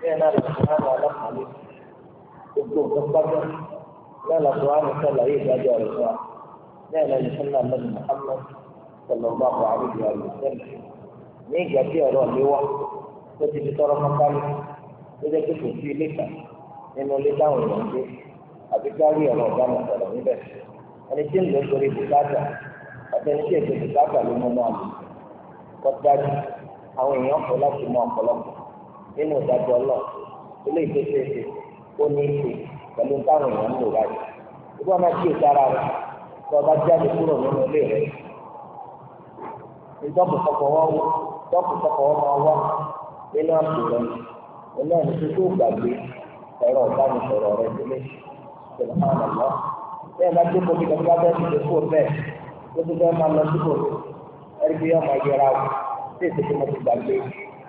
bẹ́ẹ̀ náà lọ sí àwọn alákàlẹ́ gbogbo nǹkan pátá náà lọ sí àwọn sọ̀làyé ìdájọ́ rẹ̀ fún wa bẹ́ẹ̀ náà lọ sí àwọn alákàlẹ́ Muhammad sọlọ́gbà àwọn àrùbí àlùsẹ́lẹ̀ ní ìgbà tí ọ̀rọ̀ mi wá tó ti fi tọrọ mọ́kálù tó jẹ́ pé kò sí ilé kan nínú ilé táwọn èèyàn ń gbé àti kárí ọ̀rọ̀ ọ̀daràn sọ̀rọ̀ níbẹ̀ láti mọ ọ̀pọ̀lọpọ̀ nínú ìdájọ́ ọlọ́ọ̀ ilé ìfẹsẹ̀sẹ̀ ó ní í ṣe pẹ̀lú táwọn èèyàn ń lò báyìí ìgbà máa kí èso ara rẹ̀ tó ọba jáde kúrò nínú ilé rẹ̀ ìdọ́kù kọkọ̀ wọn wọ ìdọ́kù kọkọ̀ wọn máa wá nínú àpò rẹ̀ iná ní tuntun gbàgbé ẹ̀rọ ìbánisọ̀rọ̀ rẹ̀ délé ìṣẹ̀lẹ̀ máa nà bẹ́ẹ̀ bá dé kojú lọ́gbà bẹ́ẹ̀ bẹ́ẹ̀ tó tún bẹ́ẹ̀ máa lọ sí ẹ̀rí bí ọmọ ayẹra o tí tí mo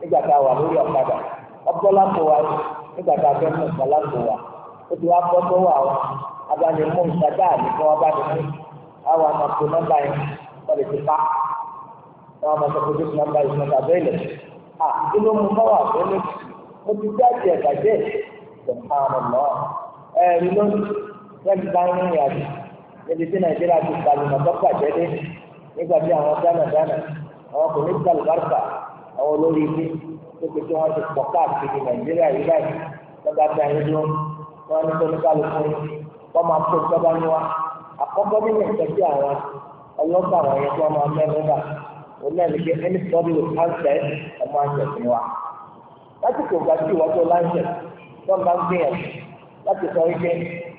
nígbà tá a wà lórí ọ̀kadà ọgbọ́n lápò wa nígbà tá a fẹ́ mú nǹkan lápò wa ó ti wá gbọ́ tó wà ó abánimú nǹkan dáa ní kí wọ́n bá ní mú àwọn àmọ̀tò nọ́mbà yẹn wọ́n lè ti pa àwọn àmọ̀tò kò tó ti nọ́mbà yìí nọ́mbà bẹ́ẹ̀ lẹ̀ à kí ló mú báwà fún mi mo ti jáde ẹ̀gbàjẹ́ ìpààmọ̀ ẹ̀rí lónìí wọ́n ti bá ń rìn àjò níbi tí nàìjíríà ti kàlùmọ̀ tó pàjẹ́ dé nígbà tí àwọn dáná àwọn olórí ilé tó pe kí wọ́n ti pọ̀ káàkiri nàìjíríà yìí báyìí lọ́gbà tí a yẹ dúró wọ́n ní tóní kálukú wọ́n máa tó ìjọba ní wa àkọ́kọ́ nínú ìtẹ́ sí àwọn ọlọ́gbà wọn yẹn tí wọ́n máa mẹ́rin bá òun náà ní pé ẹni sọ́ọ́dún ló káńtẹ̀ ọmọ àṣẹ sí wa láti kò gbà sí ìwọ́tò láńṣẹ̀ tó ń ń gbìyànjú láti sọ wípé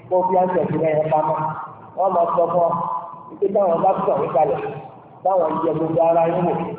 kó bí àṣẹ sí ẹ̀yẹ pamọ́ wọ́n máa sọ fún ọ wípé táwọn bá sọ̀rọ̀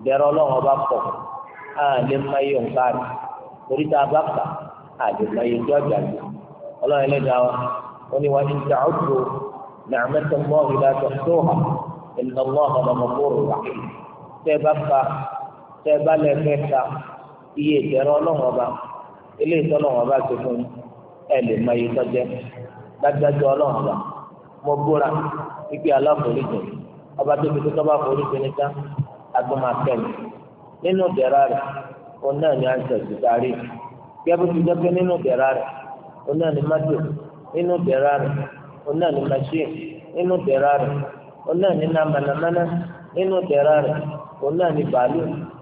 ìdẹ̀rọ ọlọ́run ọba pọ̀ á lè má a bá kà á lè má yọ ojú rẹ̀ ọlọ́run ẹlẹ́dàá ó ní wàá ìjà ọ̀dọ́ nàmẹ́tẹ̀ mọ́ọ̀rì láti ọ̀dọ́ ọ̀hà ìlànà ọ̀hà lọ́mọkúrò wà tẹ́ bá tẹ́ bá fẹ́ ka iye ọlọ́run ọba ilé ọba ti fún ẹ lè àtúmọ̀kẹ́ni nínú ìdẹ̀ra rẹ̀ òun náà ni ancestry darí gẹ́gẹ́ nínú ìdẹ̀ra rẹ̀ òun náà ni nínú ìdẹ̀ra rẹ̀ òun náà ni machine nínú ìdẹ̀ra rẹ̀ òun náà ni nínú ìdẹ̀ra rẹ̀ òun náà ni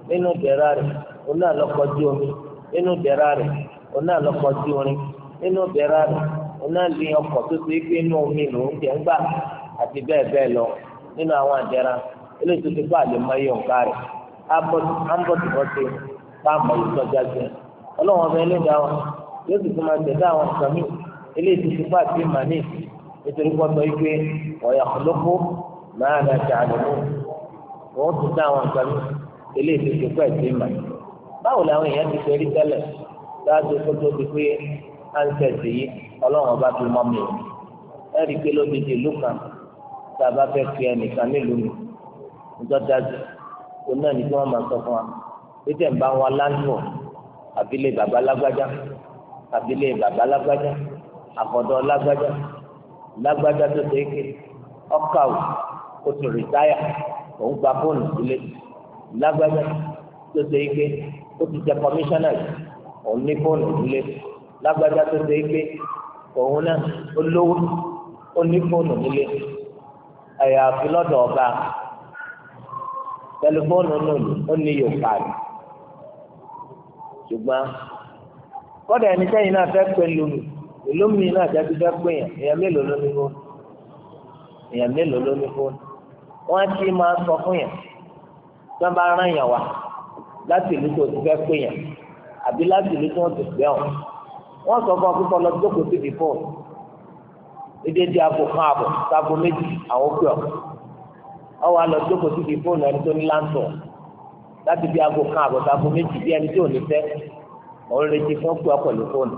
nínú ìdẹ̀ra rẹ̀ òun náà omi nínú ìdẹ̀ra rẹ̀ òun náà orin nínú ìdẹ̀ra rẹ̀ òun náà eléyìí tó ti bá àlè mọ iye ọ̀gá rẹ̀ ámbọ̀tìbọ̀tì bá àmọ̀ ìtọ́jà jẹ ọlọ́wọ́n ọmọ ẹlẹ́dàá wọn yóò sì tún máa tẹ̀lé àwọn nǹkan míì eléyìí tó ti bá àti màní nítorí pọ́tọ́ ike ọ̀yà ọ̀lọ́kọ́ máa nà ṣe àlùkò wọ́n tún dá àwọn nǹkan míì eléyìí tó ti pẹ́ àti màní. báwo làwọn èèyàn ti fẹ́rí tẹ́lẹ̀ láti kótó ti pé ánsẹ̀tì yìí ọlọ́wọ́n ọba fi mọ́ mi ẹ̀rí pé lóde ìlú tá a bá fẹ́ fi ẹnìkan nílùú mi níjọ́ dájú òun náà ní kí wọ́n máa sọ fún wa pété ń bá wa láńtò àbílẹ̀ bàbá lágbájá àbílẹ̀ bàbá lágbájá àkọ́dọ̀ lágbájá lágbájá tó ṣe é ké ọkàwò kó tó rìtáyà òun gba fóònù sílé lágbájá tó ṣe é ké ó ti jẹ kọmíṣánná òun ní fóònù sílé lágbájá tó ṣe é ké òun náà ó lówó ó ní fóònù nílé ẹ̀yà àfi ọba tẹlifóònù nùlù ó ní yorùbá rẹ ṣùgbọ́n kọ́dà ẹni sẹ́yìn náà fẹ́ pé lómi lómi náà jáde fẹ́ pé yàn èèyàn mélòó ló ní fóònù èèyàn mélòó ló ní fóònù wọ́n ti máa sọ fún yàn tí wọ́n bá rán yàn wá láti ìlú tó ti fẹ́ pé yàn àbí láti ìlú tó ti fẹ́ ọ̀ wọ́n sọ fún akókò lọ jókòó síbi fóònù ní dédé aago kan ààbọ̀ méjì àwọn pè ọ́ ọwọ́ alọ jókòó sí ti fóònù ẹni tó ní láńtọ̀ láti bí aago kan àbọ̀tá fún méjì bí ẹni tí ò ní fẹ́ òun retí fún pé ọkọ̀ lè fóònù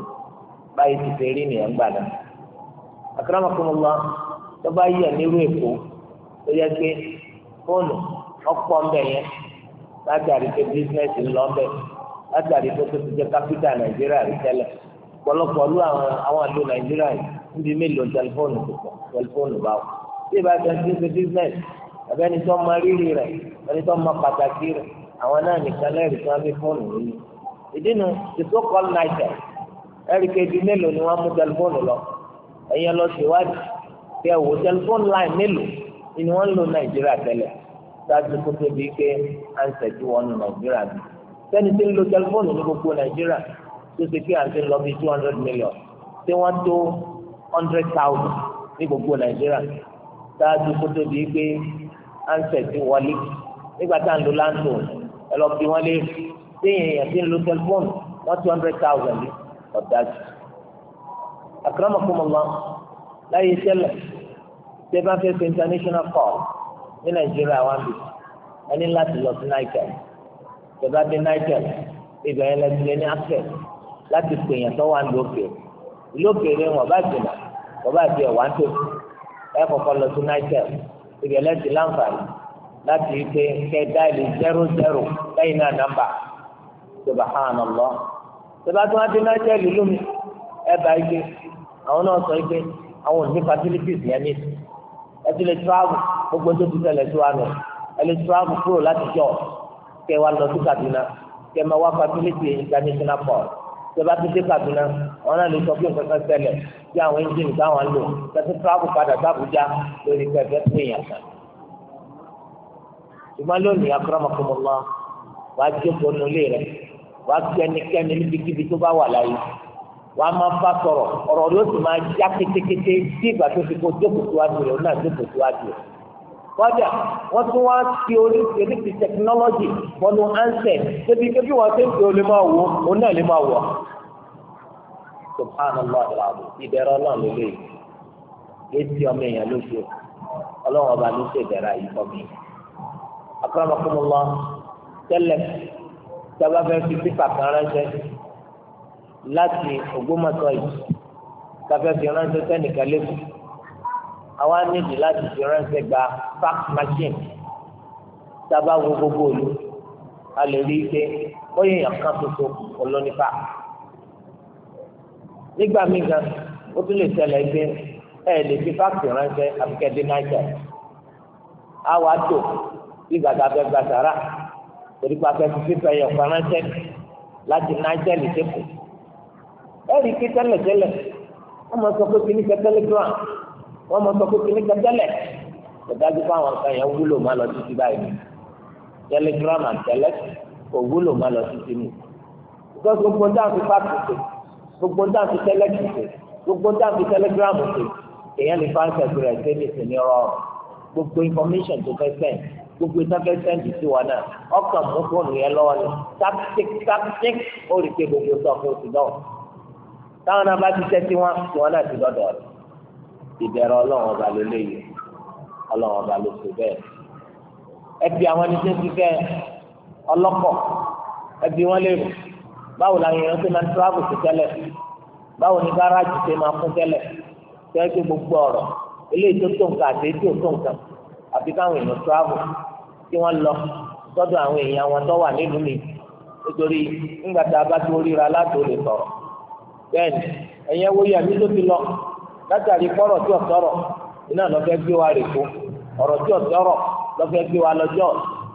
báyìí ti fẹ́ rí nìyẹn gbà náà àkàràmọ̀kọ́mọ́lá tó bá yẹ nírú èkó tó yẹ pé fóònù ọ̀pọ̀ ńbẹ yẹn látàrí pé bísíǹnẹ́sì ńlọ ńbẹ látàrí pé tó ti jẹ kápítà nàìjíríà rí tẹ́lẹ̀ pọ̀lọpọ̀ lú àwọn àwọn àlò nàìjíríà níbi mélòó tẹlifóònù tó pọ̀ tẹlifóònù báwò tí ìbá àbẹ́ ẹni tó mọ rírì rẹ̀ ẹni tó mọ pàtàkì rẹ̀ àwọn náà nìkan lẹ́rìí tí wọ́n fi fóònù yìí ìdí nu the so called niger ẹ̀ríkẹ́ ibi mélòó ni wọ́n mú tẹlifóònù lọ ẹ̀yẹn lọ síwájú kí ẹ wò tẹlifóònù line mélòó ni wọ́n ń lo nàìjíríà tẹ́lẹ̀ ṣáàtì kó tóbi pé à ń tẹ̀sí wọn nu nàìjíríà bí sẹ́ni tí ń lo tẹlifóònù ní gbogbo nàìjíríà tó ti pé à ń ti lọ bí two hundred million tí wọ́n tó hundred thousand ní gbogbo nàìjíríà ṣáàtì kó tóbi pé ansẹ̀ ti wọlé nígbà tá à ń lo láńtò ẹ lọ bí wọ́n lé téèyàn èèyàn ti ń lo tẹlifóònù wọ́n two hundred thousand lé ọ̀dájú. akramakumullah láyé sẹ́lẹ̀ tẹ bá fẹ́ fẹ́ international call ní nàìjíríà wà bí ẹ ní láti lọ sí Niger tẹ bá dé Niger ibẹ̀ yẹn lẹ́sìn lé ní access láti pè yàn tó wà ní òkè ìlú òkèèrè wọn bá jìnnà wọn bá jẹ wà tó ẹ kọ́kọ́ lọ sí Niger ìrẹ̀lẹ̀ ti láǹfààní láti ike kẹta ìlú zero zero lẹ́yìn náà nàmbà subhanallah tẹbátí wọn ti náà jẹ lílu mi ẹ bá ike àwọn náà sọ ike àwọn òní facilities yẹn ní ẹ ti lè travel gbogbo tó ti ṣẹlẹ̀ tó wà nù ẹ lè travel kúrò láti jọ kẹ lọ sí Kaduna kẹ wá facility international port tẹ́lá tó dé Kaduna wọn náà lè sọ pé nǹkan kan ṣẹlẹ̀ tí àwọn ẹ́ńjìnì táwọn lò tẹ́tí tíráàbù padà sábùjá lórí pẹ̀fẹ́ pé èèyàn kan. ṣùgbọ́n lónìí akọ́rọ́mọkọ́mọlá wà á jókòó nulẹ̀ rẹ̀ wà á gbé ẹnikẹ́ni níbikíbi tó bá wà láyé wà á máa bá sọ̀rọ̀ ọ̀rọ̀ yóò sì máa já kétékété bí ìgbà tó fi kó jókòó tó wájú rẹ̀ ó náà jókòó tó wájú rẹ̀ kọjá wọ́n tún wá ti oríṣiríṣi tẹkinọ́lọ́jì wọnú ansẹ̀ débi pé bí wọ́n ṣe ń pè ó lè máa wò ó náà lè máa wọ̀. subhanallah alaabu ìbẹ̀rẹ̀ ọlọ́run ló lè létí ọmọ èèyàn lóṣù ọlọ́run ọba ló ṣe ìbẹ̀rẹ̀ yìí fọ́ mi. akramakumullah tẹ́lẹ̀ sábà fẹ́ fi pípà kan ránṣẹ́ láti Ògbómọ̀ṣọ́ yìí sábà fi ránṣẹ́ sẹ́nìkan lẹ́kọ̀ọ́ àwa níbi láti fi ránṣẹ́ gba fax machine sábà wo gbogbo òlu a lè rí i pé bóyá èèyàn kan ṣoṣo olónífà nígbà míì gan ó tún lè ṣẹlẹ̀ pé ẹ lè fi fax ránṣẹ́ àfikẹ́dé náírà àwa tó bí gbàgbà fẹ́ gba sàrà torí pé afẹ́ fífi fẹ́ yẹ ọ̀kan ránṣẹ́ láti náírà lè dẹ́kun ẹ̀rí pé tẹ́lẹ̀tẹ́lẹ̀ wọ́n máa sọ pé kí ní fẹ́ tẹ́lẹ̀gíràn wọ́n mọ sọ pé kí ní kẹtẹ́lẹ̀ kò dájú pé àwọn nǹkan yẹn wúlò má lọ títí báyìí telegram and telex kò wúlò má lọ títí mi ìgbà gbogbo ń dáhùn sí gbogbo ń dáhùn sí gbogbo ń telegram sí èèyàn lè fa ń sẹ̀kú rẹ̀ sí ìsìn rọrùn gbogbo information tó fẹ́ sẹ́ǹd gbogbo ìtàn fẹ́ sẹ́ǹd sí wa náà ọkàn mú fóònù yẹn lọ́wọ́ ni taptic taptic ó rí i pé gbogbo sọ fún òsì náà táwọn náà bá ti tẹ́tí wọn tí wọn náà ti lọ́dọ̀ ìbẹ̀rẹ̀ ọlọ́run ọba ló léyìí ọlọ́run ọba ló sọ bẹ́ẹ̀. ẹbí àwọn ẹni tó ti fẹ́ ọlọ́kọ̀ ẹbí wọn lè rò báwo làwọn èèyàn ṣe máa ń tíráàbù sí tẹ́lẹ̀ báwo ni gáràjì ṣe máa fún tẹ́lẹ̀ tẹ́lẹ̀ tó gbogbo ọ̀rọ̀ eléyìí tó tó nǹkan àti èyí tó tó nǹkan àfi káwọn èèyàn tíráàbù kí wọ́n lọ sọ́dọ̀ àwọn èèyàn wọn tó wà nílùú mi nítorí nígbà tá a bá tó ríra látò lè sọ̀rọ̀ bẹ́ẹ̀ ni ẹ̀yẹ́wó yẹ̀mí ló ti lọ látàrí pọ́rọ̀ tí ọ̀sọ́rọ̀ iná lọ́fẹ́ gbé wa rè kó ọ̀rọ̀ tí ọ̀sọ́rọ̀ lọ́fẹ́ gbé wa lọ́jọ́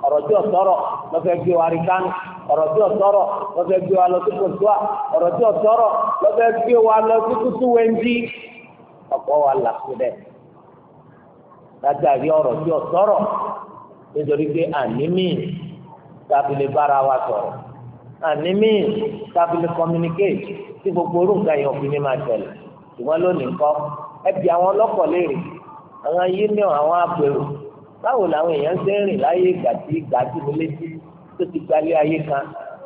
ọ̀rọ̀ tí ọ̀sọ́rọ̀ lọ́fẹ́ gbé wa rí kánú ọ̀rọ̀ tí ọ̀sọ́rọ̀ lọ́fẹ́ gbé wa lọ sí kòtúà ọ̀rọ̀ tí ọ̀sọ́rọ̀ lọ́fẹ́ gbé wa lọ sí kútú wẹ́ndí ọ̀pọ̀ wa làkú dẹ̀ látàrí ọ̀rọ̀ tí ọ̀sọ́rọ̀ nítorí pé ànímì tábìlì bára wa sọ̀rọ̀ ànímì tábìlì communicate tí gbogbo orúkọ yẹn òfin ní máa tẹ̀lé ṣùgbọ́n lónìí kọ́ ẹ bi àwọn ọlọ́kọ̀ léèrè àwọn union àwọn apèrò báwo làwọn èèyàn ṣe ń rìn láyé ìgbà tí ìgbà tí mo létí tó ti gbalé ayé kan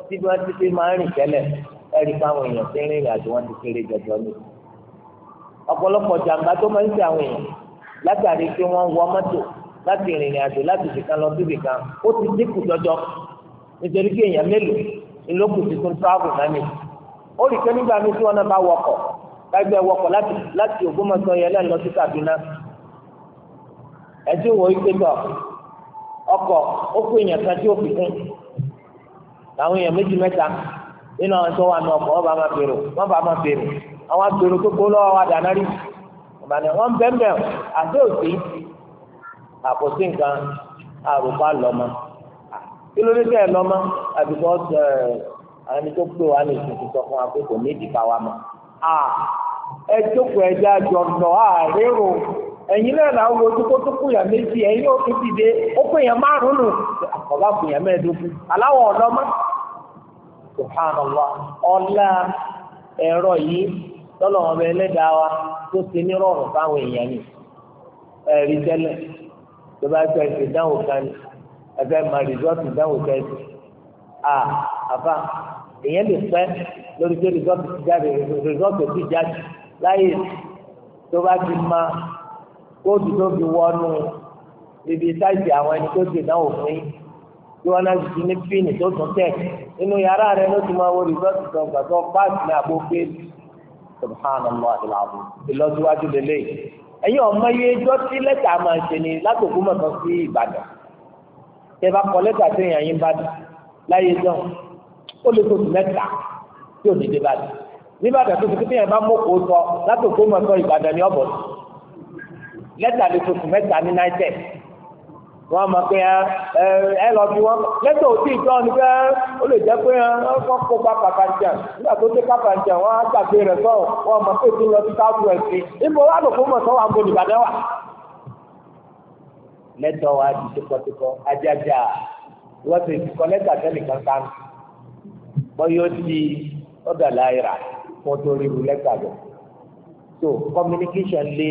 tí wọ́n ti fi máa ń rìn tẹ́lẹ̀ ẹ̀rí fáwọn èèyàn ṣe ń rìn ìrìn àjò wọn ti kéré jọjọ ni. ọ̀pọ̀lọpọ̀ jàǹbá tó máa ń ṣe àwọn èèyàn látàrí pé wọ́n wọ mọ́tò láti rìnrìn àjò láti fìkan lọ síbi kan ó ti dínkù jọjọ nítorí pé èèyàn mélòó ìlókùn ti tún travel náà ni ó rí pé nígbà míì tí wọ́n náà bá wọkọ̀ kágbẹ́ wọkọ̀ láti láti Ògbómọ̀ṣọ́ yẹn lẹ́nu lọ sí Kaduna ẹtí wọ ike gbà ọkọ̀ ó kó èèyàn kan tí ó fi kún làwọn èèyàn méjì mẹ́ta nínú àwọn tó wà ní ọkọ̀ wọ́n bá máa bèrò wọ́n bá máa bèrò àwọn abèrò tó kó lọ́wọ́ wa dáná rí ìbànújẹ́ wọ́n bẹ́ẹ̀ bẹ́ẹ̀ àbí òsì àkóso nǹkan àròpá lọ́mọ kí ló dé tẹ́ ẹ lọ́mọ àbíkọ́ àwọn ẹni tó pè wá ní ìsìnkú sọ fún wa pé kò ní ìdìbà wa mọ́ ẹjókòó ẹja jọ̀nà àárẹ̀rò ẹ̀yin náà là ń wo ojú kó tó kún yàn méjì ẹ̀yin yóò tún dìde ó kún yàn márùn nù àkọ́bá kún yàn mẹ́ẹ̀ẹ́dógún aláwọ̀ ọ̀dọ́mọ́ subhanallah ọlá ẹ̀rọ yìí lọ́lọ́ ọmọ ẹlẹ́dàá wa tó ti ní rọrùn fáwọn èèyàn ni ẹ̀rí tẹ́lẹ̀ tó bá tẹ̀ ṣe dáhùn kan ni ẹ̀fẹ́ máa rìsọ́ọ̀tì dáhùn tẹ̀sí à àfa èèyàn lè pẹ́ lórí pé rìsọ́ọ̀tì ti jáde rìsọ́ọ̀tì ti jáde láyè tó bá ti ma kóòtù tó fi wọnú ibi sáìsì àwọn ẹni tó ti náwó fún yín tí wọn náà ti ní píìnì tó tún tẹ inú yàrá rẹ ló ti máa wo rìsọ́ọ̀tì kan gbà tó páàkì ní àbó péèlì subhanallah ìlàbù ìlọsíwájú lélẹ̀ ẹ̀yin ọmọ yẹ ẹjọ́ tí lẹ́tà máa ṣe ni látòkú mọ̀tọ́ sí ìbàdàn tẹ bá kọ lẹ́tà sí ìyàn yín bàdàn láyé dán ó lè kóòtù mẹ́ta tí ò ní dé bàdàn nígbàdàn tó fi kéèyàn bá mọ́kò sọ látòkó mọ̀ sọ ìbàdàn ní ọ̀bọ̀ lẹ́tà lè tó sùn mẹ́ta ní náítẹ̀ wọ́n mọ̀ pé ah, ẹ lọ bí wọ́n lẹ́tà ò tí ì tọ́ ni pé ah, ó lè jẹ́ pé ah, wọ́n kó bá pàpàǹtà nígbà tó dé pàpàǹtà wọ́n á gbàgbé rẹ̀ sọ wọ́n mọ̀ pé tó lọ sí south west ni ibo wà lòkó mọ̀ sọ wà ń bo ìbàdàn wà. lẹ́tà wa di tọkọtọkọ ajájà wọ́n ti kọ́ lẹ́tà tẹ́lẹ̀ kankan bọ́ yóò di ọ̀dà láyìírà wọ́n tó rí irú lẹ́tà lọ. so communication lé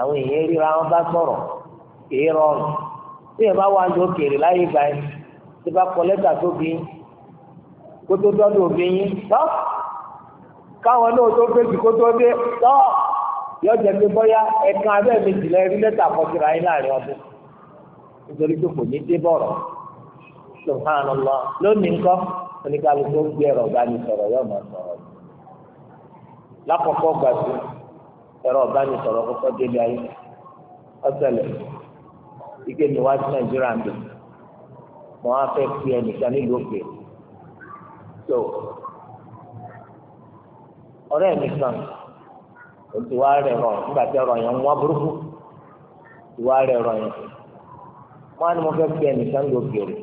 àwọn èèyàn ríra wọn bá sọ̀rọ̀ èé rọrùn tí èèyàn bá wà ní òkèèrè láyé ìgbà yẹn tí bá kọ lẹ́tà tó bí kótó dọ́dọ̀ òbí yín tọ́ káwọn náà tó gbèsè kótó dé tọ́ yọjẹ pé bóyá ẹ̀kan abẹ́ mi jìnnà rí lẹ́tà kọsíra yín láàrin ọdún nítorí pé kò ní dé bọ̀rọ̀ subhanallah lónìí ńkọ́ oníkàlùkù gbé ẹ̀rọ ọ̀gá mi sọ̀rọ̀ yóò máa sọ̀rọ̀ yìí lákọ̀ọ́kọ́ gbà sí ẹ̀rọ ọ̀bánisọ̀rọ̀ kọ́kọ́ délé ayé ọ̀sẹ̀lẹ̀ ike mi wá sí nàìjíríà ń bẹ̀ mọ́ á fi ẹnìkan nílùú òkè so ọ̀rẹ́ mi kan òtù wá rẹ̀ rọ̀ nígbà tí ọ̀rọ̀ yẹn ń wá burúkú òtù wá rẹ̀ rọ̀ yẹn wọ́n á ní mo fẹ́ fi ẹnìkan nílùú òkè rẹ̀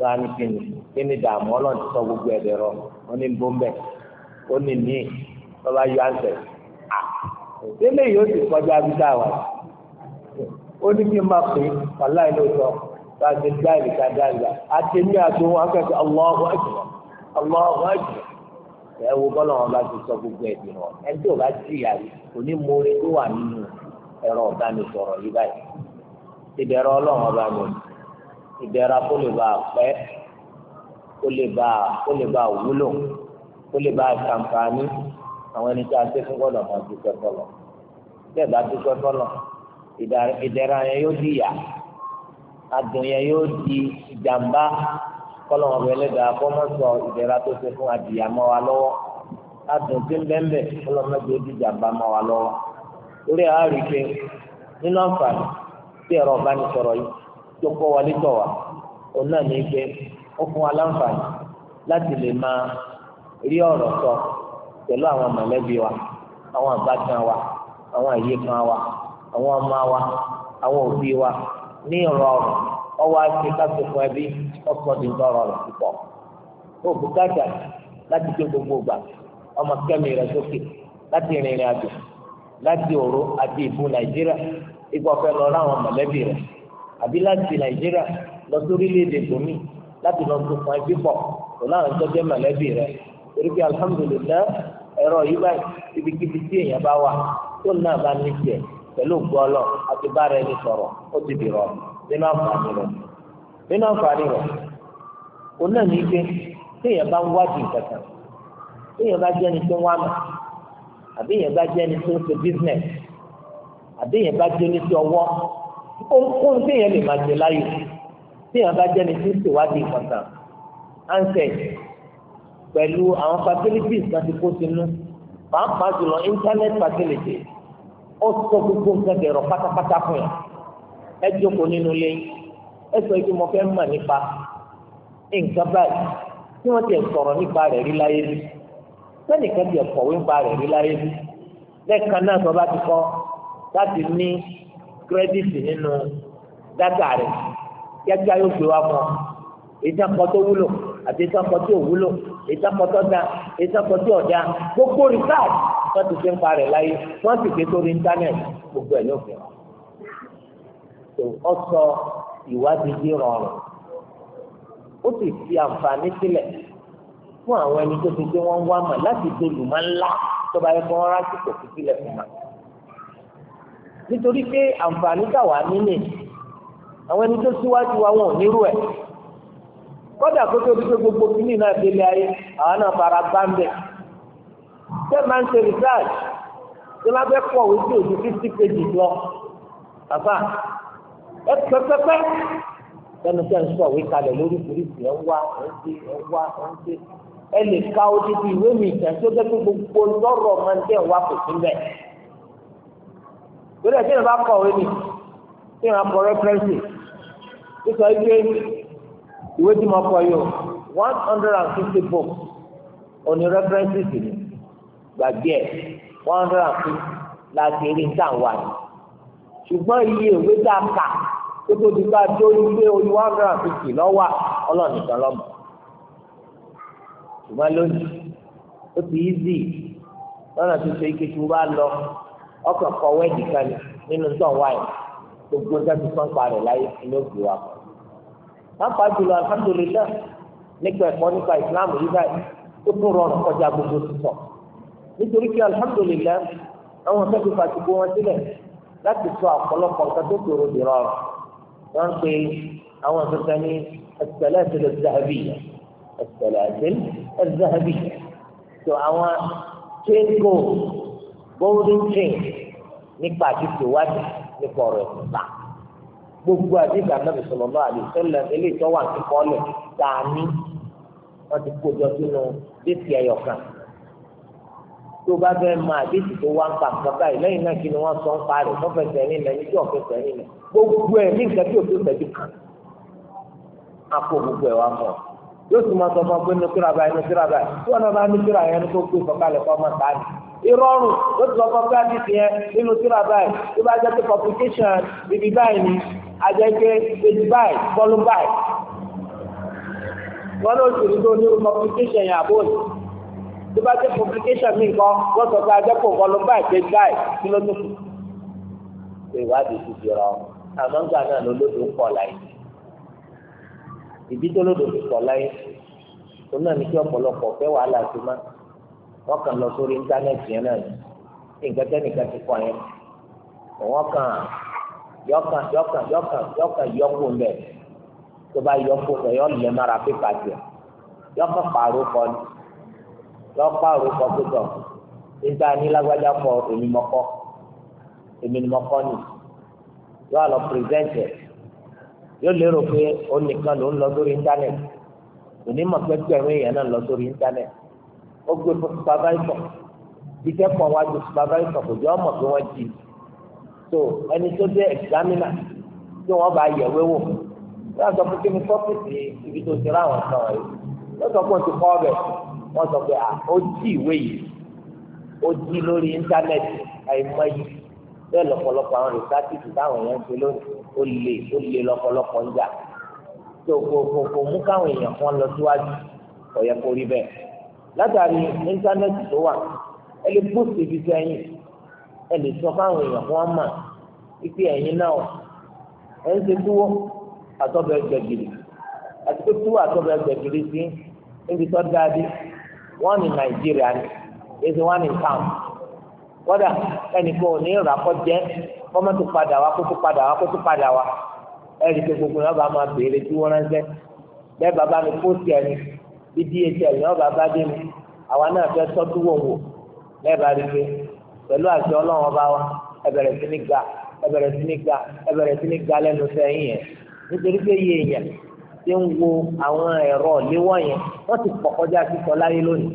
wọ́n ní kíni kíni dààmú ọlọ́run sọ gbogbo ẹ̀ dẹ̀rọ̀ wọ́n ní bọ́m̀bẹ̀ ó ní níì bàbá yọ àǹtẹ̀ à délé yóò ti kọjá abidá wa ó ní kí n máa pè é wàhálà ìlú sọ bá a ti dá ìdíkà dá ìgbà àti ní àtúnwò akẹ́kọ̀ọ́ Allahu Akbar Allahu Akbar ẹ wo bọ́lá wọn bá ti sọ gbogbo ẹ̀dùn wọn ẹni tí ò bá jí ìyá yìí kò ní mọ orin tó wà nínú ẹ̀rọ ọ̀bánisọ̀rọ̀ yìí báyìí ìbẹ̀rẹ̀ ọlọ́run ọba mi ìbẹ̀rẹ̀ kó lè bá a pẹ́ kó lè bá a wúlò kó lè bá a ṣàǹfààní àwọn ẹni tí a ṣe fún gbọ́dọ̀ máa dúpẹ́ fọlọ bí ẹ bá dúpẹ́ fọlọ ìdẹ̀ra yẹn yóò di ìyà adùn yẹn yóò di ìjàmbá kọlọ ọbẹ Ẹlẹ́dàá kọmọ sọ ìdẹ̀ra tó ṣe fún adìyà mọ́ wa lọ́wọ́ adùn tí ń bẹ́ńbẹ́ kọlọ mẹ́jọ ó di ìjàmbá mọ́ wa lọ́wọ́ lórí àárín pé nínú àǹfààní tí ẹ̀rọ ọ̀bánisọ̀rọ̀ yìí tó kọ́ wọlé tọ̀ wá òun náà ní pé ó fún wa láǹfààní láti lè máa rí ọ̀rọ̀ sọ. pẹ̀lú àwọn mọ̀lẹ́bí wa àwọn àbátan wa àwọn àyíkan wa àwọn ọmọ wa àwọn òbí wa ní ìrọ̀rùn ọwọ́ àti kásìkò ẹbí ọkọ̀ di ńlọrọ̀ rẹ̀ púpọ̀ ó bùkátà láti gbogbo gbà ọmọ kẹ́mi rẹ̀ sókè láti rìnrìn àjò láti òru àti ìbú nàìjíríà ikú ọ̀fẹ́ lọ mọ̀lẹ́bí rẹ̀ àbí láti nàìjíríà lọ sórílẹ̀-èdè láti lọ ẹ̀rọ yìí báyìí ibikíbi tí èèyàn bá wà tó náà bá ní tiẹ̀ pẹ̀lú ti dìrọ̀ nínú àǹfààní rẹ̀ nínú àǹfààní rẹ̀ kò náà ní pé bá ń bá tó wá mọ̀ àbí èèyàn bá ni tó ń ṣe business àbí èèyàn bá tó ohun lè máa jẹ láyò bá pẹ̀lú àwọn facilities láti kó sínú pàápàá jùlọ internet facility, ó sọ gbogbo nǹkan dẹ̀rọ pátápátá fún yà ẹ jókòó nínú ilé ẹ sọ pé mo fẹ́ mọ̀ nípa nǹkan báyìí tí wọ́n ti sọ̀rọ̀ nípa rẹ̀ rí láyé bí sẹ́nìkan ti kọ̀wé nípa rẹ̀ rí láyé bí lẹ́ẹ̀kan náà sọ bá ti kọ́ láti ní kírẹ́dìtì nínú dátà rẹ̀ kíákíá yóò gbé wa mọ́ ìtàkọ́ tó wúlò àti ìtàkọ́ tó wúlò ìtakọ̀tọ̀ da ìtakọ̀tọ̀ ọ̀dà gbogbo rìsáàt wọ́n ti fi ń parẹ̀ láyé wọ́n sì gbé sórí íńtánẹ́ẹ̀tì gbogbo ẹ̀ ló fi hàn. ó sọ ìwádìí bí rọrùn ó sì fi àǹfààní sílẹ̀ fún àwọn ẹni tó ti gbé wọ́n wá mà láti dolùmọ́ ńlá tó bá yẹ kó wọ́n rántí kò fi sílẹ̀ fún wa. nítorí pé àǹfààní tàwa nílé àwọn ẹni tó síwájú wa wọn ò nírú ẹ̀ kọ́dà kó tó dúpẹ́ gbogbo kínní náà délé ayé àwọn náà fara gbá ń bẹ̀. ṣé máa ń ṣe research tí wọ́n fẹ́ pọ̀ wí sí òjú fifty pages lọ bàbá ẹ pẹ́pẹ́pẹ́ lẹ́nu tẹ́ ń sọ̀wé kalẹ̀ lórí polisi ẹ̀ ń wá ẹ̀ ń ṣe ẹ̀ ń wá ẹ̀ ń ṣe ẹ lè ka odidi ìwé mi ìtàn tó jẹ́ pé gbogbo lọ́rọ̀ máa ń dẹ̀ wá kò sí bẹ́ẹ̀. torí ẹ̀ tí wọ́n bá kọ̀wé mi tí wọ́n á kọ rẹ́fẹ́rẹ́nsì ìwé tí mo kọ yìí one hundred and fifty books òní references ni gbàgbé ẹ̀ one hundred and fifty láti rí níta wà ní. ṣùgbọ́n iye ìwé tá a kà tó tó ti bá tó one hundred and fifty lọ́wọ́ lọ́mọ. ṣùgbọ́n lónìí ó ti easy lọ́nà tó ṣe ike tí wọ́n bá lọ ọkọ̀ kọ wẹ́ẹ̀dì kan nínú tó wáyé gbogbo nǹkan tó sọ́n parẹ̀ láyé pàápàá jùlọ alhamdulilayi nígbà ẹ̀kọ́ nípa islam yìí báyìí ó tún rọrùn kọjá gbogbo sísọ nítorí pé alhamdulilayi àwọn akẹ́kọ̀ọ́ àtìkú wọn sílẹ̀ láti sọ àpọ̀lọpọ̀ nǹkan tó tòrò dì rọrùn wọ́n ń pe àwọn akẹ́kọ̀ọ́ ní as-salasil az-zahabiyya as-salasil tó àwọn chain gold golden chain nípa àti tòwádìí nípa ọ̀rọ̀ ẹ̀sìn báà gbogbo àdìgbà nàbì sọlọlọ àdìsẹlẹ eléyìí tó wà ní kọlẹ tààmì wọn ti kójọ sínú déètì ẹyọ kan tó o bá fẹ́ mọ àdéhùn tó wá ń pa nǹkan báyìí lẹ́yìn náà kí ni wọ́n sọ ń pa rẹ̀ tó fẹsẹ̀ ní ilẹ̀ níjọ́ fẹsẹ̀ ní ilẹ̀ gbogbo ẹ̀ ní nǹkan tí o tó fẹ́jú kan á kó gbogbo ẹ̀ wá mọ̀ yóò tún máa sọ fún ọ pé inú kíra tí wọn náà bá ní yẹn tó gbé sọ̀kalẹ̀ fún ọmọ sáà ní. ìrọ̀rùn sọ fún ọ pé àdéhùn yẹn inú kíra báyìí tó bá jẹ́ pé complication bíbí báyìí ni àjẹjẹ èdè báyìí bọ́ọ̀lù báyìí wọn ló sì rí tó ní complication yẹn àbò yìí tó bá jẹ́ complication mi nǹkan wọ́n sọ pé àjẹpọ̀ bọ́ọ̀lù báyìí èdè báyìí kí ló dùn. ṣé ìwádìí ti di ọ àmọ́ nígbà náà ló lóde ń pọ̀ láyé ìdí tó lóde ń pọ̀ láyé tó náà ní kí ọ̀pọ̀lọpọ̀ fẹ́ wàhálà sí má wọ́n kàn lọ sórí íńtánẹ́ẹ̀tì yẹn náà ní nǹkan tẹ́nìkan ti kọ́ yẹn wọ́n kàn án yọkàn yọkàn yọkàn yọkàn yọkùn bẹ tó bá yọkùn bẹ yọ lẹ mara pípa tiẹ yọkàn pààrọ̀ kọ ni yọ pààrọ̀ kọ pípọ níta ní lágbájá kọ èmi mọkọ èmi mọkọ ni yọ àlọ pírẹsẹǹtì yóò lérò pé ó nìkan ló ń lọ sórí íńtánẹẹtì onímọ̀ pẹ́pẹ́rún èèyàn náà lọ sórí íńtánẹ̀tì ó gbé supervisor ìkẹ́kọ̀ọ́ wájú supervisor kò jẹ́ ọmọ pé wọ́n jí i so ẹni tó jẹ́ examiner tí wọ́n bá yẹ̀wé wò wọ́n sọ pé kí ni tọ́pìtì ibi tó ti ráwọn kan rẹ̀ wọ́n sọ pé o ti kọ́ ọbẹ̀ wọ́n sọ pé à ó jí ìwé yìí ó jí lórí íńtánẹ́ẹ̀tì àìmọ́ yìí bẹ́ẹ̀ lọ́pọ̀lọpọ̀ àwọn rìsátìtì táwọn èèyàn ń ṣe lónìí ó lè ó lè lọ́pọ̀lọpọ̀ ń jà tó kò kò kò mú káwọn èèyàn kan lọ síwájú kò yẹ kó rí bẹ́ẹ̀ látàrí íńtánẹ́ẹ̀tì tó wà ẹ lè pósìtì ibi sẹ́yìn ẹ lè sọ fáwọn èèyàn kí wọ́n mọ̀ ipe ẹ̀yin náà ẹ̀ ń ṣe túwó àtọ́bẹ̀ gbẹ̀gìrì àti pé túwó àtọ́bẹ̀ gbẹ̀gìrì sí níbi tó dáadé wọ́n ní nàìjíríà ni èsì wọ́n ní kàm kódà ẹnìkan ò ní ìrà kọ́ jẹ́ kọ́mọ́tò padà wá kótó padà wá kótó padà wá ẹ̀rí pé gbogbo náà bá máa béèrè tí wọ́n ránṣẹ́ bẹ́ẹ̀ bàbá mi pósì ẹni bí dhl náà bàbá dé mi àwa náà fẹ́ sọ́túwò wò lẹ́ẹ̀ bá rí pé pẹ̀lú àti ọlọ́run ọba wa ẹ bẹ̀rẹ̀ sí ní ga ẹ bẹ̀rẹ̀ sí ní ga ẹ bẹ̀rẹ̀ sí ní ga lẹ́nu sẹ́yìn yẹn nítorí pé iye èèyàn ti ń wo àwọn ẹ̀rọ léwọ́ yẹn wọ́n ti pọ̀ kọjá sísọ láyé lónìí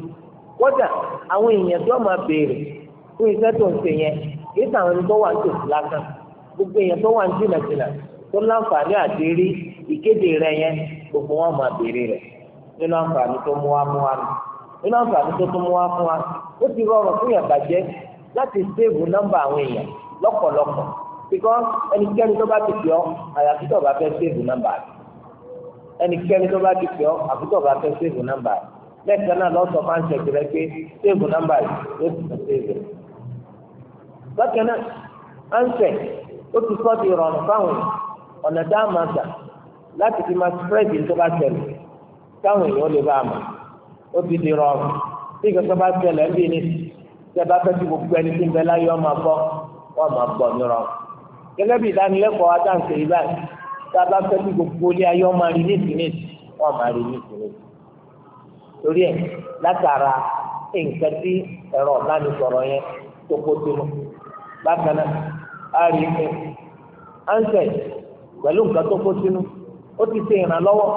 kódà àwọn èèyàn tó máa béèrè fún iṣẹ́ tó ń ṣe yẹn kì í sàwọn ẹni tó wà ń tòsí lásán gbogbo èèyàn tó wà ń jìnnàjìnnà tó láǹfààní àdérí ìkéde rẹ yẹn gbogbo wọn máa béèrè rẹ nínú àǹfààní tó mú wá mú wá nínú àǹfààní tó tún mú wá fún wa ó ti rọrùn fún yàtàjẹ́ láti séèbù nọ́mbà àwọn èèyàn lọ́pọ̀lọpọ̀ bíkọ́ ẹnikẹ́ni tó bá ti pè ọ́ àyàfi tó bá fẹ́ séèbù nọ́mbà rẹ̀ ẹnikẹ́ni tó bá ti pè ọ́ àfi tó bá fẹ́ séèbù nọ́mbà rẹ̀ lẹ́ẹ̀kan náà lọ́sọ̀ máa ń ṣẹ̀kì rẹ pé séèbù nọ́mbà rẹ̀ ló ti sọ séèbù rẹ̀. bákan náà ansẹ̀ ó ti sọ́ di ìrọ̀rùn fáwọn ọ̀nà tá a máa gbà láti fi máa spread tó bá ṣẹlẹ̀ táwọn èèyàn lè bá a mọ̀ ó ti di ìrọ̀rùn bí ìgbà tó bá ṣẹlẹ̀ ń bí ní tẹ́bá fẹ́ ti gbogbo ẹni tí ń bẹ láyé ọmọ gbọ́ wọ́n máa gbọ́ nírọ̀. gẹ́gẹ́ bí yìí báyìí gbogbo ilé ayé ọmọ rí ní máa rí ní torí látara nǹkan tí yẹn tó kó bákan náà a rí i pé ansẹ̀ nǹkan tó kó ti ṣe ìrànlọ́wọ́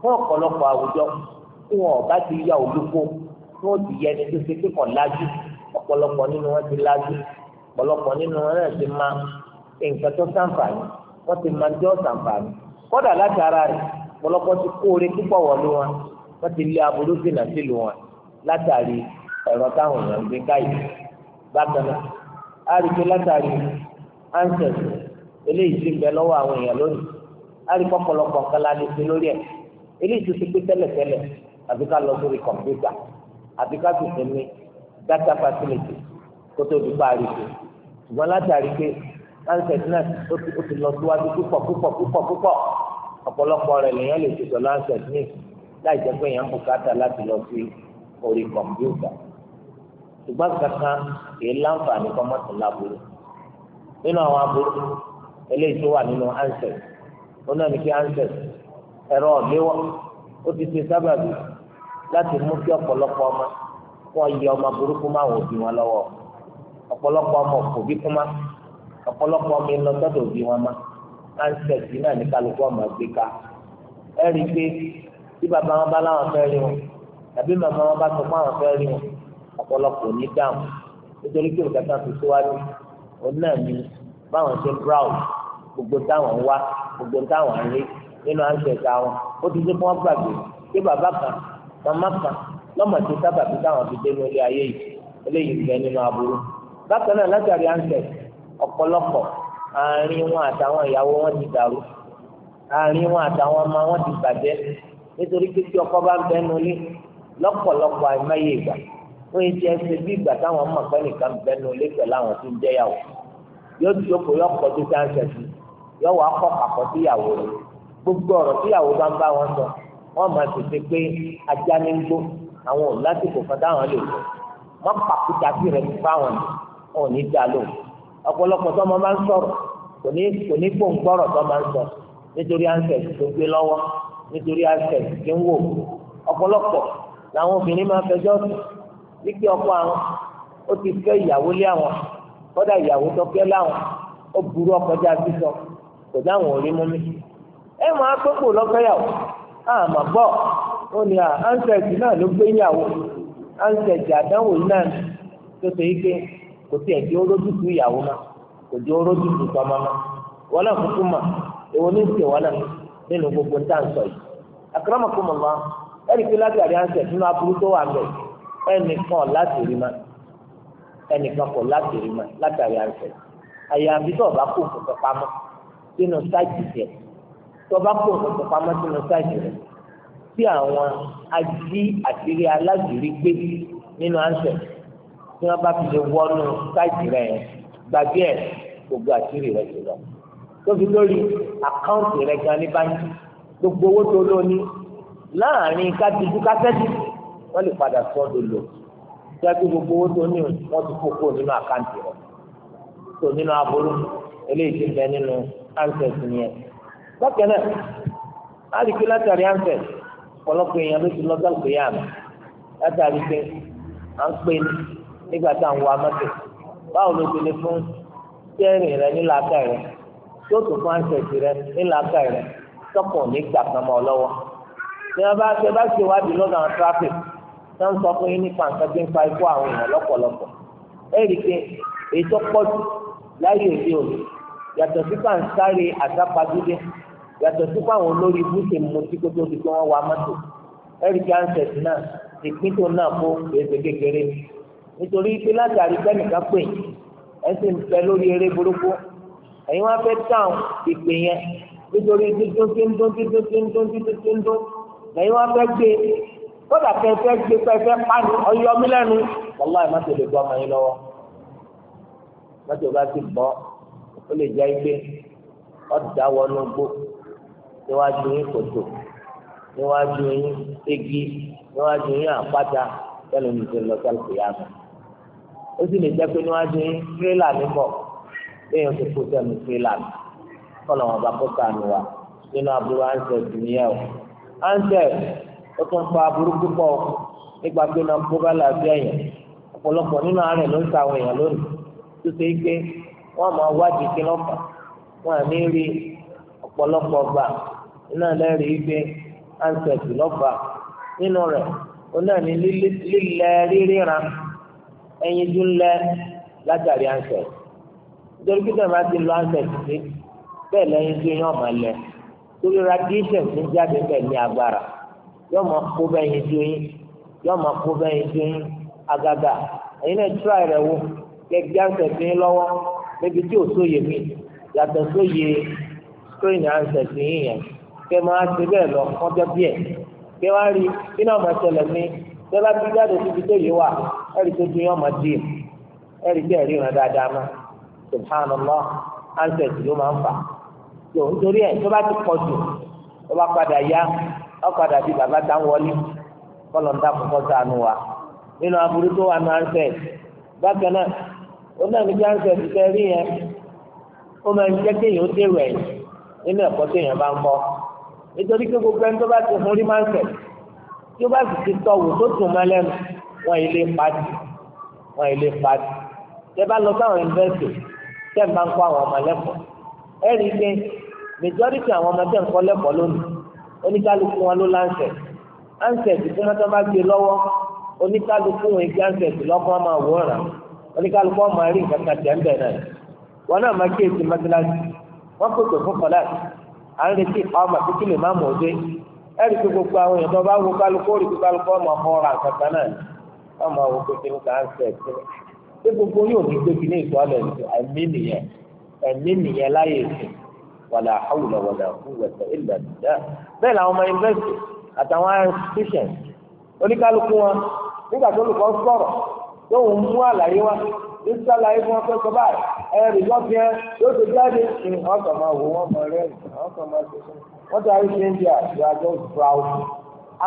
fún ọ̀pọ̀lọpọ̀ àwùjọ tí wọn ti ya olùkó tí wọn ti ọ̀pọ̀lọpọ̀ nínú wọn ti lájú ọ̀pọ̀lọpọ̀ nínú wọn náà ti ma nǹkan tó sàǹfààní wọ́n ti ma jọ́ sàǹfààní kọ́dà láti ara rẹ̀ ọ̀pọ̀lọpọ̀ ti kóore púpọ̀ wọ̀lú wọn wọ́n ti lé aburú dènà sílùú wọn látàrí ẹ̀rọ táwọn èèyàn gbé káyìí bákan náà a rí pé látàrí ansẹ̀t eléyìí ti bẹ lọ́wọ́ àwọn èèyàn lónìí a rí pọ̀pọ̀lọpọ̀ kan la lè ṣe lórí ẹ̀ eléyìí ti data facility kó tó di parí ṣe ṣùgbọ́n látàrí pé lancet náà ó ti lọ síwájú púpọ̀ púpọ̀ púpọ̀ púpọ̀ ọ̀pọ̀lọpọ̀ rẹ̀ lèèyàn lè ti sọ lancet ní láì jẹ́ pé èèyàn bùkátà láti lọ sí orí kọ̀m̀pútà ṣùgbọ́n kankan èyí láǹfààní kọ́mọ́tò láburú nínú àwọn aburú eléyìí tó wà nínú lancet ó náà ní kí lancet ẹ̀rọ ọ̀léwọ́ ó ti ṣe sábàbí láti mú kí ọ̀pọ̀lọpọ̀ ọmọ kọ́ yẹ ọmọ burúkú máa wò bí wọn lọ́wọ́ ọ̀pọ̀lọpọ̀ ọmọ kò bí kú má ọ̀pọ̀lọpọ̀ ọmọ ìlọ sọ́dọ̀ bí wọn má ánsẹ̀tì náà ní kálukú ọmọ gbé ká ẹ rí i pé bí bàbá wọn bá láwọn fẹ́ rí wọn tàbí màmá wọn bá sọ fún àwọn fẹ́ rí wọn ọ̀pọ̀lọpọ̀ ní dáhùn nítorí pé òkàtà fi síwájú òun náà ni báwọn ṣe brown gbogbo táwọn wá gbogbo táwọn rí nínú ánsẹ̀tì àwọn ó ti dé fún wọn pé bàbá kan màmá kan lọ́mọ tí sábà fi táwọn fi dé lórí ayé yìí eléyìí ń bẹ nínú aburú bákan náà látàrí àǹtẹ̀ ọ̀pọ̀lọpọ̀ àárín wọn àtàwọn ìyàwó wọn ti dàrú àárín wọn àtàwọn ọmọ wọn ti bàjẹ́ nítorí pé tí ọkọ bá ń bẹnu lé lọ́pọ̀lọpọ̀ àìmọye ìgbà wọ́n ti ẹ ṣe bí ìgbà táwọn ọmọ pẹ́ nìkan bẹnu lé pẹ̀lú àwọn tó ń jẹ́yàwó yóò tí yóò kó yọ kọ́ tó sáńsẹ̀ sí yóò wá kọ́ pàkọ́ síyàwó rẹ̀ gbogbo ọ̀rọ̀ síyàwó bá ń bá wọn sọ wọ́n máa tètè pé ajá ní gbó àwọn ò lásìkò kan táwọn lè lọ wọn pàkúta sí rẹ ti fáwọn ò ní dá lò ọ̀pọ̀lọpọ̀ tó máa ń sọ̀rọ̀ kò ní kò ní gbòǹgbọrọ tó máa ń sọ nítorí ansẹt tó gbé lọ́wọ́ nítorí ansẹt tó ń wò ọ̀pọ̀lọpọ̀ làwọn obìnrin máa fẹjọ́ sùn wípé ọkọ àwọn ó ti fẹ́ ìyàwó lé àwọn kódà ìyàwó tó fẹ́ láwọn ó burú ọkọjá sísọ kò dáwọn ò mú mi ẹ máa pépò lọkọyàwó àmọ́ bọ wọ́n a ansẹ̀tì náà ló gbé ìyàwó ansẹ̀tì àdánwò náà tó ṣe é pé kò di orójú ìyàwó náà kò di orójú tọ́mọ náà wọn náà kúkú mà èwo ní ìsìn wọn náà nínú gbogbo ní tàǹsọ̀ yìí pé láti àrí ansẹ̀tì aburú ma ẹnìkan kọ̀ láti rí ma láti àrí ansẹ̀tì tó ọba kó pamọ́ sínú tí àwọn ají àtìrí alágbèrè gbé nínú ansẹ̀ tí wọ́n bá fi lè wọnú sáìtì rẹ̀ gbàgbé ẹ̀ gbogbo àtìrí rẹ̀ ti lọ. tóbi lórí àkáǹtì rẹ̀ gan ní báńkì gbogbo owó tó lóní láàrin kábíjú kásẹ́tì wọ́n lè padà sọ́dọ̀ lò jáde gbogbo owó tó ní wọ́n ti kókó nínú àkáǹtì rẹ̀ tó nínú aburú eléyìí ti bẹ nínú ansẹ̀ sí ni ẹ̀. lọ́kẹ́ náà á rí kí látàrí ansẹ̀ sí ọ̀pọ̀lọpọ̀ èèyàn ló ti lọ ya yá mi látàrí pé à ń pè ní nígbà tá à ń wa mọ́tò báwo ló ti lè fún sẹ́rìn rẹ ní làákà rẹ tó tún fún rẹ ní làákà rẹ tọkàn nígbà kan mọ́ ọ lọ́wọ́ tí wọ́n bá ṣe bá ṣe wádìí lọ́dọ̀ àwọn tó ń sọ fún yín nípa nǹkan tí ń fa yàtọ̀ sí fáwọn olórí ibú ṣe mutí kó tó di pé wọ́n wa mọ́tò eric ansett náà ìpín tó náà fún èsè kékeré nítorí pé látàrí gbẹ́nìkan pè ẹ sì ń bẹ lórí eré burúkú ẹ̀yin wá fẹ́ táwọn ìpè yẹn nítorí dídún dídún dídún dídún dídún dídún ẹ̀yin wá fẹ́ gbé kódà kẹ́ fẹ́ gbé pẹ́fẹ́ pánì ọyọ lẹ́nu wàláì má tó lè gbọ́ ọmọ yín lọ́wọ́ má tó bá ti bọ́ ó lè jẹ́ igbe ọ̀dà wọnú gbó níwájú yín kòtò níwájú yín igi níwájú yín àpáta sẹ́nu mi ti lọ sálùkù yá mi. ó sì lè jẹ́ pé níwájú yín tírélà mi bọ̀ léèyàn ti kó sẹ́nu tírélà mi kọ́nà wọn bá kó sànù wa nínú aburú ansẹ̀t nìyẹn o. ansẹ̀t ó tún fa aburú púpọ̀ nípa pé náà kó bá làbẹ́ yẹn ọ̀pọ̀lọpọ̀ nínú àárẹ̀ ló ń ta èèyàn lónìí tó ṣe é pé wọ́n máa wádìí kí lọ́fà wọ́n à ní rí ọ̀pọ̀lọpọ̀ gbà iná lẹ́rìí ibe ansẹ̀t lọ́fà nínú rẹ̀ o na ní lílẹ̀ ríríran ẹyin tún lẹ́ látàrí ansẹ̀t nítorí pé ti lọ ansẹ̀t sí bẹ́ẹ̀ lẹ́yìn tún yọ̀ máa lẹ̀ torí radiation ti jáde bẹ́ẹ̀ ní agbára yọ̀ máa kó bẹ́yìn tún yín yọ̀ máa kó bẹ́yìn tún yín agaga ẹ̀yin náà tíra rẹ̀ wò yín lọ́wọ́ níbi tí ò sóye mi kẹ máa ṣe bẹ́ẹ̀ lọ kọjọ́ díẹ̀ kẹ wá rí iná ọmọ ṣẹlẹ̀ mi tẹ́lá ti jáde síbi tó yé wa ẹ̀rí tó dún yín ọmọ dì ẹ̀rí tẹ̀ rí ìrìn dáadáa mọ́ subhanallah ansẹ̀t ló máa ń fà tó nítorí ẹ̀ tó bá ti pọ̀ jù tó bá padà yá ó padà di bàbá tá ń wọlé kọ́lọ̀ ń dá kọ́kọ́ sànù wa nínú aburú tó wà ní ansẹ̀t bákan náà ó náà ní bí ansẹ̀t fẹ́ rí yẹn ó máa ń jẹ́ kéèyàn ó dèrò ẹ̀ nínú ẹ̀kọ́ téèyàn bá ń kọ́ nítorí pé gbogbo ẹni tó bá ti mú rí máa ń sẹ̀ tí ó bá sì ti tọ̀ wò tó tún mọ́ lẹ́nu wọn yìí lè pàdé wọn yìí lè pàdé tẹ bá lọ sáwọn yunifásitì tẹ bá ń kọ́ àwọn ọmọ lẹ́kọ̀ọ́ ẹ rí i pé majority àwọn ọmọ tẹ ń kọ́ lẹ́kọ̀ọ́ lónìí oníkálukú wọn ló láǹsẹ̀ áǹsẹ̀ tí fún mọ́tò bá gbé lọ́wọ́ oníkálukú wọn gbé áǹsẹ̀ tí lọ́kọ́ máa wò rà oníkálukú wọn máa rí nǹkan kan tẹ̀ ń bẹ̀ náà wọn náà máa kí èsì mọ́tíláṣí wọn kò tó fún kọ́láṣí à ń retí ìpamọ́ àkókò lè má mọ̀ ọ́ dé ẹ̀rí pé gbogbo àwọn èèyàn tó bá wo kálukú ó rí pé kálukú ọmọ ọmọ ọ̀rà kankan náà ni wọ́n máa wo pé kíní kan ń sẹ̀ sí i pé gbogbo yóò ní gbé kíní ìtọ́lẹ̀ ẹ̀mí nìyẹn ẹ̀mí nìyẹn láyé ìsìn wàlà hawla wàlà quwwata illa billah bẹ́ẹ̀ làwọn ọmọ yunifásitì àtàwọn institutions oníkálukú wọn nígbà tó olùkọ́ ní sálàyé fún ọkọ̀ sọ báyìí ẹ̀rì lọ́bí ẹ yóò tó jáde ní ọkọ̀ máa wò wọ́n máa rẹ̀ ọkọ̀ máa tó sọ wọ́n ti àríṣe India you are just browsing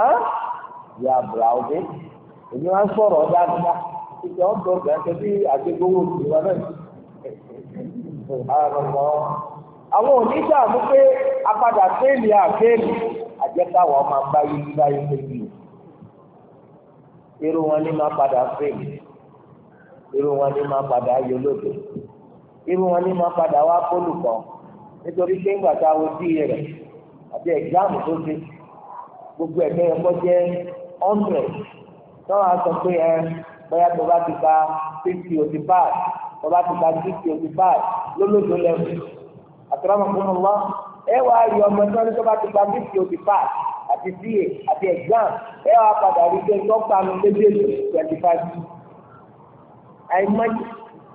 ah you are browsing èmi wá ń sọ̀rọ̀ ọ̀dà nígbà ìjọ ń tọ́ gẹ̀ẹ́sẹ̀ bí àgbégbówó ìwà náà àwọn oníṣà mú pé apadà fẹ́ẹ̀lì àfẹ́ẹ̀lì àjẹkáwọ̀ máa bá yí báyìí lójú èrò wọn ní máa padà fẹ́ẹ̀lì irú wọn ní máa padà yọ lóde irú wọn ní máa padà wá fólùkọ́ nítorí pé ńgbà tá a wo sí rẹ̀ àti ẹ̀gbáàmù tó ṣe gbogbo ẹ̀gbẹ́ ẹ̀kọ́ jẹ́ ọ̀nrẹ̀ tọ́wọ́ a sọ pé ẹ bóyá tó bá ti ka fifty òbí báàgì tó bá ti ka fifty òbí báàgì lólódó lẹ́wọ̀ àtàràmọ̀kúnmọ̀lá ẹ wá rí ọmọ tí ní tó bá ti ka fifty òbí báàgì àti ca àti exam ẹ wá padà rí pé tó pa mi méjèèjì twenty five àìmọ́jì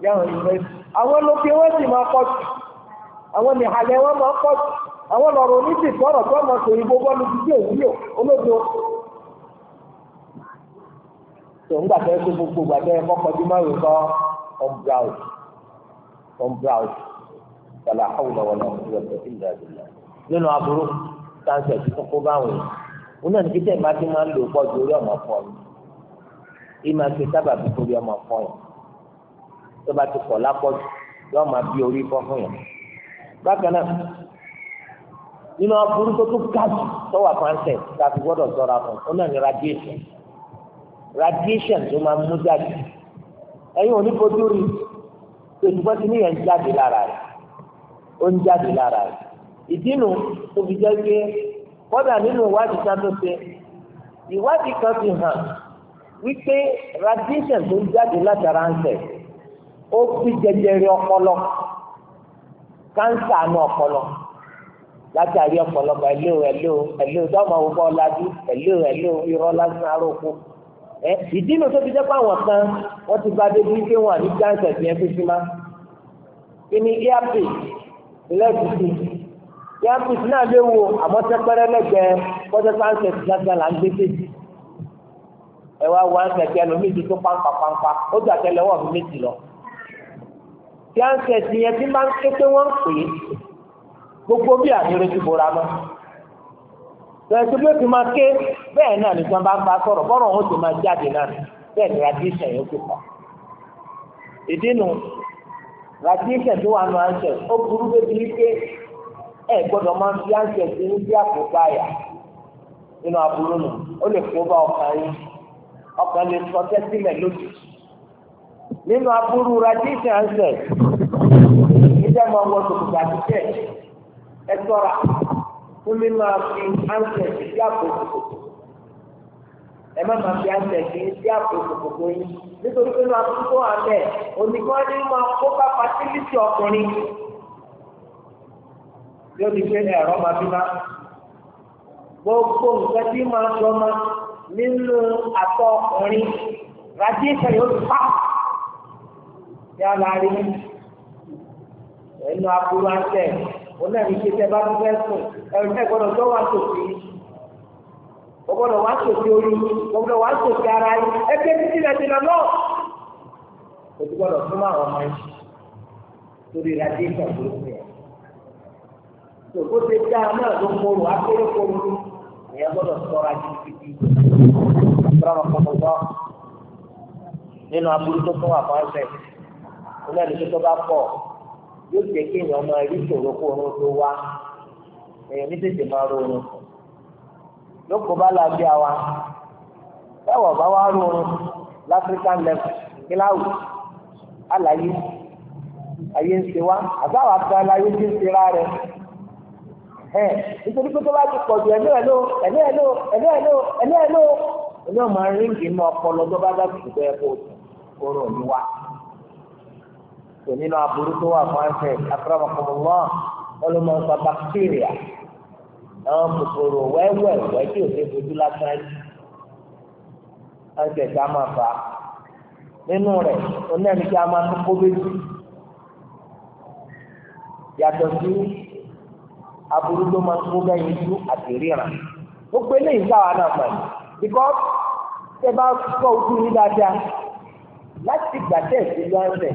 yàrá yunifásitì àwọn lókè wọ́n sì máa pọ̀ jù àwọn nìhalẹ̀ wọ́n máa pọ̀ jù àwọn lọ́rọ̀ oníṣì sọ̀rọ̀ tó máa sọ ìbò bọ́ọ̀lù dídí òwúlò olóògbé tó ń gbàgbé tó gbogbo gbàgbé kọ́kọ́dé márùn kọ́ ọ̀nbrau ọ̀nbrau wàlà àwùlọ̀ wàlà ọ̀nbrau ìlà ìlà nínú aburú sáńsẹ̀ tí kókó báwọn yìí wọn náà ní kí tẹ̀ máa ti máa ń lò pọ̀ ju orí ọmọ fọ́ yìí ìmọ̀ àti sábàbí torí ọmọ fọ́ yìí tó bá ti pọ̀ lápọ̀jù yóò máa bí orí fọ́ fún yàn. bákan náà nínú aburú tó tún ga jù tó wà pàǹtẹ̀ tàbí gbọ́dọ̀ sọ́ra fún un náà ní radiation radiation tó máa mú jáde ẹ̀yin ò ní fojú rí tòṣùpọ̀ tí níyẹn ń jáde lára rẹ̀ ó ń jáde lára rẹ̀ ìdínú tó fi jẹ́ pé kọ́dà nínú ìwádìí kan tó ṣe ìwádìí kan fi hàn wípé radiation tó ń jáde látara ń sẹ̀ ó bí jẹjẹrẹ ọpọlọ kánsà ní ọpọlọ látàrí ọpọlọpọ ẹlò ẹlò ẹlò dọ́mọ ọgbọ́ ọ̀làdú ẹlò ẹlò irọ́ lásán aróko ẹ ìdí inú tó fi jẹ́ pé àwọn kan wọ́n ti gba débi pé wọ́n àní jáǹsẹ̀ fi má lẹ́ẹ̀kìtì náà àmọ́ sẹ́pẹ́rẹ́ lẹ́gbẹ̀ẹ́ ti là ń gbé tèjì ẹ wá tí a ń sẹ̀ sí yẹn tí máa ń ké pé wọ́n ń pè é gbogbo bí àdéhùn ti bora mọ́ bẹ́ẹ̀ tó bí ó máa ké bẹ́ẹ̀ náà ní sọ́n bá ń bá sọ̀rọ̀ bọ́rọ̀ ó ti máa jáde náà bẹ́ẹ̀ ni radiation yóò ti pọ̀ ìdí nu radiation tó wà nù ànsẹ̀ ó burú débi wípé ẹ gbọ́dọ̀ máa fi ànsẹ̀ sí ní bí nínú nù ó lè kó bá ọkàn yín ọkàn lè sọ tẹ́sílẹ̀ lójijì. nínú aburú radiation answer nígbà máa wọ tòkòtò àtijọ́ ẹ tọ́ra fún mi máa fi answer sí àpò tòkòtò ẹ má máa fi answer sí sí àpò tòkòtò yín nítorí pé máa tún tó àmẹ́ onígbọ́n ní máa kó bá fatilítì ọkùnrin yóò di pé ẹ̀rọ máa fi máa gbogbo nǹkan tí máa sọ ma nínú àtọ ọkùnrin radiation yóò ti á yá láàrin ẹnu aburú àtẹ onáàbí ṣe tẹ bá fẹ́ sùn ẹ̀rù tẹ gbọ́dọ̀ tó wà sòfin o gbọ́dọ̀ wá sòfin orí o gbọ́dọ̀ wá sòfin ara yìí ẹgbẹ́ títí rẹ̀ ti lọ lọ. o ti gbọ́dọ̀ fún àwọn ọmọ yìí torí radiation ló ń bẹ̀. tòkó ti dá náà ló kóró akéré kóró ìyẹn gbọ́dọ̀ sọ̀rọ̀ àti títí. àbúrò àwọn ọmọ kọ̀ọ̀kan nínú aburú tó fún àwọn ọ̀sẹ̀ yìí iná ní tó bá pọ̀ yóò jẹ́ kí èèyàn máa rí ìṣòro kó oorun tó wá èèyàn ní tètè máa rọrùn yóò kó bá làbíà wa táwọn ọba wa rọrùn láfíríkàn level kíláwù àlàyé ayé ń ṣe wá àbáwá kan láyé ti ń ṣera rẹ ẹ nítorí pé tó bá ti pọ̀jù ẹ̀lú ẹ̀lú ẹ̀lú ẹ̀lú ẹ̀lú ẹ̀lú ẹ̀lú ẹ̀lú ẹ̀lú ọmọ ríngì inú ọpọlọ tó bá dàgbù tó yẹ kó oorun ò ní wá kò nínú aburú tó wà fún ẹsẹ̀ akọ́rọ́mọkọ́mọ́ wọn ló máa ń fa bacteria àwọn kòkòrò wẹ́wẹ́ wẹ́ tí ò ṣe fojú lásán yìí ẹsẹ̀ ká máa fa nínú rẹ̀ onáni kí a máa tó kó bẹ́ẹ̀ yàtọ̀ sí aburú tó máa tó bẹ́ẹ̀ ju àti gbogbo eléyìí sáwà náà mọ̀ ní because tẹ bá kọ́ ojú yín dáadáa láti gbàtẹ́ ìṣèlú ẹsẹ̀.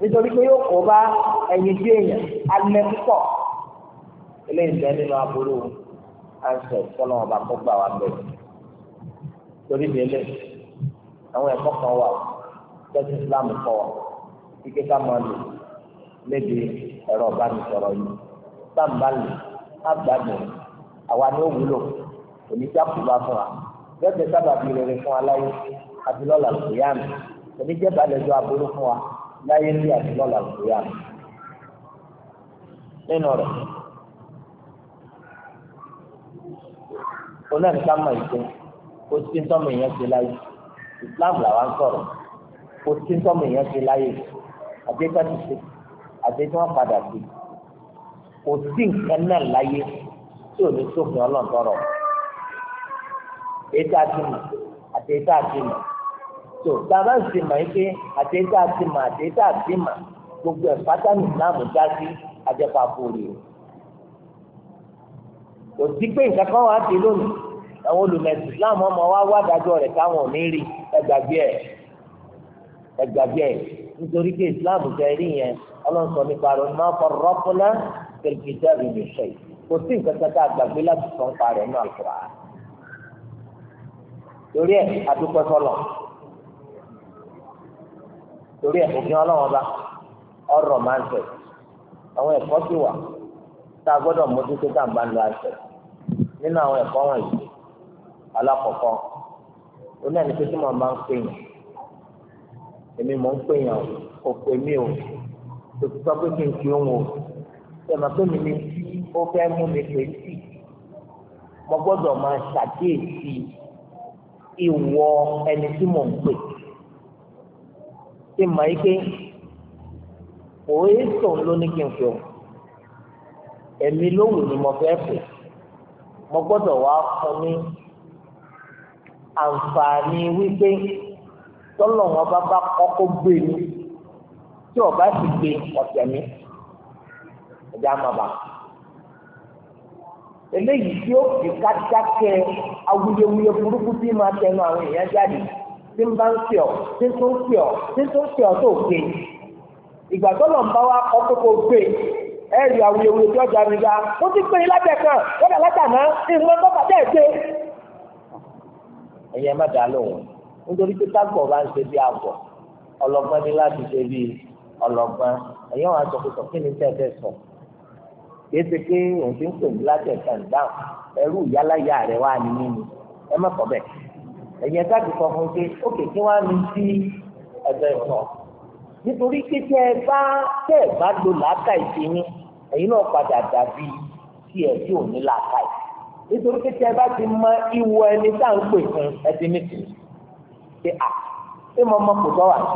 nítorí pé yóò kó bá ẹ̀yìn bí èèyàn alẹ́ púpọ̀ eléyìí ń bẹ nínú aburú àṣẹ ìfọlọ́wọ́ ọba kó gbà wá bẹ̀rẹ̀ torí délé àwọn ẹ̀kọ́ kan wà tẹ́sí Islam kọ́ wa kíkẹ́ ká máa lò lébi ẹ̀rọ ọ̀bánisọ̀rọ̀ yìí sáǹbà lò àgbàdùn àwa ni ó wúlò oníjà kùbà fún wa gẹ́gẹ́ sábàbí rere fún aláyé àti lọ́la lòyàn oníjẹ́ balẹ̀ ju aburú fún wa láyé sí àti lọ́la òkúyà nínú rẹ̀ onáìka mọ̀ ìṣe kó tí tọ́mọ èèyàn ṣe láyé Islam làwa ń sọ̀rọ̀ kó tí tọ́mọ èèyàn ṣe láyé àdéhùn ti ṣe àdéhùn padà sí kò sí nǹkan náà láyé tí ò ní sófin ọlọ́ọ̀tọ̀rọ̀ ètò àti mọ̀ àti ètò àti mọ̀ tó dábà sì mà yìí pé àtẹ́tà ti mà àtẹ́tà ti mà gbogbo ẹ̀ pátánì ìsìlámù dá sí ajẹ́pà fòrè o. kò sí pé nǹkan kan wàá ti lónìí àwọn olùmẹ̀sì ìsìlámù ọmọ wa wá dájọ́ rẹ̀ káwọn ò ní rí ẹgbàgbé ẹ̀ ẹgbàgbé ẹ̀ nítorí pé ìsìlámù jẹ́ rí yẹn ọlọ́sọ nípa rẹ̀ máa fọ rọ́pọ́lá kìrìkìtà rìbì ṣe kò sí nǹkan kan tá a gbàgbé láti sọ nípa rẹ̀ náà kúrò torí ẹ̀ òfin ọlọ́wọ́n bá ọ̀rọ̀ máa ń tẹ̀ àwọn ẹ̀kọ́ sì wà tá a gbọ́dọ̀ mójútó tá à ń bá lo àṣẹ nínú àwọn ẹ̀kọ́ wọ̀nyí alákọ̀ọ́kọ́ oní ẹni pé mo máa ń pèyàn èmi mò ń pèyàn kò pè mí o kò ti sọ pé kí n fi òun o tẹ̀mọ̀ pé mi ni ó fẹ́ mú mi pè sí mo gbọ́dọ̀ máa ṣàkíyèsí ìwọ ẹni tí mò ń pè sí ti mọ̀ yìí pé òye sọ̀n ló ní kí n fẹ́ o ẹ̀mí ló wù ní mo fẹ́ fẹ́ mo gbọ́dọ̀ wá fún ní àǹfààní wípé tọ́lọ̀ wọn bá bá kọ́kọ́ gbé mi tí ọba ti gbé ọ̀tẹ̀ mi ẹ̀dá màmá eléyìí tí ó fi ká dákẹ́ awuyewuye burúkú tí máa tẹnu àwọn èèyàn jáde tí ń bá ń pè ọ́ tí ń tún pè ọ́ tí ń tún pè ọ́ tó gbé ìgbà tó lọ́n bá wa kọ́ tó kó gbé ẹ rí awuyewuye tí ọjà mi ga ó ti pè é lábẹ́ kan lọ́dà lọ́dà náà ìwọ̀n tó bàjẹ́ gbé. ẹ̀yẹ má dàá lóhùn nítorí pé tágbọ̀ bá ń ṣe bí àgọ̀ ọlọ́gbọ́n ní láti ṣe bí ọlọ́gbọ́n ẹ̀yẹ́ wọn aṣọ kòtò kí ni tẹ́tẹ́ sọ kìí ṣe pé òun ti ń pè mí láti ẹ̀ka ìdáhùn ẹrú ìyáláyà rẹ̀ wà ní mímu ẹ má kọ́ bẹ́ẹ̀ ẹ̀yìn ẹ̀ka ti sọ fún pé ókè kí wọ́n á mi sí ẹ̀bẹ̀ náà nítorí pé tẹ́ ẹ bá tẹ́ ẹ bá lo làákà ìsinmi ẹ̀yin náà padà dàbí tí ẹ tí ò ní làákà yìí nítorí pé tẹ́ ẹ bá ti mọ ìwọ ẹni tá à ń pè fún ẹ ti ní tìǹ ṣe à ṣé mo mọ kò tọ́ ní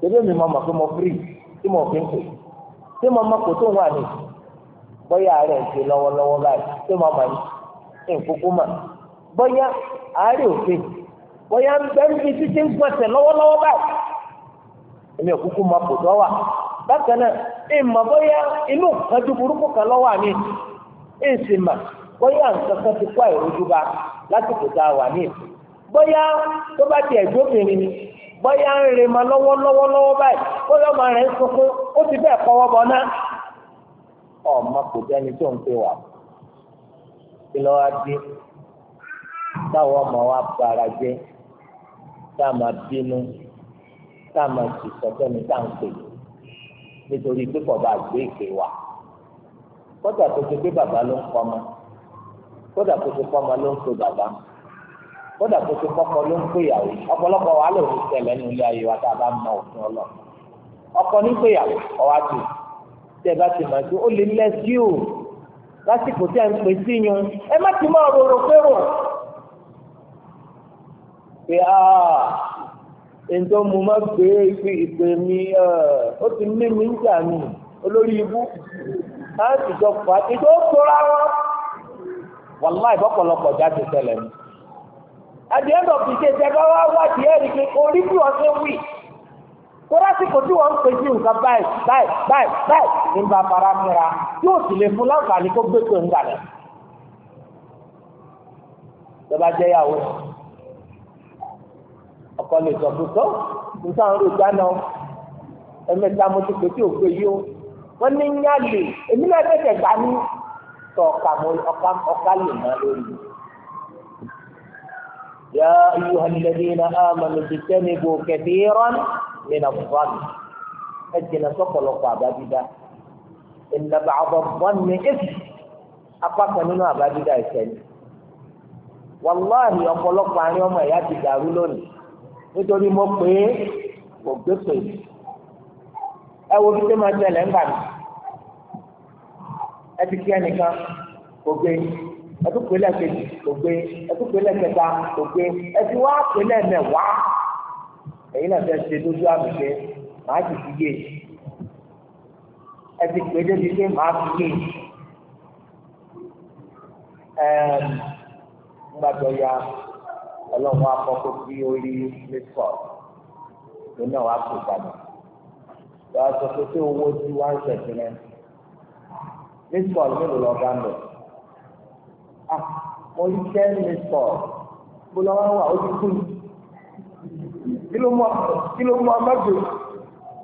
ṣébí mi mọ mọ pé mo firi tí mo fi ń pè ṣé mo mọ kò tó wà ní bóyá rẹ̀ ṣe lọ́wọ́lọ́wọ́ báyìí ṣé mo mọ̀ ní. bóyá àárẹ̀ òfin bóyá ń bẹ́ ń títí ń gbọ̀nsẹ̀ lọ́wọ́lọ́wọ́ báyìí èmi ò máa kò dọ́wà bákan náà ìmọ̀ bóyá inú ìkanjú burúkú kan lọ́wọ́ àmì ìsìnmà bóyá nǹkan ti kó àìrójú bá tá a wà ní ìsìn bóyá tó bá ti obìnrin ni bóyá ń ma lọ́wọ́ báyìí bóyá ọmọ rẹ̀ ń sunkún ó ti bẹ́ẹ̀ náà kò tó ń pè wà kí táwọn ọmọ wa bara jẹ́ táà máa bínú táà máa sì sọtẹni táà ń pè nítorí pé kọba àgbé ìpè wa kódà tó ti pé bàbá ló ń kọ́mọ kódà tó ti kọ́mọ ló ń bàbá tó ti ló ń ìyàwó wa lè ní ṣẹlẹ̀ nínú ilé ayé wa tá a bá mọ òfin ọlọ ọkọ pé áà ǹjọ́ mo má pé ìpè ìpè mi ó ti ní mi ń jà mí olórí ibú láti jọ pa ìjọ kóra wọn wàláì bọ́pọ̀lọpọ̀ jáde tẹ̀lẹ̀ mi. àdìẹ́ náà fi ṣe ìjẹba wá wádìí ẹ̀rí pé orí bí wọ́n ṣe wí kódà sí kò tí wọ́n ń pè sí nǹkan báyìí báyìí báyìí báyìí nígbà fara mẹ́ra yóò sì lè fún láǹfààní kó gbé pé ń gbà náà. ìjọba jẹ́ yàwó ọkọ lè sọ pé tó kò sáà ń ro dáná ẹ̀mẹ́ta mo ti pè tí ò gbé yìí o wọ́n ní ń yàlè èmi náà tẹ̀sẹ̀ gbà ní tọ ọ̀ka lè má lórí. يا أيها الذين آمنوا اجتنبوا كثيرا من الظن ẹjìnà sọpọlọ kọ àbádídá ìnàbà àbọ̀bọ̀n ní èsì apákan nínú àbádídá ìṣẹ̀lẹ̀ wàláhì ọ̀pọ̀lọpọ̀ àárín ọmọ ìyá ti dàrú lónìí nítorí mo pè é kò gbé pè é ẹ wo bí sẹ́mi ọtí ẹlẹ́ ń bà mí ẹ ti kí ẹnìkan kò gbé ẹ tún pè é lẹ́ẹ̀kejì kò gbé ẹ tún pè é lẹ́ẹ̀kẹta kò gbé ẹ ti wá pè é lẹ́ẹ̀mẹ̀wàá ẹ̀yin náà fẹ́ ṣe lójú àmì pé màá sì fi yé ẹ ti pè é débi pé màá fi yé ẹ̀ ń ya ọlọ́run wa kọ́kọ́ sí orí lẹ́kọ̀ọ́ tó náà wá kó padà wọ́n á sọ pé pé owó tí wọ́n ń ṣẹ̀tì rẹ̀ lẹ́kọ̀ọ́ mélòó lọ bá ń bẹ̀. mo rí tẹ́ lẹ́kọ̀ọ́ bó lọ́wọ́ wà ó ti kú ni kí ló mú ọmọdé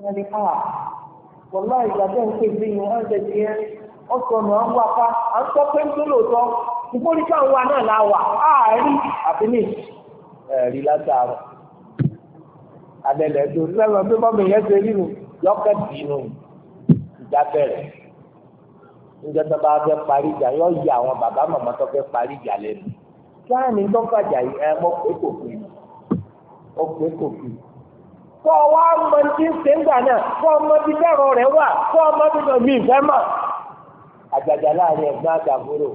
wọn ni a wọ́n láì gbàgbé ń pè sí yìí wọ́n ń ṣẹ̀tì rẹ̀ ọ̀sán ni wọ́n ń à ń sọ pé ń tó lòótọ́ ìgbóríkà wa náà la wà ààrí àbíní ẹ̀rí látàárọ̀ adẹ́lẹ̀ tó sẹ́wọ̀n pé bọ́ọ̀mù yẹn ṣe rí nu yọkẹ́ dìínú ìjà bẹ̀rẹ̀ níjọ tó bá fẹ́ parí ìjà yọ yí àwọn bàbá màmá tó fẹ́ parí ìjà lẹ́nu kíá ni tó fàjà yìí ẹ mọ pé kò fi mọ pé kò fi kọ́ wa mọ ti ń ṣe ń gbà náà kọ́ ọmọ ti dẹ́rọ rẹ̀ wà kọ́ ọmọ ti dọ̀ mí ìfẹ́ mọ̀ àjàjà láàrin ẹ̀gbọ́n àtàbúrò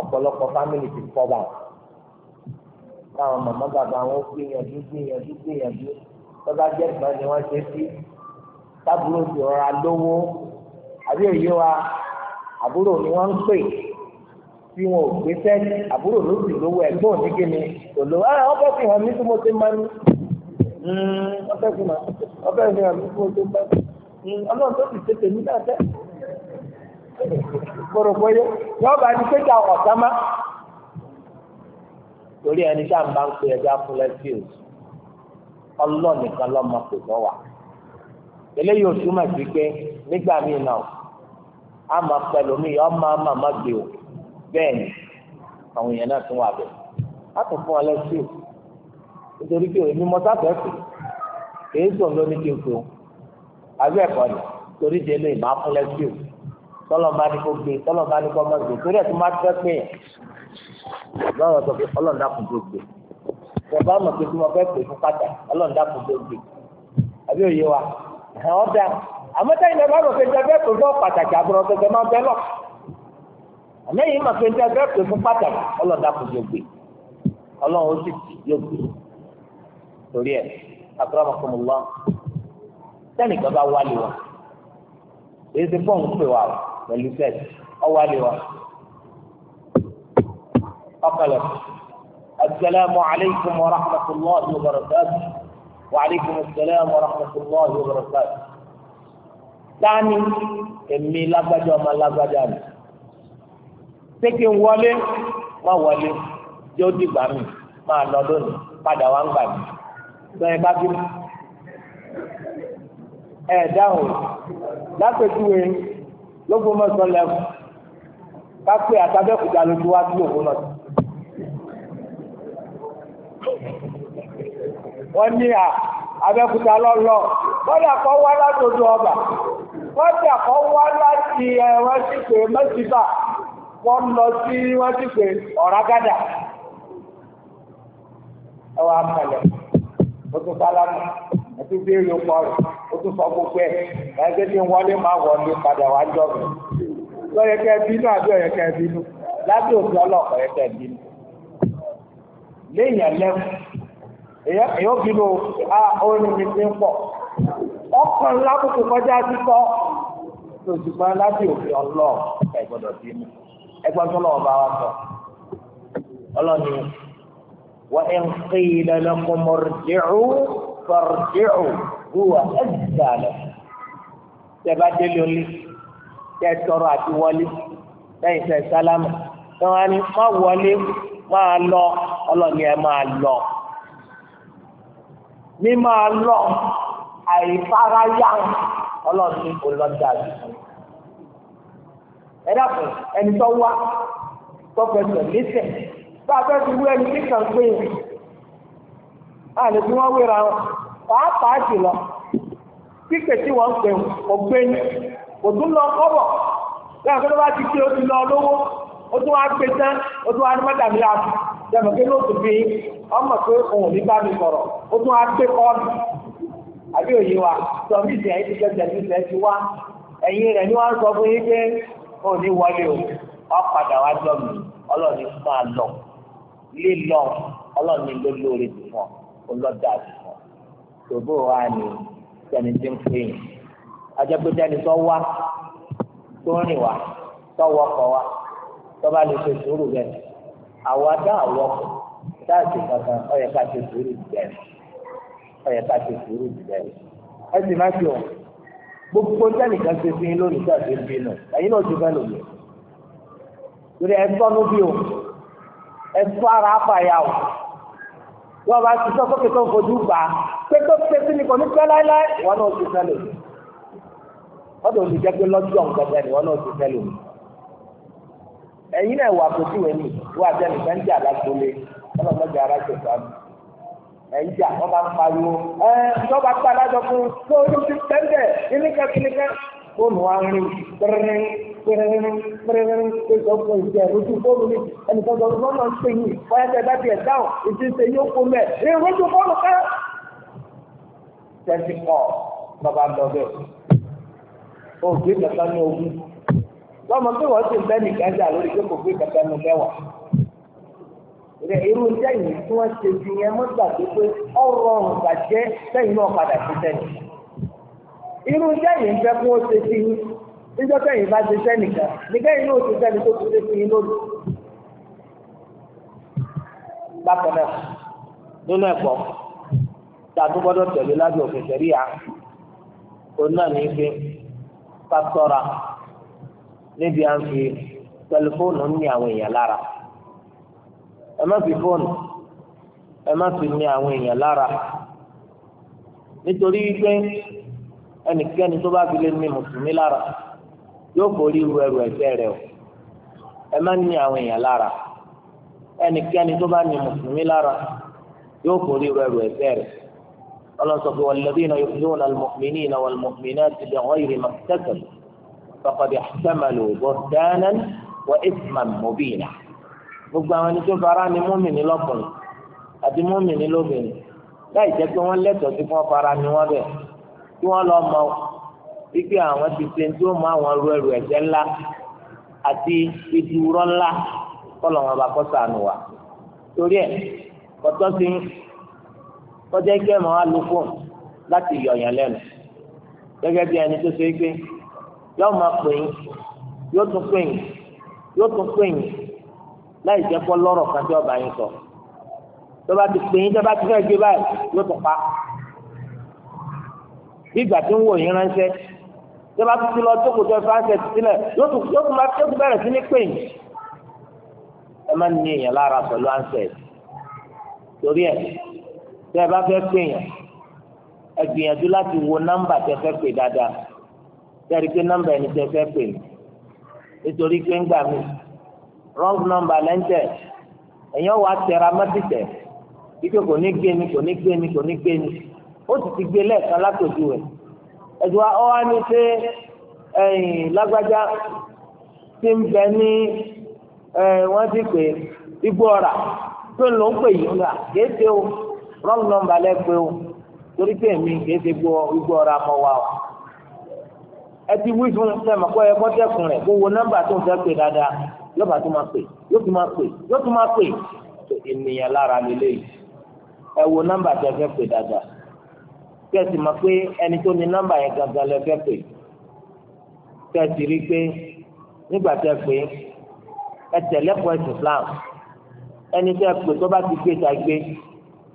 ọ̀pọ̀lọpọ̀ fámìlì ti kọ́ bá wọn. Táwọn màmá bàbá wọn gbìyànjú gbìyànjú gbìyànjú tọ́ba jẹ́ ìgbà ni wọ́n ṣe sí. Tábúrò ti rọra lówó. Àbí èyí wa àbúrò ni wọ́n ń pè tí wọn ò gbé sẹ́ẹ̀tì àbúrò ló sì lówó ẹ̀gbọ́n ní kíni kò lówó. Ẹ ah, wọ́n fẹ́ fi hàn mí tí mo ti máa ní. Hmm, wọ́n fẹ́ fi hàn mí tí mo ti máa ní. Hmm, Ọlọ́run tó ti ṣe tèmi náà tẹ́ kórópóyé yóò bá ní péjà ọ̀tá má torí ẹni tá à ń bá ń pe ẹja fún lẹ́fíùs ọlọ́ọ̀ nìkan lọ́mọ kò lọ́ wà eléyìí oṣù mà sí pé nígbà míì náà a máa pẹ̀lú mi ọmọ àmà má gbé o bẹ́ẹ̀ ni àwọn èèyàn náà tún wà bẹ́ẹ̀ a tún fún ọ lẹ́fíùs nítorí pé èmi mọ sáfẹ́ fún èyí sọ̀rọ̀ lónìí kí n fún un àbí ẹ̀kọ́ ni torí délé ìmọ̀ afúnlẹ́fíùs tọlọmọba ni kò gbé tọlọmọba ni kò má gbé torí ẹ tó má tẹ pé lọrọ sọ pé ọlọ́ọ̀dà kò tó gbé bàbá ọmọ pé tí mo fẹ́ pè fún pátá ọlọ́ọ̀dà kò tó gbé àbí òye wa ẹ̀hán ọ̀dà àmọ́tá ìlẹ̀ bá mọ̀ pé tí a fẹ́ pè fún pàtàkì àbúrò gẹ́gẹ́ máa bẹ́ lọ àmẹ́yìn mọ̀ pé tí a fẹ́ fún pàtàkì ọlọ́ọ̀dà kò tó gbé ọlọ́run ó sì yóò gbé torí ẹ akọ́rọ́mọkọ́mọlọ́ sẹ́nìkan bá wálé wa èyí ti fọ́ọ̀mù pẹ̀lú sẹ́ẹ̀t ọwálẹ̀wà ọkọlẹ̀ asalaamu alaykum wa rahmatulahi wa barakatu wa alaykum asalaam wa rahmatulahi wa barakatu tani èmi lágbájá ọmọ lágbájá mi sékè ń wọlé má wọlé yóò dìgbà mi máa lọ lónìí padà wá ń gbà mí bẹ́ẹ̀ bá bí ẹ dáhùn lápẹjúwe l'Ógbómọ̀ṣọ́ lẹ́wọ̀ kápẹ́ àtàbẹ́kùtà ló ti wá sí Ògbómọ̀ṣọ́. wọ́n ní à Abẹ́kúta lọ́lọ́ kọ́dà kọ́ wá látòdó ọba kọ́dà kọ́ wá láti ẹ̀wọ́n sí pé mẹ́sìbà wọ́n lọ sí wọ́n sí pé ọ̀ràgádà ẹwà kalẹ̀ ó tún sálámù tí béèrè ọkọ rẹ̀ ó tún sọ gbogbo ẹ̀ ẹgbẹ́ tí ń wọlé máa wọlé padà wá jọ rẹ̀ lọ́yẹ̀kẹ́ bínú àbí ọ̀yẹ̀kẹ́ bínú lábẹ́ òfin ọlọ́ọ̀kọ̀ yẹ̀kẹ́ bínú léèyàn lẹ́wù èyí ó bínú a orin mi ti ń pọ̀ ọkàn lábùkù kọjá títọ́ lòṣùpá lábẹ́ òfin ọlọ́ọ̀ ẹ̀gbọ́dọ̀ bínú ẹgbọ́n tó lọ́wọ́ bá wa sọ fọ̀rọ̀dẹ́ọ̀ hùwà ẹ̀dá lẹ̀. Tẹ̀bá délé olé, tẹ̀ tọrọ àti wọlé, lẹ́yìn tẹ̀ sálámù. Tẹ̀wọ́n á ní má wọlé máa lọ ọlọ́ni ẹ máa lọ. Ní máa lọ àìfáráyà ọlọ́ni olọ́jà Ẹ dàpọ̀ ẹni tó wá tó fẹsẹ̀ lẹ́sẹ̀. Bá a wú ẹni tí kàn pé àlè tí wọ́n wéra wọn pàápàá jùlọ pípẹ̀ tí wọ́n pè ọ̀gbẹ́ni kò lọ kọ́bọ̀ lẹ́yìn tó bá ti pé ó ti lọ lówó ó tún pé tán ó tún ní pé ló fi ọmọ pé òun ní bá mi sọ̀rọ̀ ó tún pé àbí òye wa ìsìn ọlọ́dà fún ṣòbó wa ni sẹni tí ń pè yín ajẹ́gbẹ́jáde tó wá tó rìn wá tó wọkọ̀ wá tó bá lè ṣe sùúrù bẹ́ẹ̀ àwa dá àwọkọ̀ táàsì kankan ọ̀yẹ̀ ká ṣe sùúrù bẹ́ẹ̀ ọ̀yẹ̀ ká ṣe sùúrù bẹ́ẹ̀ ẹ sì má fi hàn gbogbo sẹ́ni kan ṣe fi lónìí tàbí bínú ẹ̀yin náà ti fẹ́ lòlù torí ẹ sọ́nú bí o ẹ sọ ara apá ya o wọ́n bá ti sọ sókè tó ń fojú gbà á pé tó ṣe sí ni kò ní pẹ́ láéláé wọn náà ti ṣẹlẹ̀ ọdọ òní jẹ́ pé lọ́jọ́ nǹkan ni wọn náà ti ṣẹlẹ̀ òní. ẹ̀yin náà wà kókó wẹ̀ ní wọ́n àti ẹnì kan jà lágbólé wọn náà mọ̀jà ara ṣẹ̀ṣẹ̀ àmì ẹ̀yin jà wọ́n bá ń pariwo ẹ̀ ẹ̀ wọ́n bá pariwo adájọ́ fún un tó o ti tẹ́ńdẹ̀ kíníkẹ́ kíníkẹ́ fóònù wa ń rìn pẹ́rẹ́rẹ́ pẹ́rẹ́rẹ́ pẹ́rẹ́rẹ́ pé sọ́kùn ìjẹ́ ojú fóònù ní ẹnìkan sọ̀rọ̀ fóònù náà ń pè yín wáyà tẹ̀ bá tiẹ̀ dáhùn ètò ìṣe yóò kó mẹ́ ẹ rojú fóònù ká. o gbé kàkà ní ogún lọ́mọ pé wọ́n ti bẹ́ nìkan jà lórí pé kò gbé kàkà ní mẹ́wàá rẹ irú sẹ́yìn tí wọ́n ṣe fi yẹn mọ́tà tó pé ọ̀rọ̀ ọ̀rùn bàjẹ́ sẹ́yìn náà padà sí sẹ́yìn irú iṣẹ́ yìí ń fẹ́ kí wọ́n ṣe sí yín níjọ́ kẹ́yìn bá ṣe iṣẹ́ nìkan nìkẹ́ yìí náà ṣe sẹ́ni tó ti ṣe sí yín lónìí. bákan náà nínú ẹ̀kọ́ tàbí gbọ́dọ̀ tẹ̀lé lábẹ́ òfin ṣẹ̀rí à òun náà ní pé ká sọ́ra níbi à ń fi tẹlifóònù ní àwọn èèyàn lára ẹ má fi fóònù ẹ má fi ní àwọn èèyàn lára nítorí wípé ẹnikẹ́ni tó bá fi lé ní mùsùlùmí lára yóò borí ru ẹrù ẹ̀ṣẹ̀ rẹ̀ o ẹ má ní àwọn èèyàn lára ẹnikẹ́ni tó bá ní mùsùlùmí lára yóò borí ru ẹrù ẹ̀ṣẹ̀ rẹ̀ ọlọ́sọ̀fù wàlẹ́bínà yóò nà mọ̀mìnì nà wàlmọ̀mìnà ti lè wọ́n yìí mọ̀tẹ́kẹ̀ fàkàdé àtẹ́mẹ̀lì òbọ̀ dáná wà ìsìmàn mọ̀bìnà gbogbo àwọn ẹni tó fara ni mọ́mìnì lọ́kùnrin àti mọ́mìnì lóbìnrin láì jẹ́ pé wọ́n lẹ́tọ̀ọ́ sí fún ọ kí wọ́n lọ mọ̀ wípé àwọn ti ṣe tí ó mọ àwọn ru ẹrù ẹ̀jẹ̀ ńlá àti ìdúró ńlá kọlọ̀ wọn bá kọ́ sànù wa torí ẹ̀ kọ́tọ́ sí kọjá kí ẹ̀ máa lo fóònù láti yọ̀yàn lẹ́nu gẹ́gẹ́ bí ẹni tó ṣe pé yóò máa pè é yóò tún pè yín yóò tún pè yín láì jẹ́ pọ́ lọ́rọ̀ kan tí ọba yín sọ tó bá ti pè yín tó bá ti fẹ́ gbé báyìí yóò tún pa bí ìgbà tó ń wò yín ránṣẹ́ tó bá tún ti lọ tó kò tó fáńṣẹ́ ti sílẹ̀ yóò tún bá tó kò bẹ̀rẹ̀ sí ní pèyìn ẹ má ní èèyàn lára pẹ̀lú áńṣẹ́ torí ẹ̀ tẹ́ ẹ bá fẹ́ pèyàn ẹ gbìyànjú láti wo nọ́mbà tẹ́ fẹ́ pè dáadáa tẹ́ ẹ rí pé nọ́mbà ẹni tẹ́ fẹ́ pè ní nítorí pé ń gbà mí wrong number lẹ́ńtẹ̀ ẹ̀yàn wà tẹ̀ra mọ́tìtẹ̀ ike kò ní gbé ni kò ní gbé ni kò ní gbé ni ó sì ti gbé lẹ́ẹ̀kan látòjú rẹ̀ ẹ̀dùn wa ọ́ wá ní pé ẹ̀yìn lágbájá ti ń bẹ ní wọ́n ti pè igbó ọ̀rà tó ń lò ń pè yìí ńlá kìí ṣe o wrong number lẹ pé o torí pé èmi kìí ṣe gbó igbó ọ̀rà mọ́ wa o ẹ ti wí fún sẹ́mi kọ́ ẹ kọ́ rẹ̀ kó nọ́mbà tó ń fẹ́ pè dáadáa yóò bá tó máa pè yóò tó máa pè yóò tó máa pè ènìyàn lára lélẹ́yìí ẹ wo nọ́mbà tó ń fẹ́ pè dáadáa kẹ́sì mọ̀ pé ẹni tó ní nọ́mbà yẹn gangan lẹ fẹ́ pè kẹ́sì rí pé nígbà tẹ́ pé ẹ tẹ̀lé pọ́ẹ̀sì Islam ẹni tẹ́ pé tó bá ti gbé ta gbé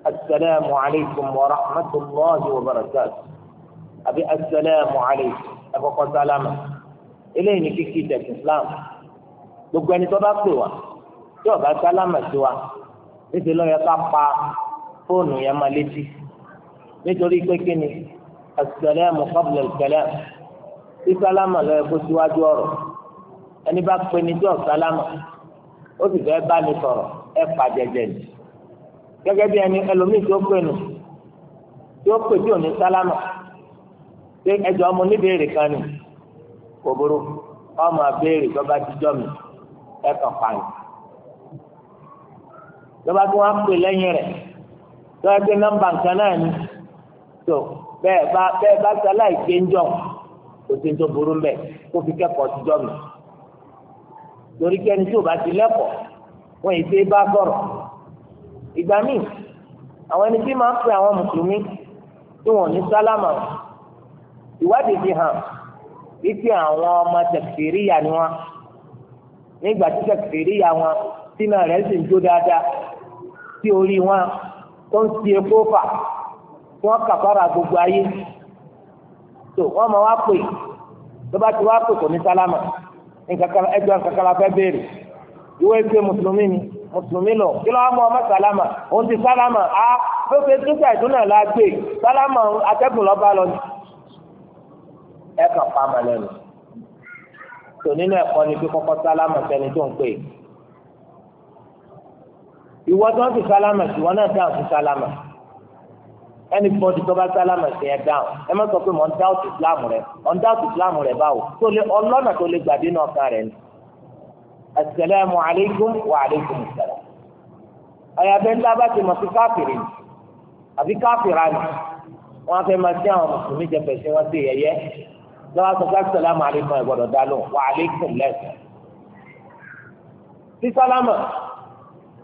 asalaamu alaykum wa rahmatulahi wa barakatuh àbí asalaamu alaykum ẹ kọ́kọ́ eléyìí ni kíkí tẹ̀sí Islam gbogbo ẹni tó bá pè wá tí ó bá sí wa níṣẹ́ ló yẹ ká pa fóònù yẹn máa létí nítorí pé kí ni as-salamu qabla al-kalam tí sálámà lọ́yẹ kó síwájú ọ̀rọ̀ ẹni bá pe ní jọ́ sálámà ó sì fẹ́ bá mi sọ̀rọ̀ ẹ pa jẹjẹ ni gẹ́gẹ́ bí ẹni ẹlòmíì tó pè nù tó pè tí ò ní sálámà pé ẹjọ́ ọmọ oníbèrè kan ni kò burú ọmọ abéèrè tó jíjọ́ mi ẹ kàn pààyàn tó bá tún wá pè lẹ́yìn rẹ̀ tó tó bẹ́ẹ̀ bá bẹ́ẹ̀ bá sálà ìgbéńjọ kò sí tó burú mbẹ kó fi kẹ́kọ̀ọ́ tijọ́ mi torí kẹ́ni tí o bá ti lẹ́kọ̀ọ́ wọ́n yìí ṣe bá sọ̀rọ̀ ìgbà míì àwọn ẹni tí máa ń pe àwọn mùsùlùmí tí wọ́n ní sálámà ìwádìí fi hàn wípé àwọn ọmọ tẹ̀síríyà ni wọ́n nígbà tí tẹ̀síríyà wọn sínú rẹ̀ sì ń jó dáadáa tí orí wọn tó ń ṣe kófà wọ́n kàfàrà gbogbo ayé tó wọ́n mọ̀ wá pè tó bá ti wá pè kò ní sálámà ẹgbẹ́ kankala fẹ́ béèrè ìwé ìgbé mùsùlùmí ni mùsùlùmí lọ kí ló wá mọ ọmọ sálámà òun ti sálámà á fẹ́fẹ́ dúkìá ìdúnà la gbé sálámà atẹ́gùn lọ́ba lọ ni ẹ kàn pa àmà lẹ́nu tó nínú ẹ̀kọ́ ni pé kọ́kọ́ sálámà sẹ́ni tó ń pè ìwọ́n tó ń fi sálámà sí wọn náà dáhùn sí sálámà anybody tó bá sálámà sí ẹ dáhùn ẹ má sọ pé mò ń dáhùn islam rẹ mò ń dáhùn islam rẹ báwo tó lé ọlọ́nà tó lé gbàdé náà kan rẹ ni asalaamu aleykum wa aleykum salaam ọ̀yàbẹ̀ ńlá bá ti mọ̀ sí káfìrì ni àbí káfìrà ni wọ́n á fẹ́ máa sí àwọn mùsùlùmí jẹ̀fẹ̀ sí wọ́n sí yẹyẹ lọ́wọ́ sọ pé asalaamu aleykum ẹ̀ gbọ́dọ̀ dá lóhùn wa aleykum lẹ́sìn sísálámà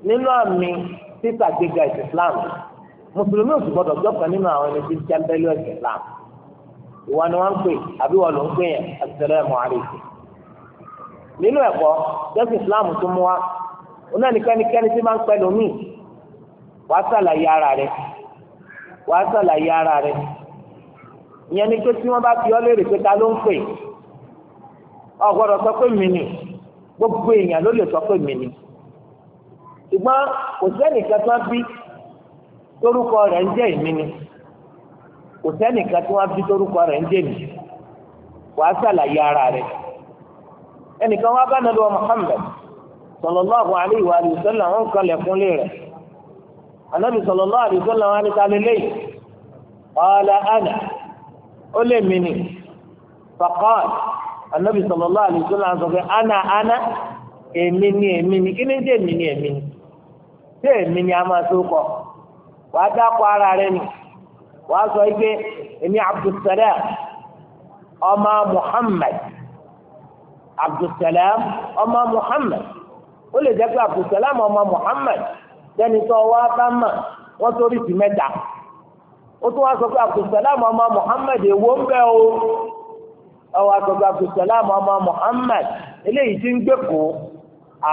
nínú àmì sísàgbéga ìsìlámù mùsùlùmí ò sì gbọdọ̀ jọ́kan nínú àwọn ẹni tí ń já bẹ́lú ẹ̀sìn Islam ìwà ni wọ́n ń pè àbí wọ́n ló ń pè yẹn assalamu alaykum nínú ẹ̀kọ́ jẹ́sìn Islam tó mú wa oná nìkẹ́nikẹ́ni tí máa ń pẹ́ lómi wàá sàlàyé ara rẹ̀ wàá sàlàyé ara rẹ̀ ìyẹn ni pé tí wọ́n bá fi ọ́ léèrè pé ta ló ń pè ọ gbọ́dọ̀ sọ pé mi ni gbogbo èèyàn ló lè sọ pé mi ni ṣùgbọ́n kò sẹ́nìkan tó ń bí torúkọ rẹ̀ ń jẹ́ ìmí kò sẹ́nìkan tí wọ́n fi torúkọ rẹ̀ ń jẹ́ mi wàá ka ara rẹ̀ ẹnìkan wá bá nàlọ́wọ́ Muhammad sallallahu alayhi wa sallam ń kọlẹ̀ fúnlé rẹ̀ anabi sallallahu alayhi wọn léyìí ọ̀ọ́lá àná ó lè sọ pé àná àná èmi ni èmi ni kí a wàá dákọ̀ ara rẹ nù wàá sọ pé èmi Abdulsalam ọmọ Muhammad Abdulsalam ọmọ Muhammad ó lè jẹ́ pé Abdulsalam ọmọ Muhammad jẹ́ni tó wá bá mà wọ́n torí sí mẹ́ta ó tún wá sọ pé Abdulsalam ọmọ Muhammad èwo ń bẹ́ o ọwọ́ Abdulsalam ọmọ Muhammad eléyìí ti ń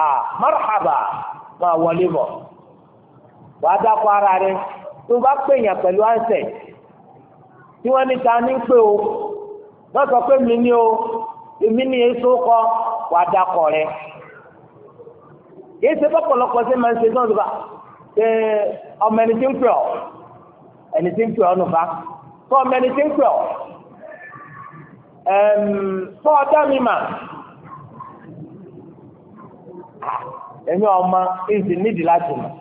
a marhaba máa wàá dákọ ara rẹ tó bá pè yàn pẹ̀lú ànsẹ̀ tí wọ́n ní ta ní pé o wọ́n sọ pé mi ní o èmi ní èso kọ wàá dákọ rẹ kìí ṣe bọ́pọ̀lọpọ̀ ṣe máa ń ṣe náà lóba ṣe ọmọ ẹni tí ń pè ọ́ ẹni tí ń pè ọ́ nùbá fún ọmọ ẹni tí ń pè ọ́ fún ọjọ́ mi mà ẹ̀mí ọmọ ìsìn nídìí láti mọ̀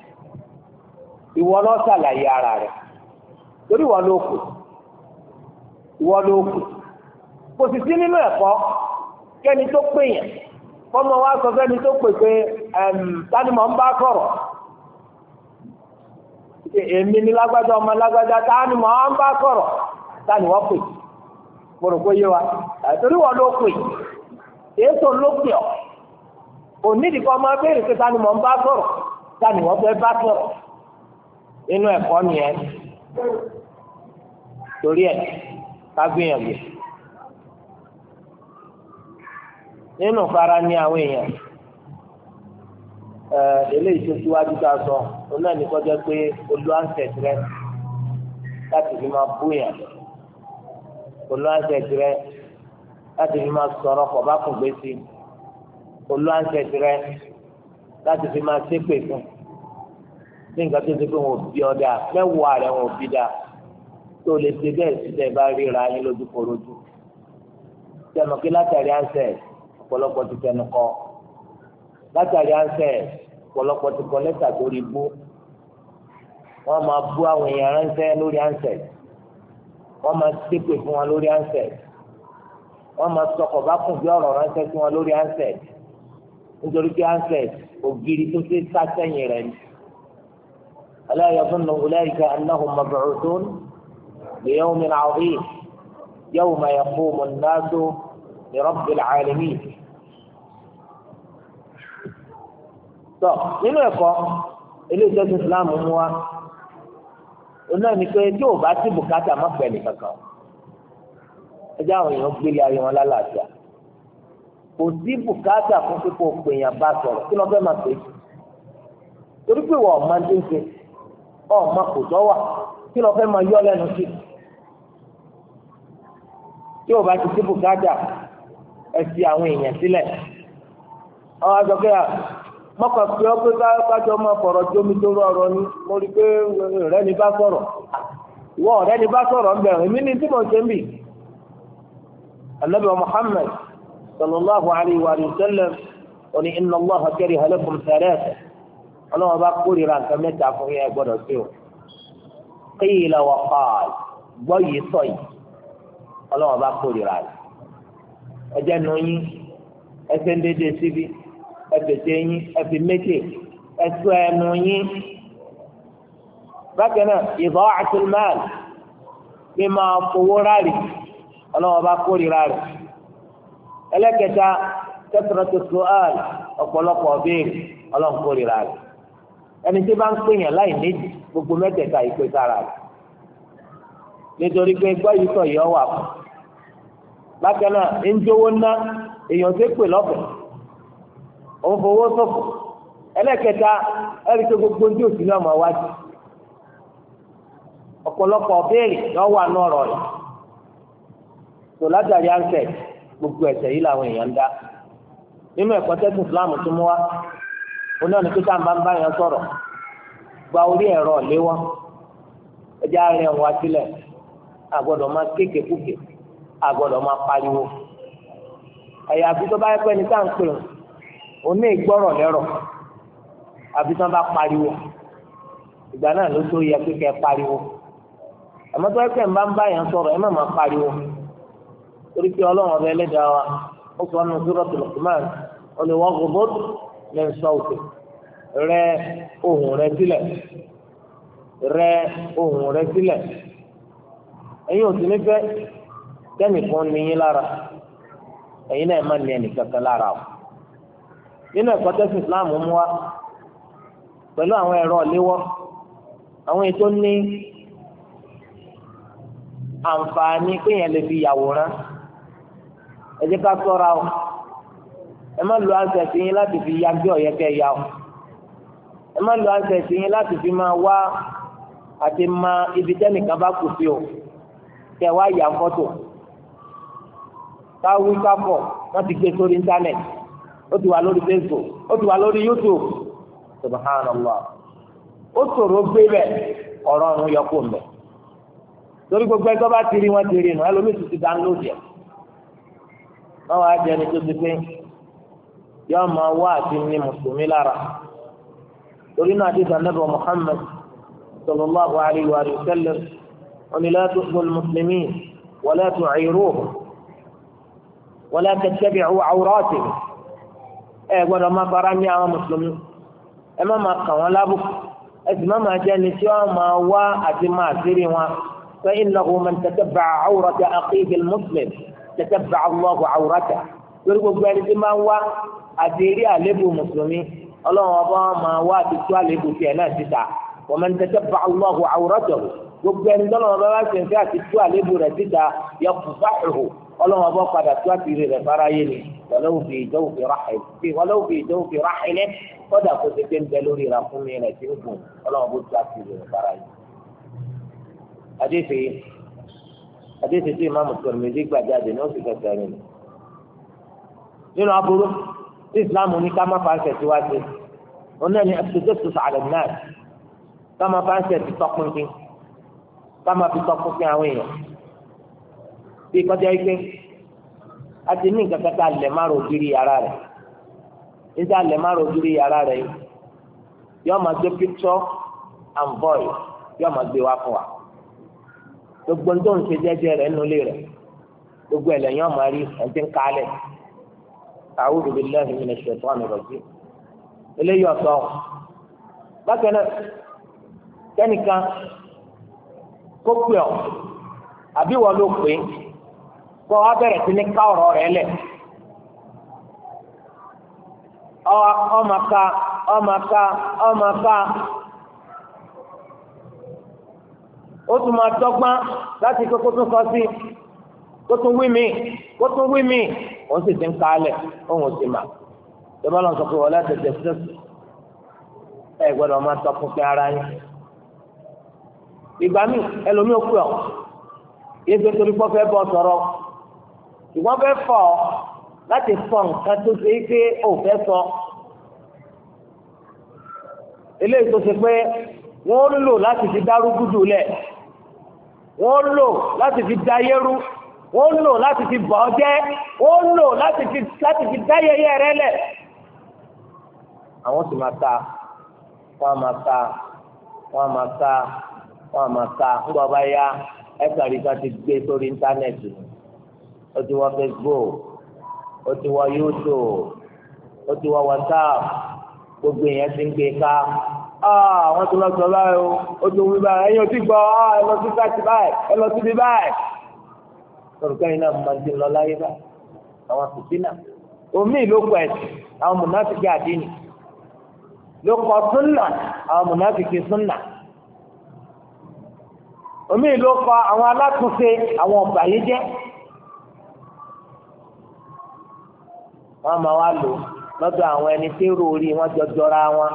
ìwọ lọ ṣàlàyé ara rẹ torí ìwọ ló kù ìwọ ló kù kò sì sí nínú ẹ̀kọ́ kẹ́ni tó pè yẹn fọmọ wa sọ fẹ́ni tó pè pé tani mọ̀ ń bá sọ̀rọ̀ èmi ni lágbájá ọmọ lágbájá tani mọ̀ ń bá sọ̀rọ̀ tani wọ́n pè mo rò yé wa torí wọn ló pè èso ló pè ọ onídìí kan máa béèrè pé tani mọ̀ ń bá sọ̀rọ̀ tani wọ́n fẹ́ bá sọ̀rọ̀ inú ẹ̀kọ́ nìyẹn torí ẹ̀ ká nínú fara ní àwọn èèyàn ẹ eléyìí tó síwájú tá a sọ òun náà ní kọjá pé olú rẹ láti fi máa bú yàn olú rẹ láti fi máa sọ̀rọ̀ kọ̀bákùngbé sí olú rẹ láti fi máa ṣépè fún ní nǹkan tó ti pé wọn ò bí ọ dáa mẹ́wàá rẹ̀ wọn ò bí dáa tó lè ṣe bẹ́ẹ̀ síta ẹ̀ bá ríra yín lójú korojú tẹnu kí látàrí ànsẹ̀ ọ̀pọ̀lọpọ̀ ti tẹnu kọ látàrí ànsẹ̀ ọ̀pọ̀lọpọ̀ ti kọ lẹ́tà tó rí bú wọ́n máa bú àwọn èèyàn ránṣẹ́ lórí ànsẹ̀ wọ́n máa ṣépè fún wọn lórí ànsẹ̀ wọ́n máa sọkọ̀ bá kùn bí ọ̀rọ̀ ránṣẹ́ sí wọn lórí ànsẹ̀ nítorí pé ànsẹ̀ ògiri tó ṣe sá sẹ́yìn rẹ̀ ni. ألا يظن أولئك أنهم مبعوثون ليوم عظيم يوم يقوم الناس لرب العالمين tọ nínú ẹ̀kọ́ eléyìí tó islam mú wa oná ní pé tí ò bá sí bùkátà má pẹ nìkan kan ẹjẹ àwọn èèyàn gbélé ayé wọn lálàáfíà kò sí bùkátà fún pípọ̀ pèèyàn bá sọ̀rọ̀ kí lọ́ọ́ fẹ́ máa pè torí pé wọ́n máa ń dé ṣe ọmọ kò tọ́ wà kí lọ fẹ́ máa yọ lẹ́nu sí tí ò bá ti sí bùkátà ẹ fi àwọn èèyàn sílẹ̀ àwọn àjọkẹ́ à mọ́kàn pé ọ́ pé bájọ́ máa fọ̀rọ̀ jómi tó rọrọ ni mo rí i pé ọ̀rẹ́ ni bá sọ̀rọ̀ ìwọ ọ̀rẹ́ ni bá sọ̀rọ̀ ń bẹ̀rẹ̀ èmi ni tí mo ṣe ń bì anabi Muhammad sallallahu alayhi wa sallam oní inna Allah kariha lakum thalatha ọlọ́wọ́n bá kórìíra nǹkan mẹ́ta fún yẹn gbọ́dọ̀ sí o qila wa qal gbọ́ yìí sọ yìí ọlọ́wọ́n bá kórìíra rẹ̀ ẹjẹ́ nu yín ẹsẹ̀ ń dédé síbi ẹfẹ̀tẹ̀ yín ẹfẹ̀ méjì ẹsọ ẹnu yín bákan náà ìbá àtúnmáàl bí máa fowó rárì ọlọ́wọ́n bá kórìíra rẹ̀ ẹlẹ́kẹta kẹsàn-án tó so àl ọ̀pọ̀lọpọ̀ béèrè ọlọ́wọ́n kórìíra rẹ̀ ẹni tí bá ń pèèyàn láì nídìí gbogbo mẹ́tẹ̀ẹ̀ta ìpè sára rẹ̀ nítorí pé gbọ́ yìí sọ yìí ọ wà fún bákan náà ń jówó ná èèyàn tó pè lọ́fẹ̀ẹ́ òun fowó ṣòfò ẹlẹ́kẹta ẹ̀rí tó gbogbo ń dòsí náà máa wájú ọ̀pọ̀lọpọ̀ béèrè náà wà náà rọ̀ rẹ̀ tó látàrí ànsẹ̀ gbogbo ẹ̀sẹ̀ yìí làwọn èèyàn ń dá nínú ẹ̀kọ́ tẹ́sán Islam tó mú wa oní ọ̀nà pé táwọn bá ń bá yẹn sọ̀rọ̀ gba orí ẹ̀rọ léwọ́ ẹjẹ́ arìn ẹ̀wọ̀n àtìlẹ̀ àgbọ̀dọ̀ máa kéèké kúkè àgbọ̀dọ̀ máa pariwo ẹ̀yà àbí tó bá yẹ pé ní táwọn pè oní ìgbọ́rọ̀ lẹ́rọ̀ àbí bá pariwo ìgbà náà ló tó yẹ pé pariwo àmọ́ tó yẹ pé ń bá ń bá yẹn sọ̀rọ̀ ẹ má máa pariwo torí pé ọlọ́run ọba ẹlẹ́dàá wa ó sọ ọ́nà sórọ̀tì lọ́kùnmáà ó min sawti rẹ ohùn rẹ sílẹ̀ rẹ ohùn rẹ sílẹ̀ ẹ̀yin ò lára ẹ̀yin náà má ní lára o nínú ẹ̀kọ́ tẹ́sí Islam mú wa pẹ̀lú àwọn ẹ̀rọ ọ̀léwọ́ àwọn ètò ní àǹfààní lè fi yàwòrán ẹ má lo access yín fi ya ọ̀yẹ́ kẹ́ ya o ẹ má lo lati fi máa wá àti ma ibi tẹ́nìkan bá kù sí o ya fọ́tò ká wí ká fọ̀ wọ́n ti gbé sórí íńtánẹ́ẹ̀tì ó ti Facebook ó ti YouTube subhanallah ó ṣòro gbé bẹ̀ ọ̀rọ̀ ọ̀run yọ torí gbogbo ẹgbẹ́ bá ti rí wọn ti rí ti ti dáńlódì wá ẹni tó ti pín yóò máa wá àti ní mùsùlùmí lára torí náà àti sànàbà muhammad sallallahu alayhi wa sallam wọn ni láti gbọ́n mùsùlùmí wọlé tó àìrò wọlé tẹ̀tẹ̀bì àwòrán ẹ gbọ́dọ̀ máa fara ní àwọn mùsùlùmí ẹ má máa kà wọ́n lábùkù ẹ sì má máa jẹ́ ni tí wọ́n máa wá àti máa sírí wọn فإنه من تتبع عورة أخيه المسلم تتبع الله عورته torí gbogbo ẹni tí máa wá àti eré àlébù mùsùlùmí ọlọ́run ọba máa wá àti tú àlébù tiẹ̀ náà síta wa man tatabba Allahu awratahu gbogbo ẹni tọ́lọ́ ọba bá ṣe ń fẹ́ àti tú àlébù rẹ̀ síta yaqfahu ọlọ́run ọba padà tú àtìrí rẹ̀ fara yé ni walau fi jawfi rahil walau fi jawfi rahil kọ́dà kó ṣe pé ń bẹ lórí ra fún mi rẹ̀ tí ń gùn ọlọ́run ọba tú àtìrí rẹ̀ fara yé. adéfèé adéfèé tí ìmáàmù Tirmidhi gbàjáde ní ó sì fẹsẹ̀ rìn nínú aburú islam ní ká má fàáṣẹ tí wá sí òun ni asojúṣe àlẹ náà ká má fàáṣẹ ti tọpinpin ká má fi tọpinpin àwọn èèyàn bí kọjá ike a ti ní nǹkan kẹta lẹ̀ má ro gírí yàrá rẹ̀ níta lẹ̀ má ro gírí yàrá rẹ̀ yóò máa gbé picture and voice yóò máa gbé wá fún wa gbogbo nítorí ṣe jẹ́jẹ́ rẹ̀ nulẹ̀ gbogbo ẹ̀lẹ́yìn ọmọ rí ẹ̀ ti ń kalẹ̀. أعوذ بالله من الشيطان الرجيم eléyìí ọ̀tọ̀ bákan náà kẹ́nìkan kó pè ọ́ àbí wọ́n ló pè é kó wá bẹ̀rẹ̀ sí ní ká ọ̀rọ̀ rẹ̀ lẹ̀ ọmọ ká ọmọ ká ọmọ ká ó tún máa dọ́gbọ́n láti kó kó tún sọ sí kó tún wí mi kó tún wí mi òun sì ti ń kálẹ̀ òun sì mà tọ́ba náà sọ pé wọlé àtẹ̀jẹ̀ sẹ́sì ẹ gbọ́dọ̀ máa tọpinpin ara yín ìgbà míì ẹlòmíì kú ọ yé ṣe torí pọ́ fẹ́ bọ́ sọ̀rọ̀ ìwọ́n fẹ́ fọ̀ ọ́ láti fọ nǹkan tó ṣe pé ò fẹ́ sọ eléyìí tó ṣe pé wọ́n lò láti fi dárúgúdù lẹ̀ wọ́n lò láti fi dayérú ó ń lò láti fi bọ̀ ọ́ jẹ́ ó ń lò láti fi láti fi dáyẹyẹ rẹ lẹ̀ àwọn sì máa ta wọ́n á máa ta wọ́n á máa ta wọ́n á máa ta ńgbọ́ bá yá ẹ̀ka rí ká ti gbé sórí íńtánẹ́ẹ̀tì ó ti wọ Facebook ó ti wọ YouTube ó ti wọ WhatsApp gbogbo èèyàn ti ń gbé e ká ah, àwọn tó lọ sọ báyìí o ó ti wí báyìí ẹ̀yin ò ti gbọ́ ah, ẹ lọ sí káàtì báyìí ẹ lọ síbi báyìí lórúkọ yìí náà máa dín lọ láyé bá àwọn fìtínà omi ló kọ ẹsìn àwọn mùnáfíkì àdínì ló kọ súnà àwọn mùnáfíkì súnà omi ló kọ àwọn alátúnṣe àwọn ọgbà yìí jẹ wọn máa wá lò lọ́dọ̀ àwọn ẹni tí rò orí wọn jọjọra wọn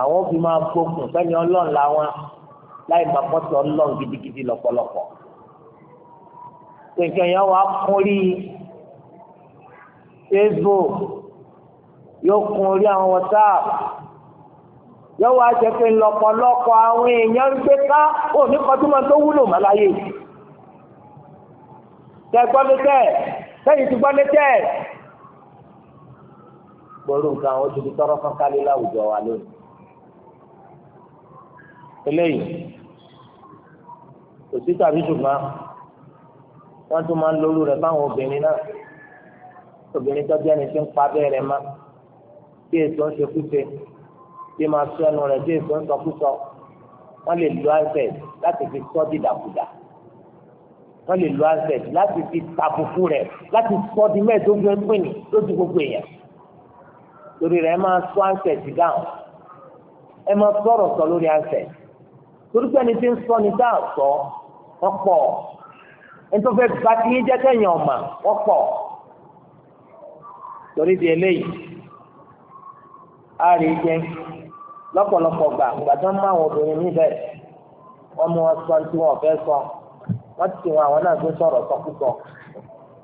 àwọn òbí máa gbókùn sẹni Ọlọ́run làwọn láì máa pọtọ Ọlọ́run gidigidi lọ́pọ̀lọpọ̀ nǹkan yẹn wà kún rí facebook yóò kún rí àwọn whatsapp yóò wá jẹ pé lọ́pọ̀lọpọ̀ àwọn èèyàn ń gbé ká ò ní kọtúmọ̀ tó wúlò mọ́ láyé tẹ gbọ́ mi tẹ sẹ́yìn ti gbọ́ mi tẹ gbọ́dọ̀ nǹkan àwọn ojúbi tọrọ kan kálí láwùjọ wa lónìí eléyìí òsì tàbí ṣùgbọ́n wọ́n tún máa ń lóru rẹ̀ fáwọn obìnrin náà obìnrin tó jẹ́ ni tí ń pa bẹ́ẹ̀ rẹ̀ má bí èso ń ṣe kúṣe bí máa sọ ẹnu rẹ̀ bí èso ń sọ kúsọ wọ́n lè lo access láti fi sọ́ dìdàkudà wọ́n lè lo access láti fi tàbùkù rẹ̀ láti sọ́ di mẹ́ẹ̀ẹ́dógún ẹgbẹ̀ni lójú gbogbo èèyàn torí rẹ̀ máa sọ access dáhùn ẹ máa sọ̀rọ̀ sọ lórí access torí pé ẹni tí ń sọ ni dáhùn sọ wọ́n nítorí bá ti yín jẹ́ kẹ́yìn ọ̀mà wọ́n pọ̀ torí di eléyìí a rí i jẹ lọ́pọ̀lọpọ̀ gbà ìgbà tó ń mú àwọn obìnrin níbẹ̀ wọ́n mú wọn sọ tí wọ́n fẹ́ sọ wọ́n ti wọn àwọn náà gbé sọ̀rọ̀ sọkúsọ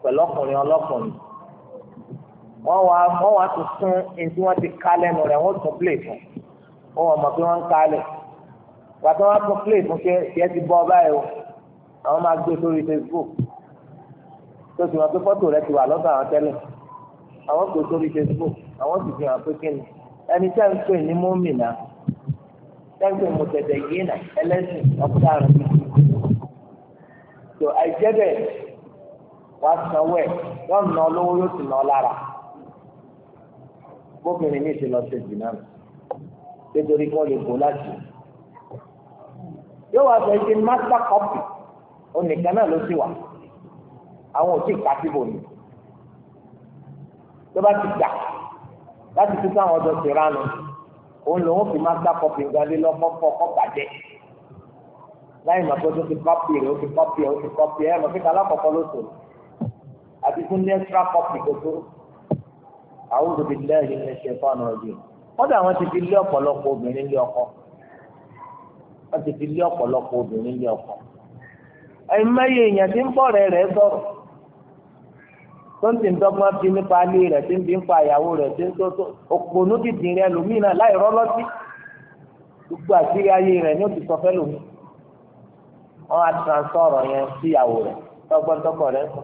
pẹ̀lú ọkùnrin ọlọ́kùnrin wọ́n wá wọ́n wá tún fún ẹni tí wọ́n ti ká lẹ́nu rẹ̀ wọ́n tún plé fún wọ́n wọ́n mọ̀ pé wọ́n ń kálẹ̀ wàtí wọ́n tún plé fún ṣe tiẹ̀ ti bọ́ báyìí o àwọn máa gbé sórí Facebook tó sì wọn pé fọ́tò rẹ ti wà lọ́dọ̀ àwọn tẹ́lẹ̀ àwọn kò sórí Facebook àwọn sì fi hàn pé kí ni ẹni tẹ́ ń pè ní mọ́mìnà tẹ́ ń pè mọ́ tẹ̀tẹ̀ yìí nà ẹlẹ́sìn ọ̀pọ̀lọpọ̀ àrùn tó àìjẹ́ bẹ́ẹ̀ wàá sanwó ẹ̀ wọ́n ná lówó yóò sì ná lára bóbìnrin ní ìṣẹ̀lẹ̀ ọ̀sẹ̀ jù náà nítorí kí wọ́n lè bò láti yóò wá sọ ẹ́ ṣe master copy onìkan náà ló sì wà àwọn ò tí ì kàtí bò ní tó bá ti gbà láti tún káwọn ọdọ ti ránu òun lòun fi máa gbá kọfì ìgbàlè lọ́kọ́kọ́ kọ́gbàjẹ́ láì mọ̀ pé ó ti kọ́pì rẹ̀ ó ti kọ́pì ẹ̀ ó ti kọ́pì ẹ̀ mọ̀ pé kálá kọ̀ọ̀kan ló sòrò àti tún ní extra kọ́pì tó tó àwọn òbí lẹ́yìn ní ṣe fọ́ọ̀nù ọ̀dùn wọ́n dà wọ́n ti fi lé ọ̀pọ̀lọpọ̀ obìnrin lé ọkọ wọ́n ti fi lé ọ̀pọ̀lọpọ̀ obìnrin lé ọkọ ẹ̀mẹ́yẹ èèyàn ti ń bọ̀ rẹ̀ rẹ̀ sọ̀rọ̀ tó ń ti ń dọ́gbọ́n bí nípa alé rẹ̀ tí ń bí nípa ìyàwó rẹ̀ tí ń tó tó òpònú dìdìn rẹ̀ lòmíì náà láì rọ́ lọ́sí gbogbo àṣírí ayé rẹ̀ ní òtítọ́ fẹ́ lòmíì wọ́n á transfer ọ̀rọ̀ yẹn sí ìyàwó rẹ̀ tọ́gbọ́n tọkọ̀ rẹ̀ sọ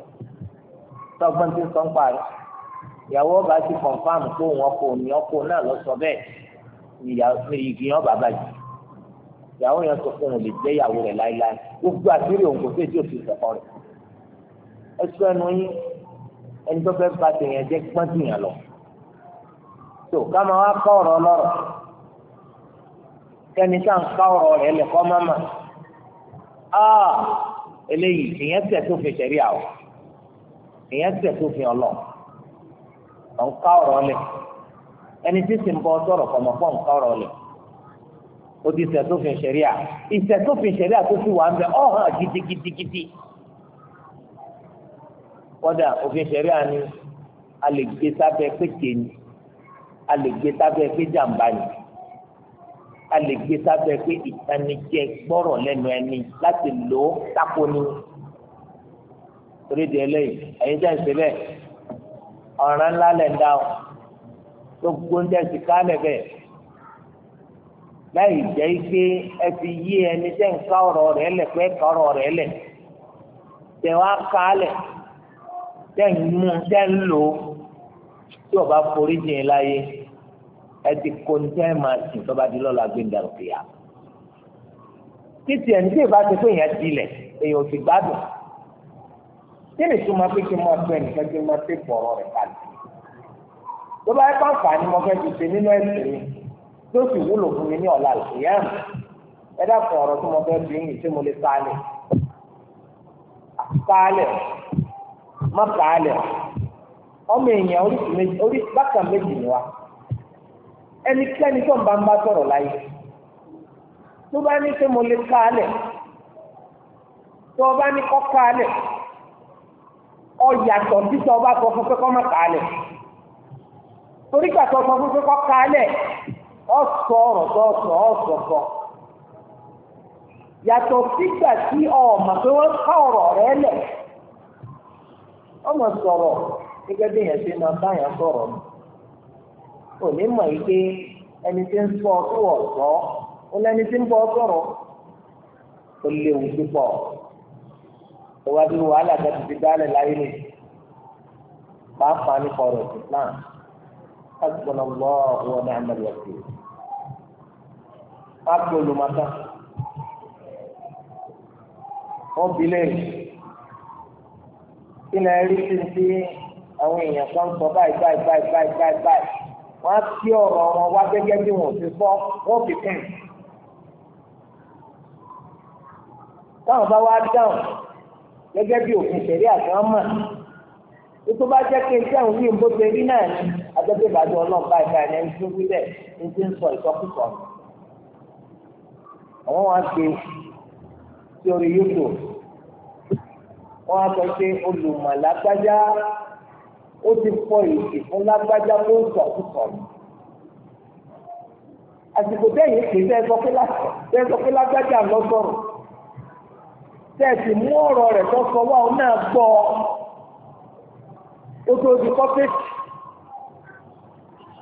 tọ́gbọ́n tí ń sọ ń parí ìyàwó ọba ti confam pé òun ọkọ òní ọkọ náà lọ sọ bẹ́ẹ̀ ìyìgì yẹn ìyàwó yẹn sọ pé òun lè jẹ́ ìyàwó rẹ̀ láéláé gbogbo àṣírí òun kò sí èdè òsì ìṣẹ̀kọ́ rẹ̀ ẹsùn ẹnu yín ẹni tó fẹ́ ba tèèyàn jẹ́ pọ́n tèèyàn lọ tó ká máa wá kọ́ ọ̀rọ̀ lọ́rọ̀ kẹ́ni tá à ń ká ọ̀rọ̀ rẹ̀ lẹ̀kọ́ mọ́mọ́ á ah, eléyìí èèyàn tẹ̀ tó fi ṣẹ̀rí àwọ̀ èèyàn tẹ̀ tó fi ọlọ́ ọ̀n ká ọ̀rọ̀ lẹ̀ ẹni tí sì ń bọ́ sọ̀rọ̀ kọ̀mọ̀kọ́ ń ká ọ̀rọ̀ lẹ̀ ó ti ṣẹ̀tófin ṣẹ̀ríà ìṣẹ̀tófin ṣẹ̀ríà tó ti wà ń bẹ ọ̀hàn gidigidigidi kọ́dà òfin ṣẹ̀ríà ni a lè gbé sábẹ́ pété ni a lè gbé sábẹ́ pé jàǹbá ni a lè gbé sábẹ́ pé ìtanijẹ gbọ́rọ̀ lẹ́nu ẹni láti lò ó tako ni torí di eléyìí ẹ̀yin jẹ́ ìṣẹ̀lẹ̀ ọ̀ràn ńlá lẹ̀ o gbogbo ń jẹ́ ìṣìkálẹ̀ bẹ́ẹ̀ láì jẹ́ pé ẹ fi yí ẹni tẹ́ ń ká ọ̀rọ̀ rẹ̀ lẹ̀ pé ká ọ̀rọ̀ rẹ̀ lẹ̀ tẹ̀ wá ká lẹ̀ tẹ́ ń mú tẹ́ ń lò ó tí o bá forí jìn láyé ẹ ti kó ní tẹ́ máa sìn tó bá di lọ́la gbẹ̀ngà òkè yá. títí ẹni tí ìbá ti pé èèyàn dilẹ̀ èèyàn ò sì gbádùn kí ni túmọ̀ pé kí n máa tó ẹnìkan kí n máa tẹ̀ pọ̀ ọ̀rọ̀ rẹ̀ kalẹ̀ tó bá yẹ kó àǹfààní mo tí ó sì wúlò fún mi ní ọ̀la ìyáàmù ẹ dákun ọ̀rọ̀ tí mo fẹ́ bí yìí tí mo lè sálẹ̀ sálẹ̀ má sálẹ̀ ọmọ èèyàn oríṣi méjì orí bákan méjì ni wa ẹnikẹ́ni tó ń bá ń bá sọ̀rọ̀ láyé tó bá ní tí mo lè sálẹ̀ tó bá ní kọ́ sálẹ̀ ọ̀yàtọ̀ títọ́ bá sọ fún pé kọ́ má sálẹ̀ torí gbàtọ̀ sọ fún pé kọ́ sálẹ̀. Ọ ọ̀rọ̀ tó ọ̀sọ̀ ọ̀sọ̀sọ̀ yàtọ̀ sígbà tí ọmọ pé wọ́n ká ọ̀rọ̀ rẹ lẹ̀ ọmọ sọ̀rọ̀ gẹ́gẹ́ bí èèyàn ṣe máa bá Onye sọ̀rọ̀ nù kò ní mọ̀ yìí pé ẹni tí ń sọ tó ọ̀sọ́ ó lẹ́ni tí ń bọ́ sọ̀rọ̀ léwu púpọ̀ ìwádìí wàhálà tó ti dálẹ̀ láyé nìyí حسبنا الله ونعم الوكيل ápò olùmọ̀tá wọ́n bi léèrè kí ni ẹrí sí ti àwọn èèyàn kan sọ báyìí báyìí báyìí báyìí báyìí báyìí wọ́n á tí ọ̀rọ̀ wọn wá gẹ́gẹ́ bí wọ́n ti sọ wọ́n fi kàn. táwọn bá wá dáhùn gẹ́gẹ́ bí òfin ṣẹ̀rí àti wọ́n mọ̀ tó bá jẹ́ pé iṣẹ́ òun yìí ń ṣe rí náà ni adẹ́gbẹ́ ìbàdí ọlọ́run báyìí báyìí ẹni tó wí bẹ́ẹ̀ ní ti ń sọ ìsọkúsọ. àwọn wa gbé sí orí youtube wọ́n á sọ pé olùmọ̀lágbájá ó ti fọ ìdí fún lágbájá tó ń sọkúsọ. àsìkò tẹ́yìn pè tẹ́ ẹ lágbájá lọ́sọ̀rọ̀ tẹ́ mú ọ̀rọ̀ rẹ̀ tó sọ wá ọ náà gbọ́ ó tó di kọ́pẹ́tì.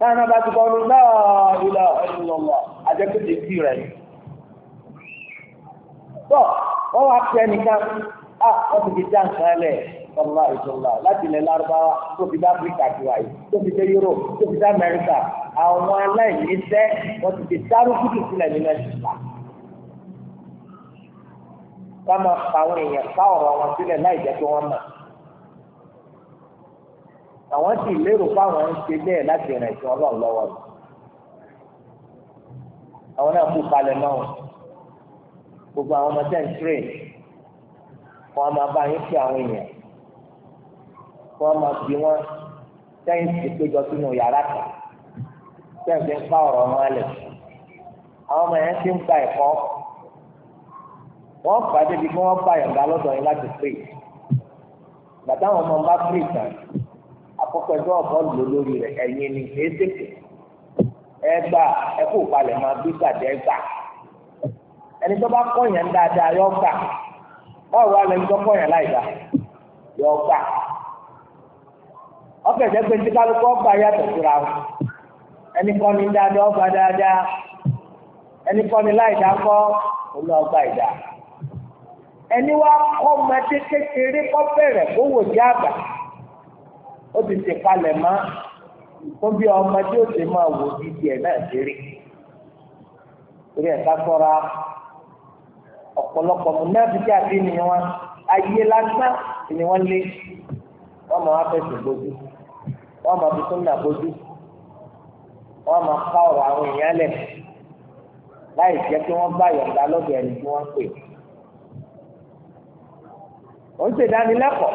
táwọn bá ti kọ́nu náà ìlà ìlọ̀lọ̀ àjẹpẹ́tẹ̀ sí rẹ̀ yìí. tọ́ wọ́n wá pẹ́ nìkan á ah, wọ́n ti fi já nǹkan lẹ̀ ọ̀la ìjọba láti ilẹ̀ lárúbáwá tó fi dá áfíríkà ti wáyé tó fi dé europe tó fi dá amẹ́ríkà àwọn aláìní sẹ́ wọ́n ti fi dárúkútù sílẹ̀ nínú ẹ̀sìn ká máa pa àwọn èèyàn ká ọ̀rọ̀ wọn sílẹ̀ láì jẹ́ pé wọ́n mọ̀ àwọn sì lérò fáwọn ń ṣe bẹ́ẹ̀ láti rìn ìṣọ́ ọlọ́run lọ́wọ́ rẹ̀ àwọn náà kú palẹ̀ náà gbogbo àwọn ọmọ tẹ̀ ń tirè wọn máa bá yín sí àwọn èèyàn wọn máa bí wọn sẹ́yìn ti péjọ sínú yàrá kan sẹ́yìn fi ń ká ọ̀rọ̀ wọn lẹ̀ àwọn ọmọ yẹn ti ń gba ẹ̀kọ́ wọ́n pàdé bí wọ́n bá yọ̀ǹda lọ́dọ̀ yín láti pè bàtà àwọn ọmọ bá pè tán àkọ́kọ́ ẹgbẹ́ ọ̀bọ lò lórí rẹ̀ ẹ̀yin ni kìí tètè ẹgbà ẹkú palẹ̀ máa bí gbàdé ẹgbà ẹni tó bá kọ̀yàn dáadáa yọ gbà báwo wà lẹ́nu tó kọ̀yàn láìda yọ gbà ọkẹ́ ìjẹ́ pé tí kálukú ọgbà yàtọ̀ síra o ẹni kọ́ ni dáadáa ọgbà dáadáa ẹni kọ́ ni láìda kọ́ òun ọgbà ìdá ẹni wá kọ́ ọmọdé kékeré kọ́ bẹ̀rẹ̀ kówó jẹ́ àgbà ó ti ṣe kalẹ̀ mọ́ fún bí ọmọ tí ó ti máa wò di tiẹ̀ náà ṣeré torí ẹ̀ka sọ́ra ọ̀pọ̀lọpọ̀ mùnáfíkí àti ènìyàn wa ayé lásán ni wọ́n lé wọ́n máa fẹsẹ̀ bójú wọ́n máa fi súnà bójú wọ́n máa ká ọ̀rọ̀ àwọn èèyàn lẹ̀ láì jẹ́ kí wọ́n bá yọ̀ǹda lọ́dọ̀ ẹni tí wọ́n pè. ó ń ṣèdánilẹ́kọ̀ọ́.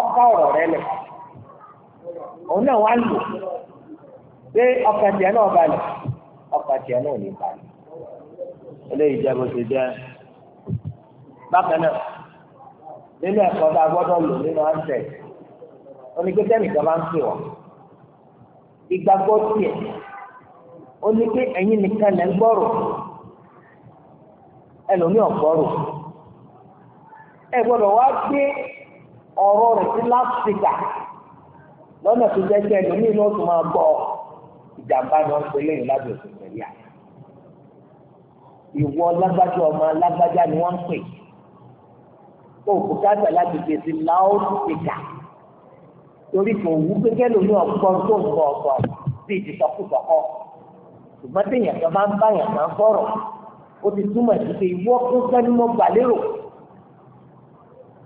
ọkọ̀ ọ̀rọ̀ rẹ lẹ̀ òun náà wá lò pé ọkọ̀ tiẹ̀ náà balẹ̀ ọkọ̀ tiẹ̀ náà ní balẹ̀ eléyìí jẹ́ bó ti jẹ́ bákan náà nínú ẹ̀kọ́ tá a gbọ́dọ̀ lò nínú àǹtẹ̀ onígbẹ́tẹ́ nìkan máa ń pè wọ́n ìgbàgbọ́ tiẹ̀ ó ní pé ẹ̀yin nìkan lẹ́ ń gbọ́rọ̀ ẹlòmíọ̀ gbọ́rọ̀ ẹ gbọ́dọ̀ wá gbé ọ̀rọ̀ rẹ̀ sí láfíríkà lọ́nà tó jẹ́ kí ẹnu nínú oṣù máa gbọ́ ìjàmbá ni wọ́n ń pelé yìí lábẹ́ òfin pẹ̀lú à. ìwọ lágbájá ọmọ lágbájá ni wọ́n ń pè òkúta àgbà láti fèsì láódìkà torí kò wú pẹ́kẹ́ lómi ọ̀gbọ́n tó ń bọ̀ ọ̀gbọ́n bíi ìdìsọ́kùsọ̀kọ́ ṣùgbọ́n téèyàn kan bá ń báyàn máa ń bọ̀rọ̀ ó ti túmọ̀ sí pé ìwọ kún sẹ́ni mọ́ gbàlérò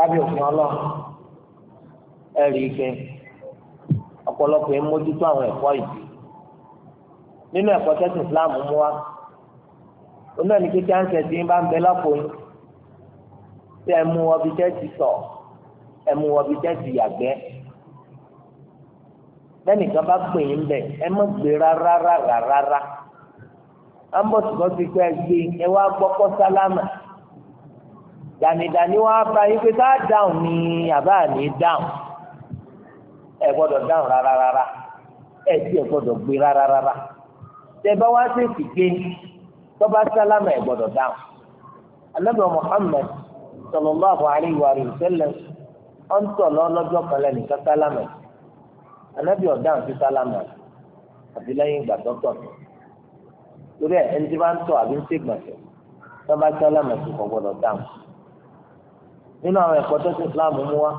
lábẹ́ òfin ọlọ́run ẹ rí i pé ọ̀pọ̀lọpọ̀ ń mójútó àwọn ẹ̀kọ́ yìí nínú ẹ̀kọ́ tẹ́sán Islam mú wa oní ẹni pé táǹsẹ̀ tí ń bá ń bẹ lápò yín tí ẹ mú ọbí tẹ́sí sọ ẹ mú ọbí tẹ́sí yàgbẹ́ lẹ́nìkan bá pè yín bẹ̀ ẹ mọ̀ gbé rárá rárá rárá ambọ̀sibọ́sí pé gbé ẹ wá gbọ́kọ́ sálámà dànìdànì wá bá yín pé tá a dáhùn ní àbá ní dáhùn ẹ gbọ́dọ̀ dáhùn rárá rárá ẹ sì ẹ gbọ́dọ̀ gbé rárá rárá tẹ bá wá sí ìsìgbé tọba sálámà ẹ gbọ́dọ̀ dáhùn anabi muhammed sallallahu alayhi wa sallam ọ̀n tọ̀ lọ́lọ́jọ́ kan lẹ́nìkan sálámà anabi ọ̀dáhùn sí sálámà àti lẹ́yìn ìgbà tọ́tọ̀ torí ẹ̀ ẹni tí bá ń tọ̀ àbí ń ṣègbọ̀nsẹ̀ tọba sálámà sì kò gbọ́dọ̀ dáhùn nínú àwọn ẹ̀kọ́ tó ti Islam mú wa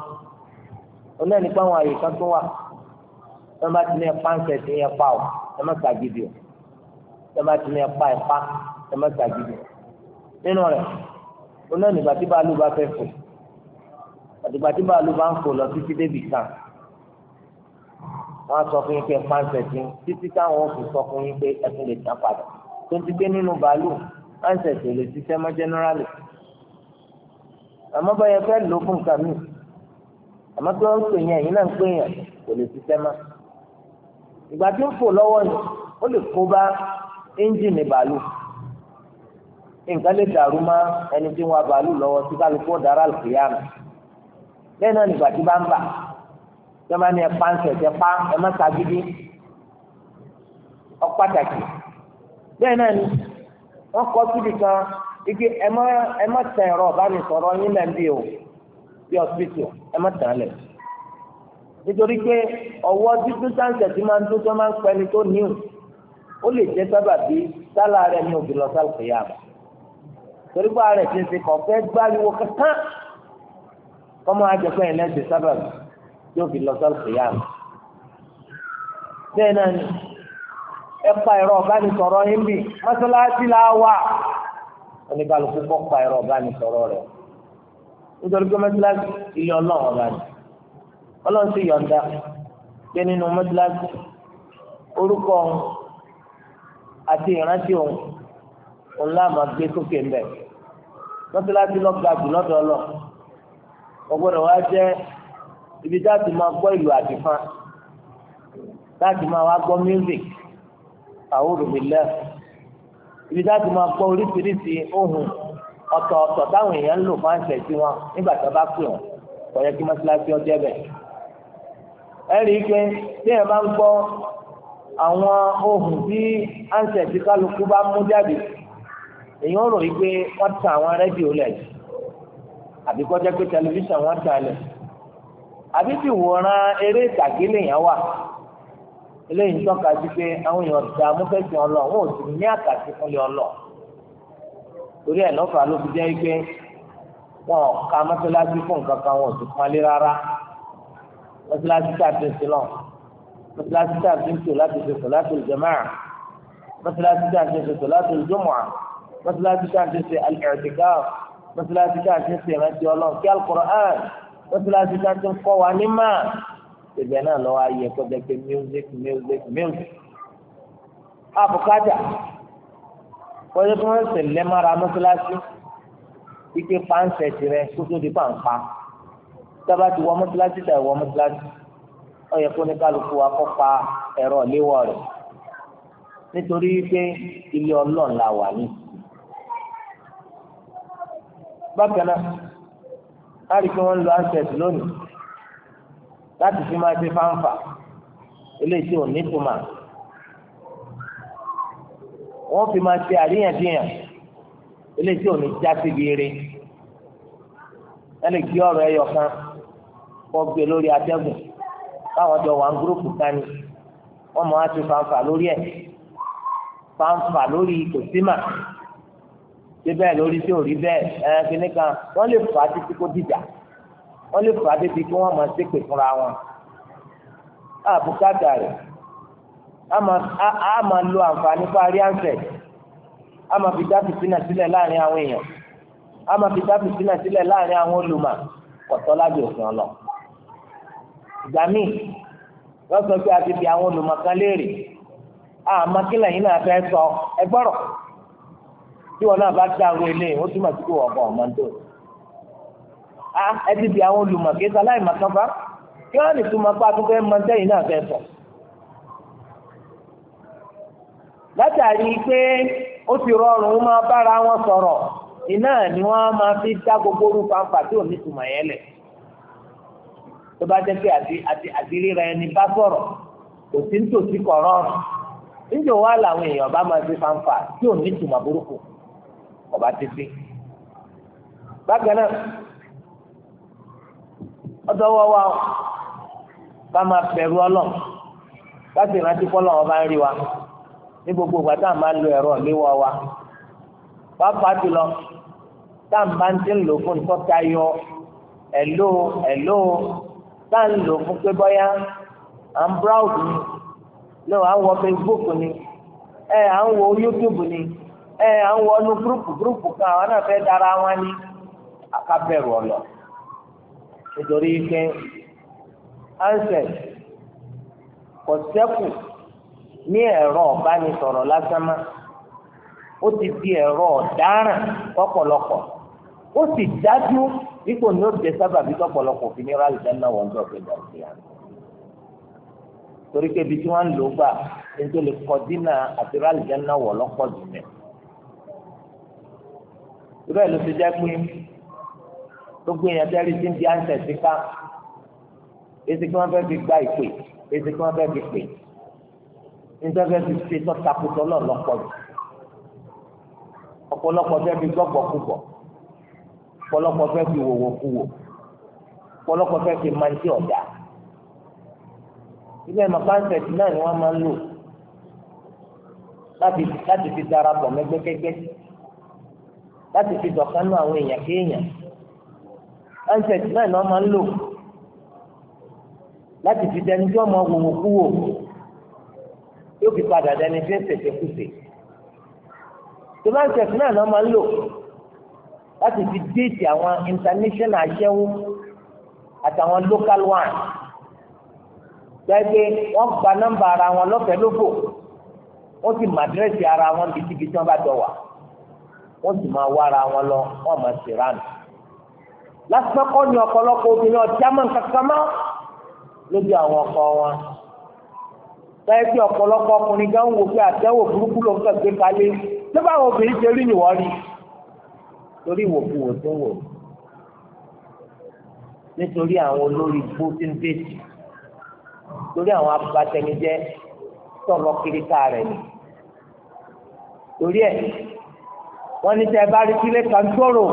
oní ẹni pé àwọn àyè kan tó wà ẹ má ti ní ẹ pàǹsẹ̀ sí ẹ pa ọ ẹ má ṣàgídí ọ ẹ má ti ní ẹ pa ẹ pa ẹ má ṣàgídí ọ nínú rẹ oní ẹni gbàtí bàálù bá fẹ́ fò àtìgbà tí bàálù bá ń fò lọ títí débì kan wọn sọ fún yín pé pàǹsẹ̀ sí títí táwọn òfin sọ fún yín pé ẹ tún lè tán padà tó ti gbé nínú bàálù pàǹsẹ̀ sí lè ṣiṣẹ́ mọ́ jẹ́nẹ́rálì àmọ́ bá yẹ fẹ́ lò fún nǹkan mi àmọ́ tí wọ́n ń pè yẹn èyí náà ń pè yẹn kò lè ṣiṣẹ́ mọ́ ìgbà tí ń fò lọ́wọ́ ni ó lè kó bá ẹ́ńjìnì bàálù nǹkan lè dàrú mọ́ ẹni tí wọ́n bàálù lọ́wọ́ tí kálukú ọ̀dára lè fìyà mi bẹ́ẹ̀ náà nígbà tí bá ń bà tí wọ́n bá ní ẹ̀pá ń sẹ̀tẹ̀ pa ẹ má sagídí ọ pàtàkì bẹ́ẹ̀ náà ni wọ́n kọ́ síbi kan ike ẹ má ẹ má tẹ ẹ̀rọ ọ̀bánisọ̀rọ̀ yín lẹ́ bí o bí ọ̀sibítù ẹ má tẹ̀ lẹ̀ nítorí pé ọwọ́ dúdú sáǹsẹ̀ tí máa ń dún tó máa ń pẹ́ni tó níwò ó lè jẹ́ sábà bí sálà rẹ̀ ní òbí lọ sálùkù yá àmọ́ torí pé ààrẹ ti ń ṣe kàn fẹ́ gbáriwo kankan kọ́mọ àjọpẹ́ yẹn lẹ́sẹ̀ sábà bí òbí lọ sálùkù yá àmọ́ bẹ́ẹ̀ náà ni ẹ pa ẹ̀rọ ọ̀bánisọ̀rọ̀ yín bì mọ́sálásí la wà oníkálukú kọ́ pa ẹ̀rọ ọ̀bánisọ̀rọ̀ rẹ̀ nítorí pé mọ́tíláṣí ilé ọlọ́run ọba ni ọlọ́run sì yọ̀ǹda pé nínú mọ́tíláṣí orúkọ òun àti ìrántí òun òun láàmà gbé sókè ńbẹ mọ́tíláṣí lọ́gbà jù lọ́dọ̀ ọlọ́ ọgbọ́dọ̀ wá jẹ́ ibi táàtì máa gbọ́ ìlú àdìfán táàtì máa wá gbọ́ music àwọn olùmílẹ̀ ibi dáàbò máa gbọ́ oríṣiríṣi ohun ọ̀tọ̀ọ̀tọ̀ táwọn èèyàn ń lò máa ń tẹ̀sí wọn nígbà tó bá pè wọ́n kò yẹ kí mọ́ṣáláṣí ẹ rí i pé bá ń gbọ́ àwọn ohun tí ánsẹ̀tì kálukú bá mú jáde èèyàn rò yí pé wọ́n ta àwọn rédíò lẹ̀ àbí pé tẹlifíṣàn wọ́n eléyìí ń tọ́ka sí pé àwọn èèyàn dààmú fẹ́sìn ọlọ́ wọn ò sì ní àkàtì fúnlẹ̀ ọlọ́ torí ẹ̀ lọ́fà ló fi jẹ́ pé wọn ò ka mọ́sálásí fún nǹkan kan wọn ò sì pọ́nlé rárá mọ́sálásí tá a ti ń sin lọ mọ́sálásí tá a ti ń tò láti ṣe láti ṣe jàmáà mọ́sálásí ti ń láti ṣe jùmọ̀à mọ́sálásí ti ń ṣe àlẹ́ẹ̀dìgá mọ́sálásí tá ti ń ṣe ìrántí ọlọ́run kí ti ń kọ́ wa ní ìbẹ̀ náà lọ́wọ́ ayé ẹ̀kọ́ jẹ́ pé music music music àbùkátà wọ́n tó ń sè lẹ́mọ́ra mọ́sálásí ike pàǹsẹ̀tì rẹ kótó di pàǹpá sábà ti wọ mọ́sálásí tà wọ mọ́sálásí ó yẹ kó ní kálukú wa kó pa ẹ̀rọ léwọ́ rẹ̀ nítorí pé ilé ọlọ́run la wà ní. bákan náà láti fi wọ́n lo ansẹ̀tì lónìí láti fi máa ṣe fáńfà eléyìí tí ò ní tuma wọ́n fi máa ṣe àríyànjiyàn eléyìí ò ní já síbi eré ẹnì kí ọ̀rọ̀ ẹyọ kan kọ gbé lórí atẹ́gùn báwọn jọ wà ń gúrúùpù kan ni wọ́n máa ṣe fáńfà lórí ẹ̀ fáńfà lórí tòsímà ṣé bẹ́ẹ̀ lórí tí ò rí bẹ́ẹ̀ ẹ kíní kan wọ́n lè fà á títí kó dìjà wọ́n lè fà á débi kí wọ́n máa ṣépè fúnra wọn àbùkátà rẹ̀ a máa lo àǹfààní parí àǹfẹ̀ a máa fi dá fìtínà sílẹ̀ láàrin àwọn èèyàn a máa fi dá fìtínà sílẹ̀ láàrin àwọn olùmọ̀ ọ̀tọ́ lábẹ́ òfin ọlọ. ìgbà míì wọ́n sọ pé a ti fi àwọn olùmọ̀ kan léèrè àmọ́ kí lẹ́yìn náà fẹ́ sọ ẹgbọ́rọ̀ tí wọn náà bá dá àwọn eléyìí ó túmọ̀ sí pé wọ́n kọ́ ọ̀mọ́ tó Ah, ẹ ti a àwọn olùmọ̀kẹ́ aláìmọ̀kan bá kí wọ́n lè túmọ̀ mọ náà fẹ́ sọ. látàrí pé ó ti rọrùn bára wọn sọ̀rọ̀ iná ni wọ́n máa fi dá gbogbo orú fanfà tí ò ní túmọ̀ yẹn lẹ̀ tó bá jẹ́ pé àti sọrọ ẹni bá sọ̀rọ̀ kò sí nítòsí kọ̀rọ̀ọ̀rùn níjọ wá làwọn èèyàn bá máa fi fanfa tí ò ní túmọ̀ burúkú bákan ọdọwọ wa o máa bẹ̀rù ọlọ ọba ń rí wa ní gbogbo ìgbà tá à máa lo ẹ̀rọ léwọ wa pàápàá jùlọ tá à ń bá ń ti ń lò fún nǹkan yọ ni lọ à ń ni ẹ à ń wọ YouTube ni ẹ à ń wọ inú gúrùpù gúrùpù ọlọ. nítorí pé ansẹt kò sẹ́kù ní ẹ̀rọ ọ̀bánisọ̀rọ̀ lásán má ó ti di ẹ̀rọ ọ̀daràn ọ̀pọ̀lọpọ̀ ó sì dájú dípò ní ó jẹ sábàbí tọ̀pọ̀lọpọ̀ fi ní ráàlì dáná wọn jọ pé dàbí àná torí pé ibi tí wọn ń lò gbà ní tó lè kọ dínà àti ráàlì dáná wọ lọ́pọ̀ jù mẹ. ìbẹ́ẹ̀ ló ti jẹ́ pé gbogbo èèyàn tẹ́ rí sí ń di àǹtẹ̀ sí ká èsì kí wọ́n fẹ́ fi gba ìpè èsì kí wọ́n fẹ́ fi pè níta fẹ́ fi ṣe tọ́takùtọ̀ lọ́lọ́pọ̀ jù ọ̀pọ̀lọpọ̀ fẹ́ fi gbọ́gbọ̀kúgbọ̀ ọ̀pọ̀lọpọ̀ fẹ́ fi wòwòkúwò ọ̀pọ̀lọpọ̀ fẹ́ fi máa ń tí ọ̀dà ilé mọ̀kánsẹ̀tì náà ni wọ́n máa ń lò láti láti fi darapọ̀ mẹ́gbẹ́kẹ́gbẹ́ láti fi dọ̀kánú àwọn èèyàn kéèyàn handset náà ni wọ́n máa ń lò láti fi dẹni tí wọ́n máa wò wò kú wò yóò fi padà dẹni tí ń tẹ̀sẹ̀ kùsè tó bá ń tẹ̀sẹ̀ náà ni wọ́n máa ń lò láti fi déètì àwọn international aṣẹ́wó àtàwọn local one gbẹ́gbẹ́ wọ́n gba nọ́mbà ara wọn lọ́fẹ̀ẹ́ lóko wọ́n sì mọ àdírẹ́sì ara wọn bíi tíbi tí wọ́n bá dọ̀ wà sì máa wá ara wọn lọ wọ́n máa ṣèrànù lásìkò kọ́ ni ọ̀pọ̀lọpọ̀ obìnrin ọ̀tí àmọ́ kankan mọ́ lójú àwọn ọkọ wọn. Báyìí tí ọ̀pọ̀lọpọ̀ ọkùnrin gan ń wò pé àtẹ́wò burúkú ló ń kàn gbé kalẹ̀ nígbà àwọn obìnrin ṣe rí nìwọ́ rí torí ìwòkuwò tó wò nítorí àwọn olórí igbó tí ń bèjì torí àwọn abatẹnijẹ sọ̀rọ̀ kiri ká rẹ̀ ni torí ẹ̀ wọ́n ní tẹ́ bá rí sílé kan tóró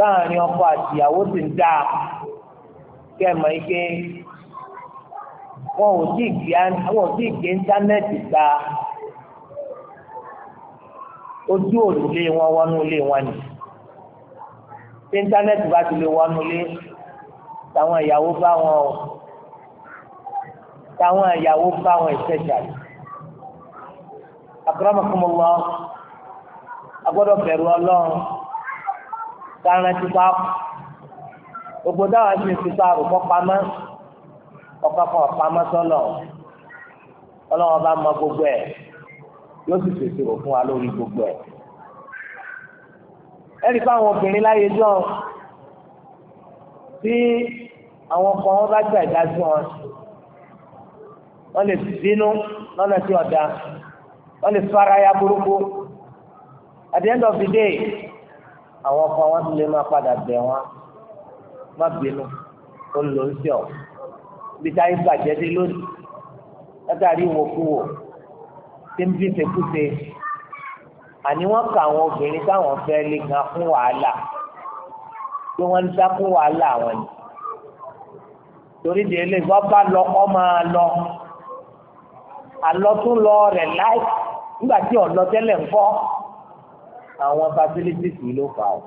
láàrin ọkọ àti ìyàwó sì ń dáa kẹmọ ike wọn ò tí ì gbé wọn ò tí ì gbé íńtánẹ́ẹ̀tì gba ojú òrùlé wọn wọnú ilé wọn ni tí íńtánẹ́ẹ̀tì bá ti lè wọnú ilé táwọn ìyàwó bá wọn o táwọn ìyàwó bá wọn ìṣẹ̀jà yìí àkàràmọ̀kọ́mọ́ wọn agbọ́dọ̀ bẹ̀rù ọlọ́run sáárá ti pa gbogbo dáwà ti fi pa àrùkọ pamọ́ ọkọọkọ pamọ́ sọlọ ọlọ́wọ́ bá mọ gbogbo ẹ̀ yóò sì pèsè rò fún wa lórí gbogbo ẹ̀ ẹnì pé àwọn obìnrin láyé jọ tí àwọn ọkọ wọn bá gbà ìdájọ́ wọn wọ́n lè bínú lọ́nà tí ọ̀dà wọ́n lè faraya burúkú at the end of the day àwọn ọkọ wọn ti lè máa padà bẹ̀ wọn má bínú ó lò ń sọ bí táyé bàjẹ́ dé lónìí látàrí ìwòkuwò tí ń bí ṣekúṣe àní wọ́n kà àwọn obìnrin táwọn fẹ́ lè gan fún wàhálà pé wọ́n ń sá fún wàhálà àwọn ni torí de ilé ìgbà bá lọ kọ́ máa lọ àlọ́ tún lọ rẹ̀ láì nígbà tí ọ̀lọ́ tẹ́lẹ̀ ń fọ́ àwọn facilities yìí ló fà ọ́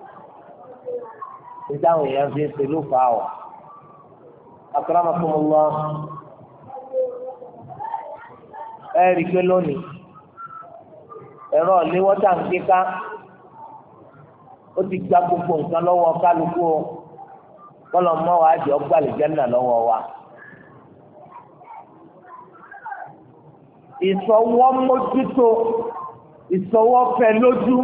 ìdáhùn èèyàn fi ń ṣe ló fà ọ́ akramakumullah ẹ rí i pé lónìí ẹ̀rọ léwọ́ tá à ń gbé ká ó ti gba gbogbo nǹkan lọ́wọ́ kálukú o kọ́lọ̀ mọ́ wa jẹ́ ọgbà àlùjánnà lọ́wọ́ wa. ìsọwọ́ mójútó ìsọwọ́ fẹ́ lójú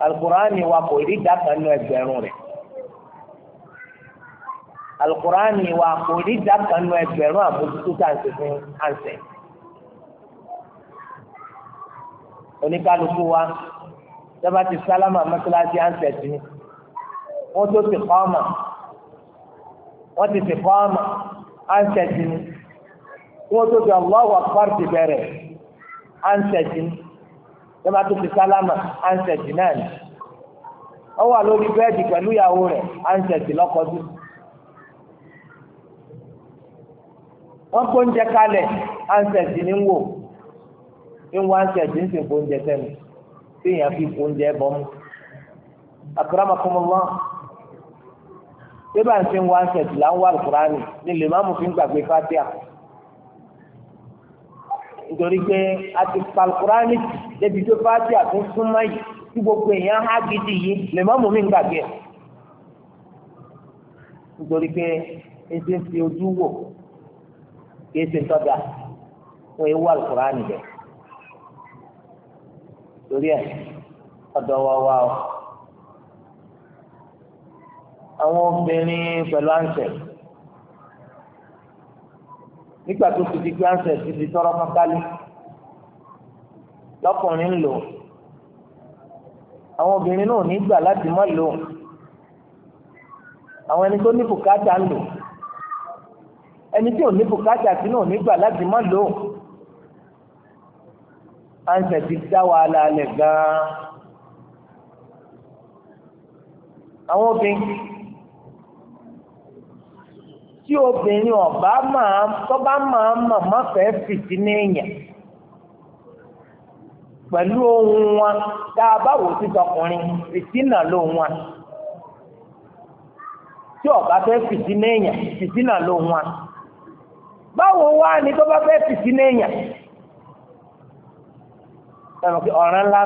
alukurani wa kò rí dàkà nínú ẹgbẹ̀rún rẹ̀ alukurani wa kò rí dàkà nínú ẹgbẹ̀rún àbójútó tá à ń ṣe fún ànsẹ̀ oníkálukú wa sábà ti sálámà mọ́tíláṣí ànsẹ̀ sí wọ́n tó ti kọ́ ọmọ wọ́n ti ti kọ́ ọmọ ànsẹ̀ sí wọ́n tó ti ọlọ́wọ́ kọ́ọ̀tì bẹ̀rẹ̀ ànsẹ̀ sí yọba tó fi sálámà ansẹ̀tì náà ni ó wà lórí bẹ́ẹ̀dì pẹ̀lú ìyàwó rẹ̀ ansẹ̀tì lọ́kọ́dù wọ́n kó oúnjẹ kalẹ̀ ansẹ̀tì ní wò ní wọ́n ansẹ̀tì ń sìn kó oúnjẹ sẹ́nu tí èèyàn fi kó oúnjẹ bọ́ mu akramakumullah tẹ́bà ń sin one set là ń wà lùkùránì ní lè má mú fi ń gbàgbé fatia nítorí pé a ti pa tì débi tó fáti àtúntúnmọ́ yìí tí gbogbo èèyàn há gidi yìí lè má mú mi gbàgbé ẹ̀. nítorí pé ẹsẹ̀ ń fi ojú wò kí ẹsẹ̀ tọ́jà fún ewu àlùkùránì bẹ̀. torí ẹ̀ ọ̀dọ̀ wa wá o. àwọn obìnrin pẹ̀lú àǹsẹ̀ nígbà tó ti di pé àǹsẹ̀ ti di tọ́rọ́ fọ́nkálí lọ́kùnrin ń lò àwọn obìnrin náà ní gbà láti má lò àwọn ẹni tó ní bùkátà ń lò ẹni tí ò ní bùkátà sí náà ní gbà láti má lò àǹsẹ̀ ti dá wàhálà alẹ̀ gan-an àwọn obìnrin tí obìnrin ọ̀bá máa tọ́ máa mọ̀ mọ́fẹ́ fìdí ní èèyàn. pẹ̀lú ohun wọn tá a bá wò sí tọkùnrin fìtínà lóhun wọn tí ọba fẹ́ fìtínà èèyàn fìtínà lóhun wọn báwo wá ni tó bá fẹ́ fìtínà èèyàn ọ̀ràn ńlá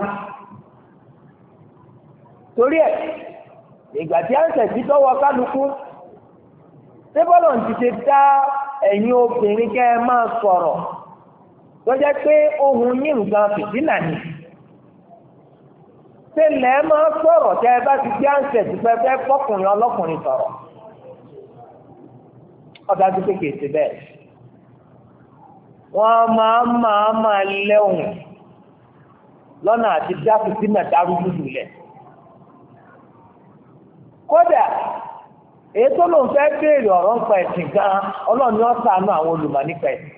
torí ẹ̀ ìgbà tí àǹsẹ̀ tí tọ́wọ́ kálukú ń ti lọ́jọ́ pé ohun yín nǹkan fìdínà ni ṣé lẹ́ máa sọ̀rọ̀ tẹ́ ẹ bá ti gbé àǹsẹ̀ tí pẹ́ fẹ́ fọkùnrin ọlọ́kùnrin sọ̀rọ̀ ọba tó kéèké ṣe bẹ́ẹ̀ wọ́n máa máa máa lẹ́hùn lọ́nà àti dá fìdínà dárúgbù lẹ̀. kódà èyí tó lóun fẹ́ béèrè ọ̀rọ̀ nípa ẹ̀sìn gan-an ọlọ́run ni wọ́n sàánú àwọn olùmọ̀ nípa ẹ̀sìn.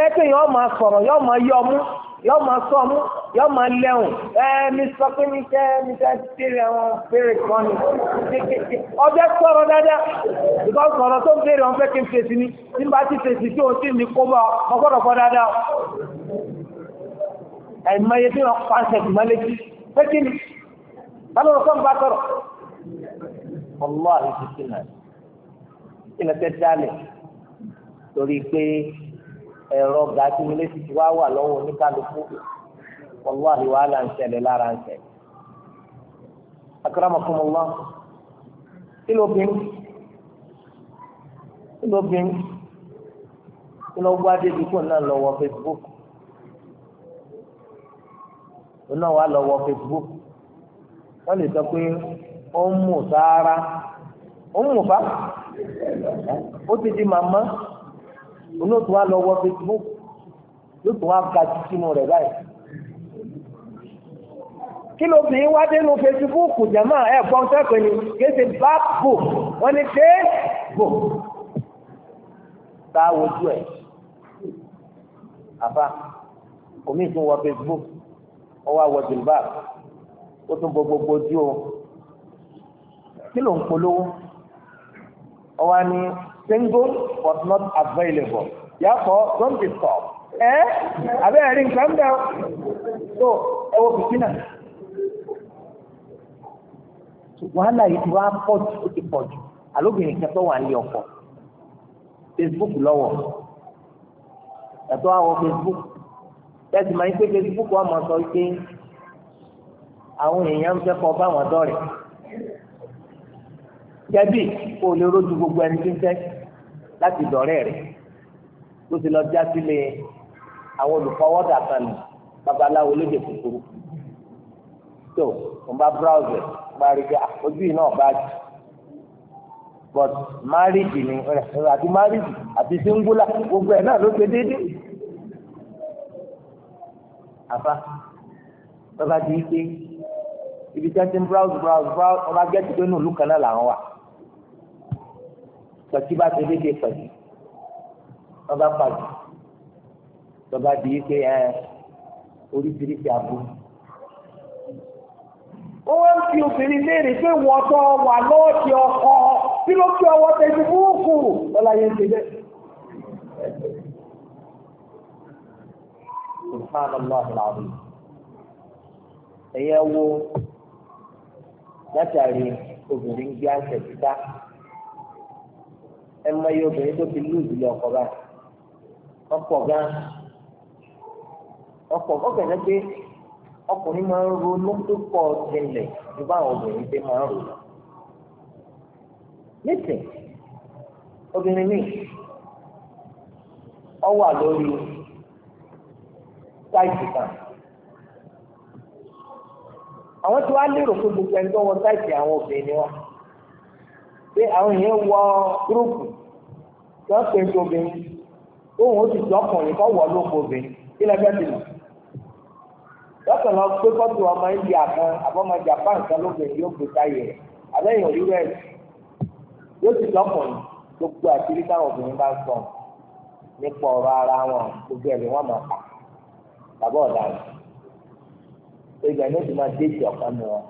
fẹ́ pé yọ́ọ́ máa sọ̀rọ̀ yọ́ọ́ máa yọ ọmú yọ́ọ́ máa sọ ọmú yọ́ọ́ máa lẹ́hùn ẹ mi sọ pé mi fẹ́ mi fẹ́ béèrè àwọn béèrè kan ni ọjọ́ sọ̀rọ̀ dáadáa ìkọ́ sọ̀rọ̀ tó ń béèrè wọn fẹ́ kí n fèsì ni tí n bá ti fèsì tí o ti ní kó bá ọ gbọ́dọ̀ kọ́ dáadáa ẹ̀mọye tí wọ́n pa ṣẹ̀ tì mọ́lé sí pé kí ni báwo ló kọ́ ń bá sọ̀rọ̀ ọlọ́ àyè sí náà kí ni dálẹ̀ torí pé ẹ̀rọ gàdúmílẹ́sì ti wá wà lọ́wọ́ oníkálukú wọ́n àlè wàhálà ń ṣẹlẹ̀ lára ń ṣẹlẹ̀. akramakumullah kí ló bí kí ló bí kí ló wá débi kó náà lọ wọ facebook kó náà wá lọ wọ facebook wọ́n lè sọ pé ó ń mú sáárá ó ń mú bá ó ti di màmá olóòtú wa lọ wọ facebook olóòtú wa ga títínú rẹ̀ báyìí kí ló fi wá dénú facebook jama ẹ gbọ́n sẹ́pẹ̀ ni kìí ṣe bab book wọ́n ní ṣe book tá a wojú ẹ̀ àfa omi tún wọ facebook wọ́n wá wọ jilbab ó tún bọ gbogbo ojú o kí ló ń polówó ọ wá ní single but not available. Therefore, don't be stopped. Eh? Abẹ́ ẹ̀rí nǹkan bẹ́ẹ̀ so ẹ wo So, Wàhálà yìí you wá pọ̀ to the ti pọ̀ jù. Àlóbìnrin kan tó wà ní ọkọ̀. Facebook lọ́wọ́. Ẹ̀tọ́ àwọ̀ Facebook. Bẹ́ẹ̀ni máa Facebook wà máa sọ pé àwọn èèyàn ń fẹ́ kọ́ bá wọn dọ̀rẹ̀. Jẹ́bi kò lè rojú gbogbo ẹni tí ń fẹ́ láti dọ̀rẹ́ rẹ̀ ló ti lọ já sílé àwọn olùfọwọ́dà kan nù babaláwo lóde kúkúrú tó mo bá browse mo bá rí pé ah, ojú yìí náà bá jù but marriage ni àti marriage àti singular gbogbo ẹ̀ náà ló ṣe déédéé àfa bàbá ti yí pé ibi tí wọ́n ti ń browse browse browse wọ́n bá gẹ́tù pé nùlù kan náà làwọn wà pẹ̀tí bá ti dédé pẹ̀lú lọ́ba pàdé lọ́ba di ike ẹ oríṣiríṣi àbú. ó wá ń fi obìnrin léèrè pé wọ́n tọ́ wà lọ́ọ̀tì ọkọ tí ló fi ọwọ́ tẹ̀sí fúrúkù lọ́la yẹn ti dẹ́. subhanallah alazim ẹ̀yẹ wo látàrí obìnrin gbé àṣẹ títà. ẹ mọ iye obìnrin tó fi lùzù lé ọkọ báyìí ọ̀pọ̀ gan ọ̀pọ̀ ọkàn pé ọkùnrin máa ń ronú tó pọ̀ jinlẹ̀ ju báwọn obìnrin ṣe máa ń rò lọ. obìnrin ọ wà lórí sáìtì kan àwọn tí wàá lérò gbogbo ẹni tó wọ sáìtì àwọn obìnrin pé àwọn èèyàn wọ gúrúùpù tó ń pè tóbìnrin òun ó sì tó ọkùnrin kọ́ wọ̀ ló kóbìnrin kí lẹ́gbẹ́ ti lò. lọ́sàn-án lọ pé kọ́tù ọmọ India kan àbọ̀mọ Japan kan lóbìnrin yóò gbé táyé rẹ̀ àbẹ́yìn òrírọ́ ẹ̀ yóò sì tó ọkùnrin gbogbo àtìrí táwọn obìnrin bá ń sọ nípa ọ̀rọ̀ ara wọn gbogbo ẹ̀ ni wọ́n máa kà bàbá ọ̀daràn ìgbà yóò ti máa déjì ọ̀kan nù wọn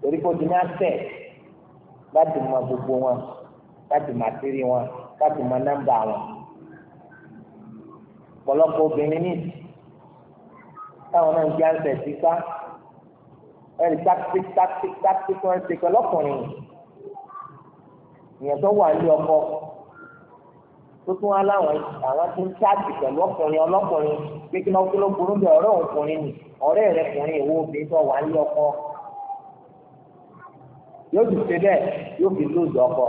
torí kó ti ní àtẹ̀ láti mọ gbogbo wọn láti mọ àṣírí wọn láti mọ nọ́mbà wọn ọ̀pọ̀lọpọ̀ obìnrin ní táwọn náà ń gbé àǹsẹ síká ẹni tákítí tákítí tákítí tí wọn ń ṣe pẹ̀lú ọkùnrin ìyẹn tó wà ní ọkọ tó tún wá láwọn àwọn tó ń ṣáàtì pẹ̀lú ọkùnrin ọlọ́kùnrin pé kí wọn kí ló burú bẹ ọ̀rẹ́ òkùnrin ọ̀rẹ́ rẹ̀ kùnrin ìwọ obìnrin tó wà ní ọkọ. yóò ti ṣe bẹ́ẹ̀ yóò fi lóòzù ọkọ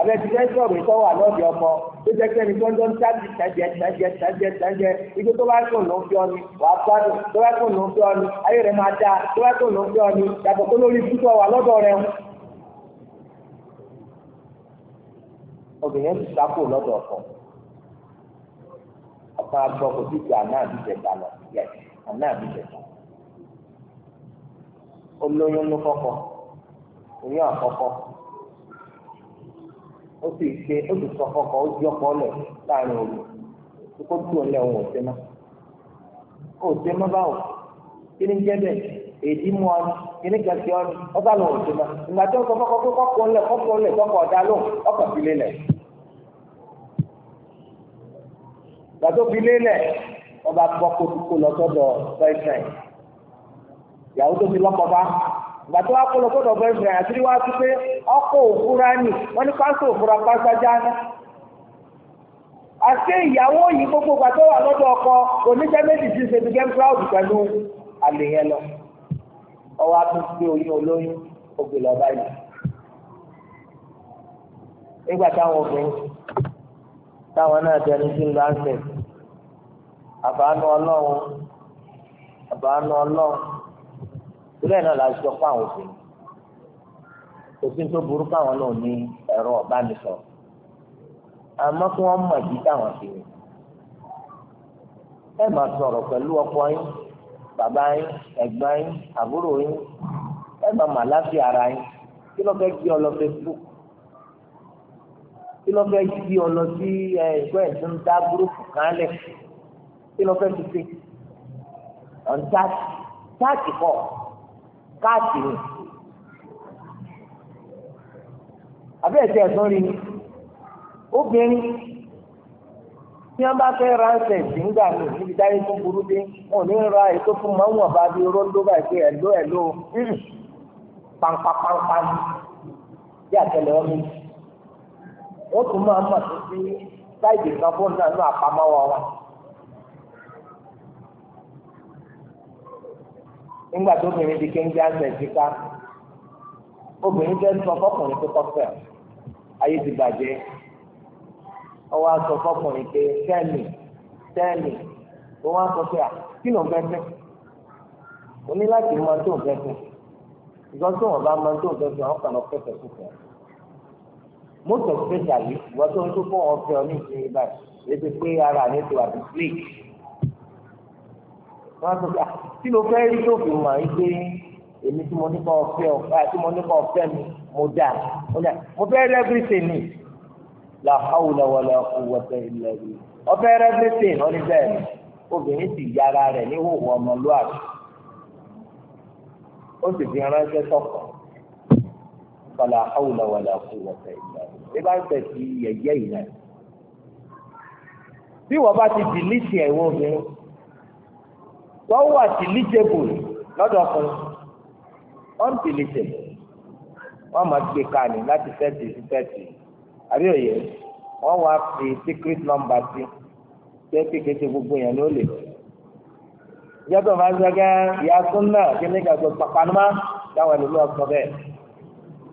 abẹ́tìfẹ́ sọ̀rọ̀ ìtọ́ wà ọkọ jẹ́ ẹni tó ń ń tàbí ike tó bá kùn ló ń fi ọ ni wà á gbádùn tó bá kùn ló ń fi ọ ni ayé rẹ̀ máa dáa tó bá kùn ló ń fi ọ ni yàtọ̀ tó lórí wà lọ́dọ̀ ọkọ oyún àkọ́kọ́ ó sì ṣe ó sì sọ fọkọ ó yọ ọkọ lẹ láàrin òru tí kò tù ọ lẹ òun ò ṣe mọ ó ṣe mọ báwo kí ni jẹ bẹ́ẹ̀ èdè mú ọ kí ni kẹsì ọ ọba lọ òun ò ṣe mọ ìgbà tí ó sọ fọkọ pé kọkọ lẹ kọkọ lẹ kọkọ ọdá lóhùn ọkọ fi lélẹ̀ ìgbà tó fi lélẹ̀ ọba gbọ́ kó tó lọ sọ́dọ̀ boyfriend ìyàwó tó fi lọ́kọ bá gbàtí wàá kó lọ sọ́dọ̀ bẹẹfẹ àti wàá tún pé ọkọ òfúra nì wọn ní pásítọ òfúra pásítọ jáná àti ìyàwó yìí gbogbo ìgbà tó wà lọ́dọ̀ ọkọ oníṣẹ́ méjì ti ṣe bíi proud pẹ̀lú àlè yẹn lọ ọwọ́ àti gbé oyún olóyún ògbè lọ báyìí nígbà táwọn obìnrin táwọn náà dẹni sí lọ àṣẹ àbánú ọlọ́run àbánú ọlọ́run bẹ́ẹ̀ náà la sọ fún àwọn obìnrin òfin tó burú káwọn náà ní ẹ̀rọ ọ̀bánisọ̀rọ̀ àmọ́ kí wọ́n mọ̀ jí táwọn fi rìn ẹ máa sọ̀rọ̀ pẹ̀lú ọkọ yín bàbá yín ẹ̀gbọ́n yín àbúrò yín ẹ máa mà láfi ara yín kí ló fẹ́ gbé ọ lọ Facebook kí ló fẹ́ gbé ọ lọ sí ẹ̀gbọ́n ẹ̀ tó ń dá gúrúùpù kan lẹ̀ kí ló fẹ́ fi ṣe ọ̀n táàkì táàkì kọ̀. káàkiri àbí ẹ̀sẹ̀ ẹ̀sán rí ni obìnrin tí wọ́n bá fẹ́ ránṣẹ́ ìdíńgbà mi níbi dáyé tó burú dé wọn ò ní ra ètò fún mọ́ wọn bá bí báyìí pé nígbà tó obìnrin di kéńjá ṣẹ̀ síká obìnrin fẹ́ sọ fọkùnrin tó kọ́fẹ́ ayé ti bàjẹ́ ọwọ́ aṣọ fọkùnrin pé tẹ́ẹ̀mì tẹ́ẹ̀mì ó wá sọ pé à kí ló ń fẹ́ fẹ́ o ní láti mọ tó ń fẹ́ fẹ́ ìgbọ́n tó wọn bá mọ tó ń fẹ́ fẹ́ àwọn kan lọ fẹ́ fẹ́ fún fẹ́ mọ́tò spéṣàlì ìwọ́n tó ń tó fún wọn fẹ́ ọ ní ìsinyìí báyìí lè ti pé ara rẹ̀ ti wà ní flake wọn á sọ pé ah, kí ló fẹ́ rí tó fi mọ̀ ẹ́ pé èmi tí mo nípa ọ̀fẹ́ ọ̀fẹ́ àti ah, mo nípa ọ̀fẹ́ mi mo dà mo dà mo fẹ́ rẹ́gírísì ni la hawla wala quwwata illa billah ọfẹ́ rẹ́gírísì ni wọ́n ní bẹ́ẹ̀ obìnrin sì yára rẹ̀ ní hòhò ọmọlúwàbí ó sì fi ránṣẹ́ sọ̀kọ̀ fala hawla wala quwwata illa billah bí bá ń tẹ̀ yẹ̀yẹ́ ìlànà tó wà tìlíjẹ̀bùl lọ́dọ̀ ọkùnrin wọ́n tìlíjẹ̀bù wọ́n máa gbé kàní láti thirty sí thirty àbí òye wọ́n wá fi secret number sí pé kékeré gbogbo yẹn ni ó lè fi ìjọba máa ń sẹ́gẹ́ ìyá súnà kí ní kàgbé pàpánumá táwọn ẹlòmíì ọ̀sán bẹ́ẹ̀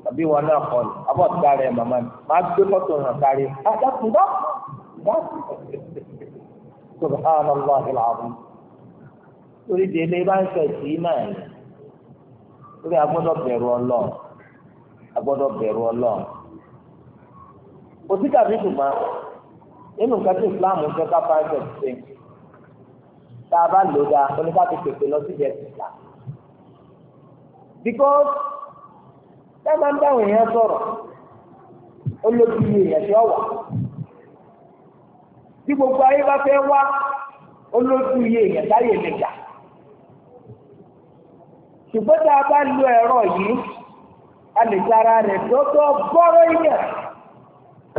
àbí wọn náà kọ́ ni abọ́ ti dára ẹ̀ màmá ni máa gbé fọ́tò hàn kárí. àdàkùn dá dá sọ̀rọ̀ hàn án lọ́wọ́ àti làwọn torí délé bá ń fẹ̀sí náà ni torí agbọ́dọ̀ bẹ̀rù ọlọ́ọ̀ agbọ́dọ̀ bẹ̀rù ọlọ́ọ̀ òtí tàbí ṣùgbọ́n nínú nǹkan tí Islam ń fẹ́ ká bá ń fẹ̀sí tá a bá lò ó dáa oníkàtí pèpè lọ sí ìjẹsìn ìta because tẹ́ máa ń dáhùn èèyàn sọ̀rọ̀ ó lójú èèyàn tí ó wà bí gbogbo ayé bá fẹ́ wá ó lójú iye èèyàn táyé lè gbà ṣùgbọ́n tá a bá lo ẹ̀rọ yìí a lè tara rẹ̀ tọ́tọ́ gbọ́rọ̀ yẹn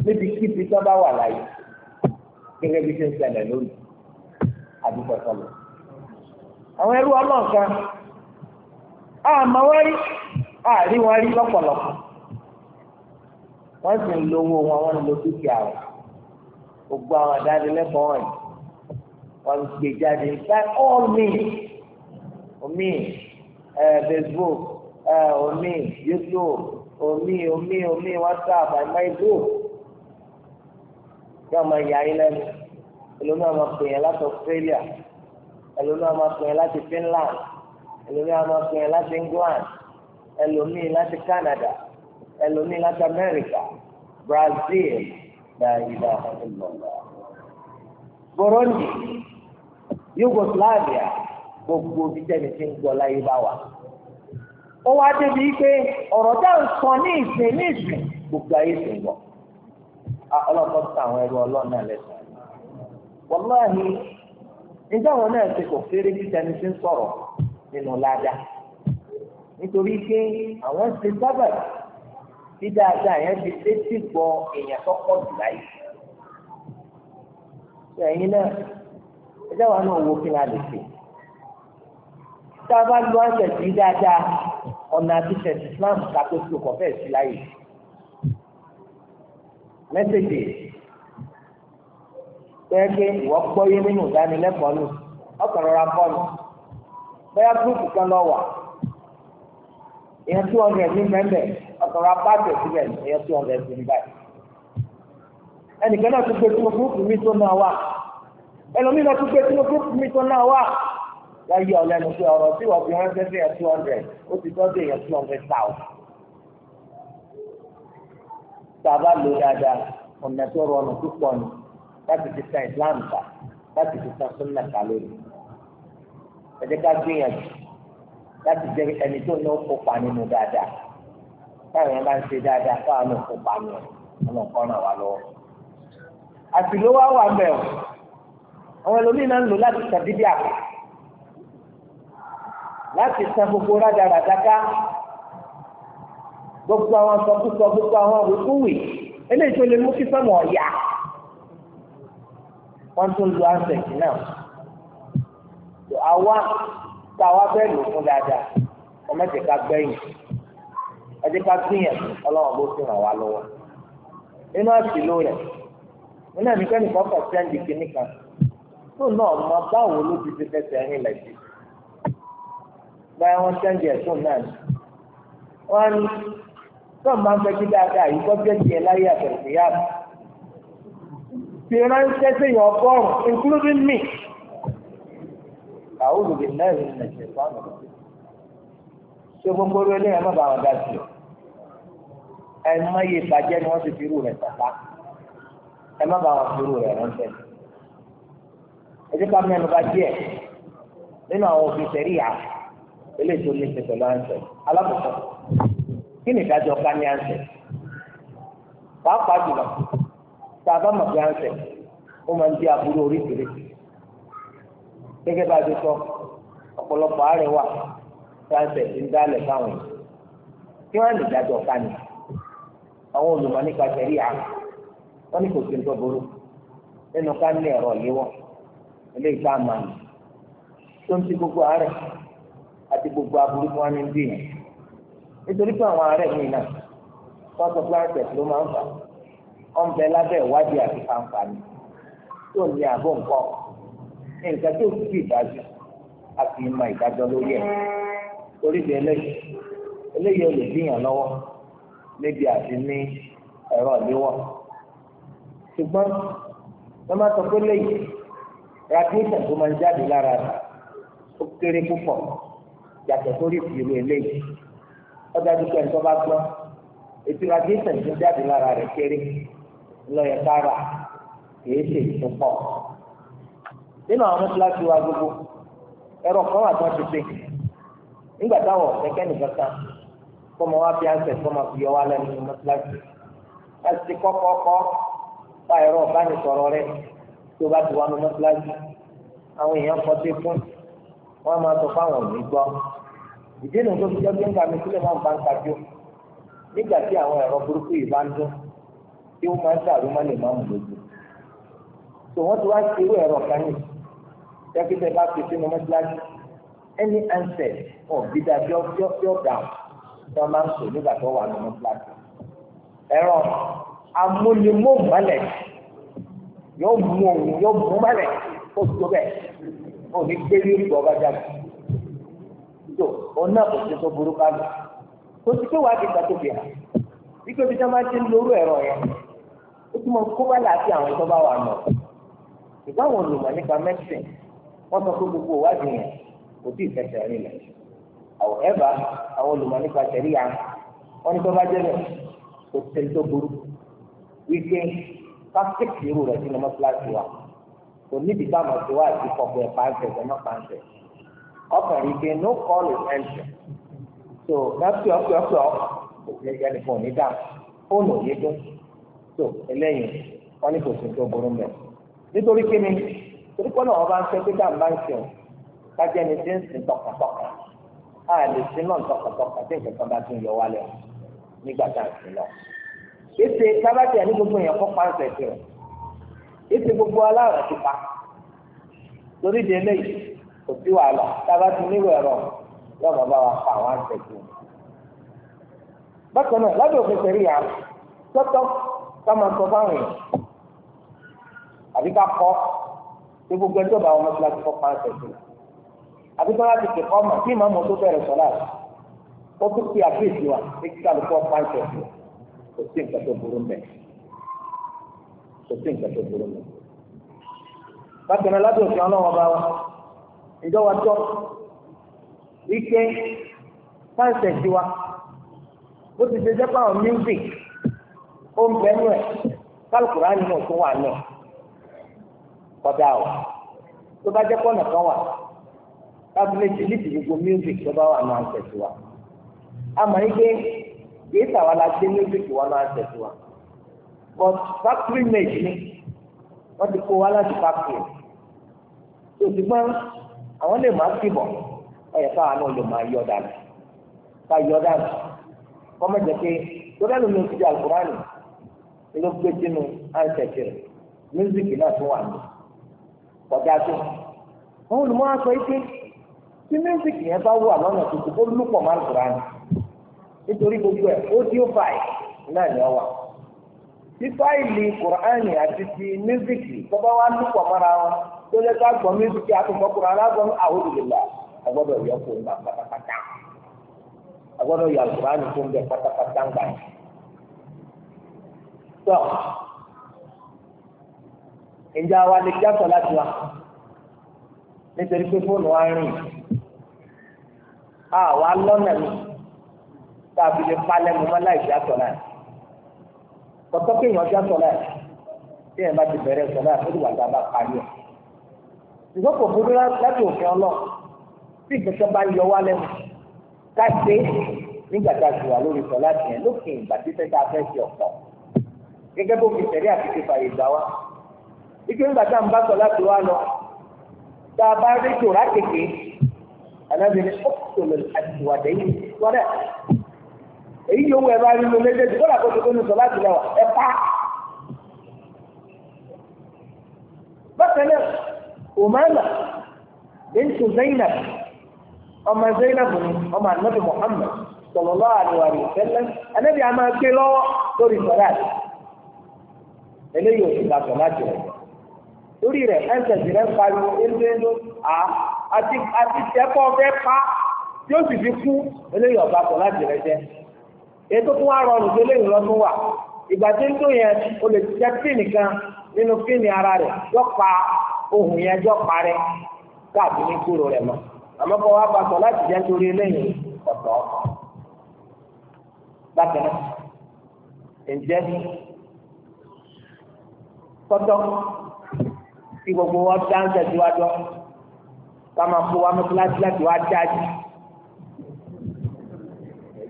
níbi kí ibi tó bá wà láyé gẹ́gẹ́ bí ṣe ń ṣẹlẹ̀ lónìí àdúgbò sọlọ. àwọn ẹrú ọlọ́run kan àmọ́ wọ́n rí àrí wọn rí lọ́pọ̀lọpọ̀ wọ́n sì ń lo owó wọn wọ́n ń lo dúkìá wọn gbogbo àwọn àdánilẹ́kọ̀ọ́ wọn wọ́n gbé jáde by all means me facebook omi youtube omi omi omi whatsapp àìmọye group ní ọmọ ìyá yín lẹ́nu ẹlòmíà máa pè yẹn láti australia ẹlòmíà máa pè yẹn láti finland ẹlòmíà máa pè yẹn láti england ẹlòmíì láti canada ẹlòmíì láti america brazil nàìjíríà ìlọlọ burundi yugoslavia gbogbo bí tẹ́lẹ̀ ti ń gbọ́ láyé bá wà. ó wá débi pé ọ̀rọ̀ tá à ń sọ ní ìsìn ní ìsìn gbogbo ayé sì ń gbọ́. ọlọ́kọ́ ti àwọn ẹrú ọlọ́run náà lẹ́sìn. wàláhì nígbà wọn náà ti kò kéré bí tẹni ti ń sọ̀rọ̀ nínú ládàá. nítorí pé àwọn ti sábà bí dáadáa yẹn ti dé sí gbọ́ èèyàn tó pọ̀ jù láyé. ẹ̀yin náà ẹjẹ́ wa náà wo kí n a lè ṣe tá a bá lu àṣẹ sí dáadáa ọ̀nà àti ṣẹ̀sì Islam kàtó tó kọ̀ fẹ́ẹ̀ sí láyè. mẹ́sẹ̀gì bẹ́ẹ̀ pé ìwọ gbọ́yé nínú ìdánilẹ́kọ̀ọ́ nù ọkàn rọra bọ́ nù bẹ́ẹ̀ gúrúùpù kan lọ wà èèyàn tí wọ́n rẹ̀ ní mẹ́mẹ́ ọkàn rọra bá tẹ̀ síbẹ̀ èèyàn tí wọ́n rẹ̀ sí ní báyìí. ẹnìkan náà tún gbé sínú gúrúùpù mi tó náà wà ẹlòmíràn tún gbé sínú gúrúùpù mi tó náà wà wọ́n yí ọ lẹ́nu pé ọ̀rọ̀ tí wọ́n fi ránṣẹ́ sí ẹ̀ two hundred ó ti tọ́jú èèyàn two hundred thousand. Tàbá lò dáadáa, ọ̀nà tó rọrùn púpọ̀ ni láti fi san Islam ta, láti fi san Súnà ta lónìí. Ẹ ká gbìyànjú láti jẹ́ ẹni tó ní kópa nínú dáadáa. Táwọn yẹn bá ń ṣe dáadáa káwọn náà kópa nù ọ̀nà kan náà wà lọ́wọ́. Àtìlówá wà mẹ́ọ̀, àwọn ẹlòmíràn ń lò láti sàdídì àpò láti san gbogbo rádaràdáká gbogbo àwọn sọkúsọ gbogbo àwọn wíkúwì eléyìí tó lè mú kí sọmọ ọyà wọn tún lu ansẹtì náà àwa táwa bẹ́ẹ̀ lò fún dáadáa ọmọ ìjẹka gbẹ̀yìn ẹjẹka gbìyànjú Ọlọ́run ló fi ràn wá lọ́wọ́ nínú àtìló rẹ nínú ẹnikẹ́ni kọ́kọ́ sẹ́ńdì kìnnìkan tó náà mọ báwo ló ti ti fẹsẹ̀ ẹ̀rin lẹ̀ báyà wọ́n ṣẹ́ǹjì ẹ̀sùn náà ni. wọ́n á ní sọ́ọ̀ máa ń fẹ́ kí dáadáa yìí kọ́ jẹ́ tiẹ̀ láyé àbẹ̀rẹ̀ ìyá mi. fi ránṣẹ́ séèyàn ọgọ́rùn-ún including me. àwọn olùdè náà ní nàìjíríà fáwọn ọ̀dọ́. ṣé gbogbo orí ẹlẹ́yìn má bàa wọn dá sí ọ. àìmọye ìbàjẹ́ ni wọ́n ti fi irú rẹ̀ sàpá. ẹ má bàa wọn fi irú rẹ̀ ránṣẹ́. ẹ jẹ́ ká mẹ́nu bà díẹ̀ nínú àwọn òfin ṣẹ̀ríyà eléyìí tó ní ṣe pẹ̀lú àǹsẹ̀ alákọ̀ọ́kọ́ kí ni ìdájọ́ ká ní àǹsẹ̀ pàápàá jùlọ tá a bá mọ̀ pé àǹsẹ̀ ó máa ń di aburú oríṣiríṣi gẹ́gẹ́ bá a ti sọ ọ̀pọ̀lọpọ̀ àárẹ̀ wà sáńsẹ̀ ti ń dálẹ̀ fáwọn yìí kí wọ́n lè dájọ́ ká ní àwọn olùmọ̀ nípa tẹ̀lé àná wọ́n ní kò sí nǹkan burú nínú ká ní ẹ̀rọ ìléwọ́ eléyìí tá a máa ní tó ń ti gbogbo àárẹ̀ àti gbogbo aburú tí wọ́n ní bí yẹn nítorí pé àwọn ààrẹ mi náà wọ́n sọ pé àìsàn ló máa ń fà wọ́n bẹ lábẹ́ ìwádìí àti fanfani tó ní àbọ̀ nǹkan ní nǹkan tó kú sí ìdájọ́ àti ìmọ̀ ìdájọ́ lórí ẹ̀ torí bí eléyìí eléyìí ò lè díyàn lọ́wọ́ níbi àti ní ẹ̀rọ ìléwọ́ ṣùgbọ́n wọ́n máa sọ pé léyìí radiation tó máa ń jáde lára rẹ̀ ó kéré púpọ̀ yàtọ̀ sórí ìfìrú eléyìí ọjà dúpẹ́ ní tọ́ba gbọ́ ètò radiation tó jáde lára rẹ̀ kéré lọ́yẹ̀ kára kìí ṣe ìtúpọ̀ nínú àwọn mọ́tíláṣí wa gbogbo ẹ̀rọ kan wà tó ti pè nígbà táwọn kẹ̀kẹ́ nìkan kan kọ́mọ wa fi ànsẹ̀ kọ́mọ fi yọ wa lẹ́nu mọ́tíláṣí láti ti kọ́kọ́ kọ́ fa ẹ̀rọ ọ̀bánisọ̀rọ̀ rẹ̀ tó bá ti wà ní mọ́tíláṣí àwọn èèyàn kọ́ sí fún un wọ́n máa sọ fáwọn òní gbọ́ ìdí nu tó fi jẹ́ pé ń gbàmí sílẹ̀ máa ń bá ń tajú nígbà tí àwọn ẹ̀rọ burúkú yìí bá ń dún tí wọ́n máa ń dàrú má lè máa ń lòdì tó wọ́n ti wá sí irú ẹ̀rọ kan yìí dókítà bá fi sínú mọ́tíláṣí ẹni ànsẹ̀ ọ̀ dídá bí ọ́ dà tí wọ́n máa ń sọ nígbà tó wà ní mọ́tíláṣí ẹ̀rọ amúnimóhùnmálẹ̀ yóò mú òun yóò mú málẹ̀ kó tó bẹ́ẹ̀ wọn ò ní gbé lórí bọ̀ ọba jáde tó òun náà kò ṣe tó burú kálù kò sí pé wàá di ìgbà tó fi hàn wípé bí sábà ti ń lo orú ẹ̀rọ yẹn ó túmọ̀ kó bá láti àwọn tó bá wà nù ìbáwọn olùmọ̀ nípa mẹ́sìn wọ́n sọ pé gbogbo ìwádìí yẹn kò tí ì fẹsẹ̀ rìn lẹ̀ àwọn ẹ̀bà àwọn olùmọ̀ nípa ṣẹ̀ríyà wọ́n ní tó jẹ́ bẹ̀ kò sí tó burú wípé pásítì irú rẹ̀ sínú mọ́ṣáláṣí wa kò níbi táwọn ti wá àti kọ̀ọ̀kọ̀ ẹ̀ pàǹtẹ̀ ẹ̀ náà ọkùnrin pé no call is entry so lọ́pẹ́ ọ̀pẹ́ ọ̀pẹ́ ọ̀pẹ́ ẹni fún òní dáhùn fóònù òye dún so eléyìí wọ́n ní kò sí tó burú mẹ́ nítorí kí ni torí pé náà wọ́n bá ń fẹ́ pé dáhùn bá ń sìn kájẹ́ ni tí ń sìn tọkàntọkàn á lè sin náà tọkàntọkàn tí nǹkan kan bá tún yọ wálẹ̀ nígbà tá à ń sìn náà. kéṣe tábàtì àní gbogbo èèyàn kọ́ pàǹtẹ̀ sí ètò gbogbo aláàrẹ ti pa lórí ìdí eléyìí kò sí wàhálà tábà ti nílò ẹ̀rọ yóò máa bá wa pa àwọn àǹtẹ̀kù. bákan náà lábẹ́ òfin pẹ̀lú ìyá tọ́tọ́ ká máa sọ fáwọn èèyàn àbí ká kọ́ pé gbogbo ẹjọ́ bá wọn mọ́tíláṣí fọ́ pa àǹtẹ̀kù. àbí tó láti kẹ̀kọ́ mà kí màmú tó bẹ̀rẹ̀ sọ́lá ó tún fi àfíìsì wa pé kí kálukú ọ̀pá àǹtẹ̀kù kò sí nǹkan tó burú mẹ́rin. kò sí nǹkan tó bákan náà lábẹ́ òfin ọlọ́wọ́ bá wa ǹjọ́ wa wa bó ti ṣe jẹ́ pé àwọn music ó ń bẹ nù ẹ̀ kálukùrá ni mo tún wà nù kọjá o tó bá jẹ́ wà music tó bá wà wa. a mọ̀ la gbé music wa nù but factory made ni wọ́n ti kó wa láti factory tó ṣùgbọ́n àwọn lè máa kíbọ̀ ọ̀yẹ̀ káwọn náà lè máa yọ dànù ká yọ dànù kọ́mọ̀jọ pé tó dánù mi ti di alukurani ló gbé sínú ansẹ̀tì rẹ̀ mísíkì náà tún wà ní kọjá tó wọn ò ní wọn aṣọ ike tí mísíkì yẹn bá wù àwọn ọ̀nà tuntun ó lù pọ̀ mọ́ alukurani nítorí gbogbo ẹ̀ ó dí ó báyìí náà ni ọ wà tí fáìlì kùránì àti ti mísíkì tó bá wá lùpọ̀ mọ́ra wọn tó lè ká gbọ́ mísíkì àtúntò kùránì alágbọ́n àwòdìlélà agbọ́dọ̀ yọ kó ńlá pátápátá agbọ́dọ̀ yọ kùránì tó ń bẹ pátápátá ńgbà yìí. tọ́ ìjà wa lè jásọ láti wa nítorí pé fóònù wa rìn àwa lọ́nà mi tàbí lè palẹ̀ mọ́ láì jásọ láti kọ̀tọ́ pé ìwọ̀n já sọ̀lá ẹ̀ tí ẹ̀ bá ti bẹ̀rẹ̀ sọ̀lá ẹ̀ lórí wàdà bá parí ẹ̀. ṣùgbọ́n kò burú láti òfin ọlọ́run tí ìgbésẹ̀ bá yọ wá lẹ́nu ká ṣe nígbà tá a sì wà lórí sọ̀lá tiẹ̀ lókè ìgbà títẹ́ tá a fẹ́ ṣe ọ̀pọ̀ gẹ́gẹ́ bó fi tẹ̀lé àti fàyè gbà wá. ike ńgbà tá à ń bá sọ̀lá ti wá lọ tá a bá rí tòrá kékeré àná èyí yóò wọ ẹ̀rọ arínú méjèèjì kọ́lá kó tuntun sọ láti lọ bákan náà bintu Zainab ọmọ Zainab ni ọmọ anabi Muhammad anabi a máa gbé lórí sọ̀rọ̀ eléyìí òsì gbàgbọ́ láti rẹ̀ lórí rẹ̀ ẹ̀ńsẹ̀sì rẹ̀ pariwo ẹ̀ńdẹ́nu à àti àti tẹ́kọ̀ọ́ fẹ́ pa yóò sì fi kú eléyìí láti ètò tó wá rọrùn tó lè lọ tó wà ìgbà tí ń tó yẹn o lè jẹ píìnì kan nínú píìnì ara rẹ̀ yọ pa ohun yẹn jọ parẹ́ káàbí ní kúrò rẹ̀ mọ́ àmọ́ kọ́ wá pàtó láti jẹ́ torí eléyìí ọ̀tọ̀ bákan náà ǹjẹ́ kọ́tọ́ kí gbogbo wọn dáńtẹ̀ síwájú ká máa kó wa mọ́tíláṣí láti wá dájú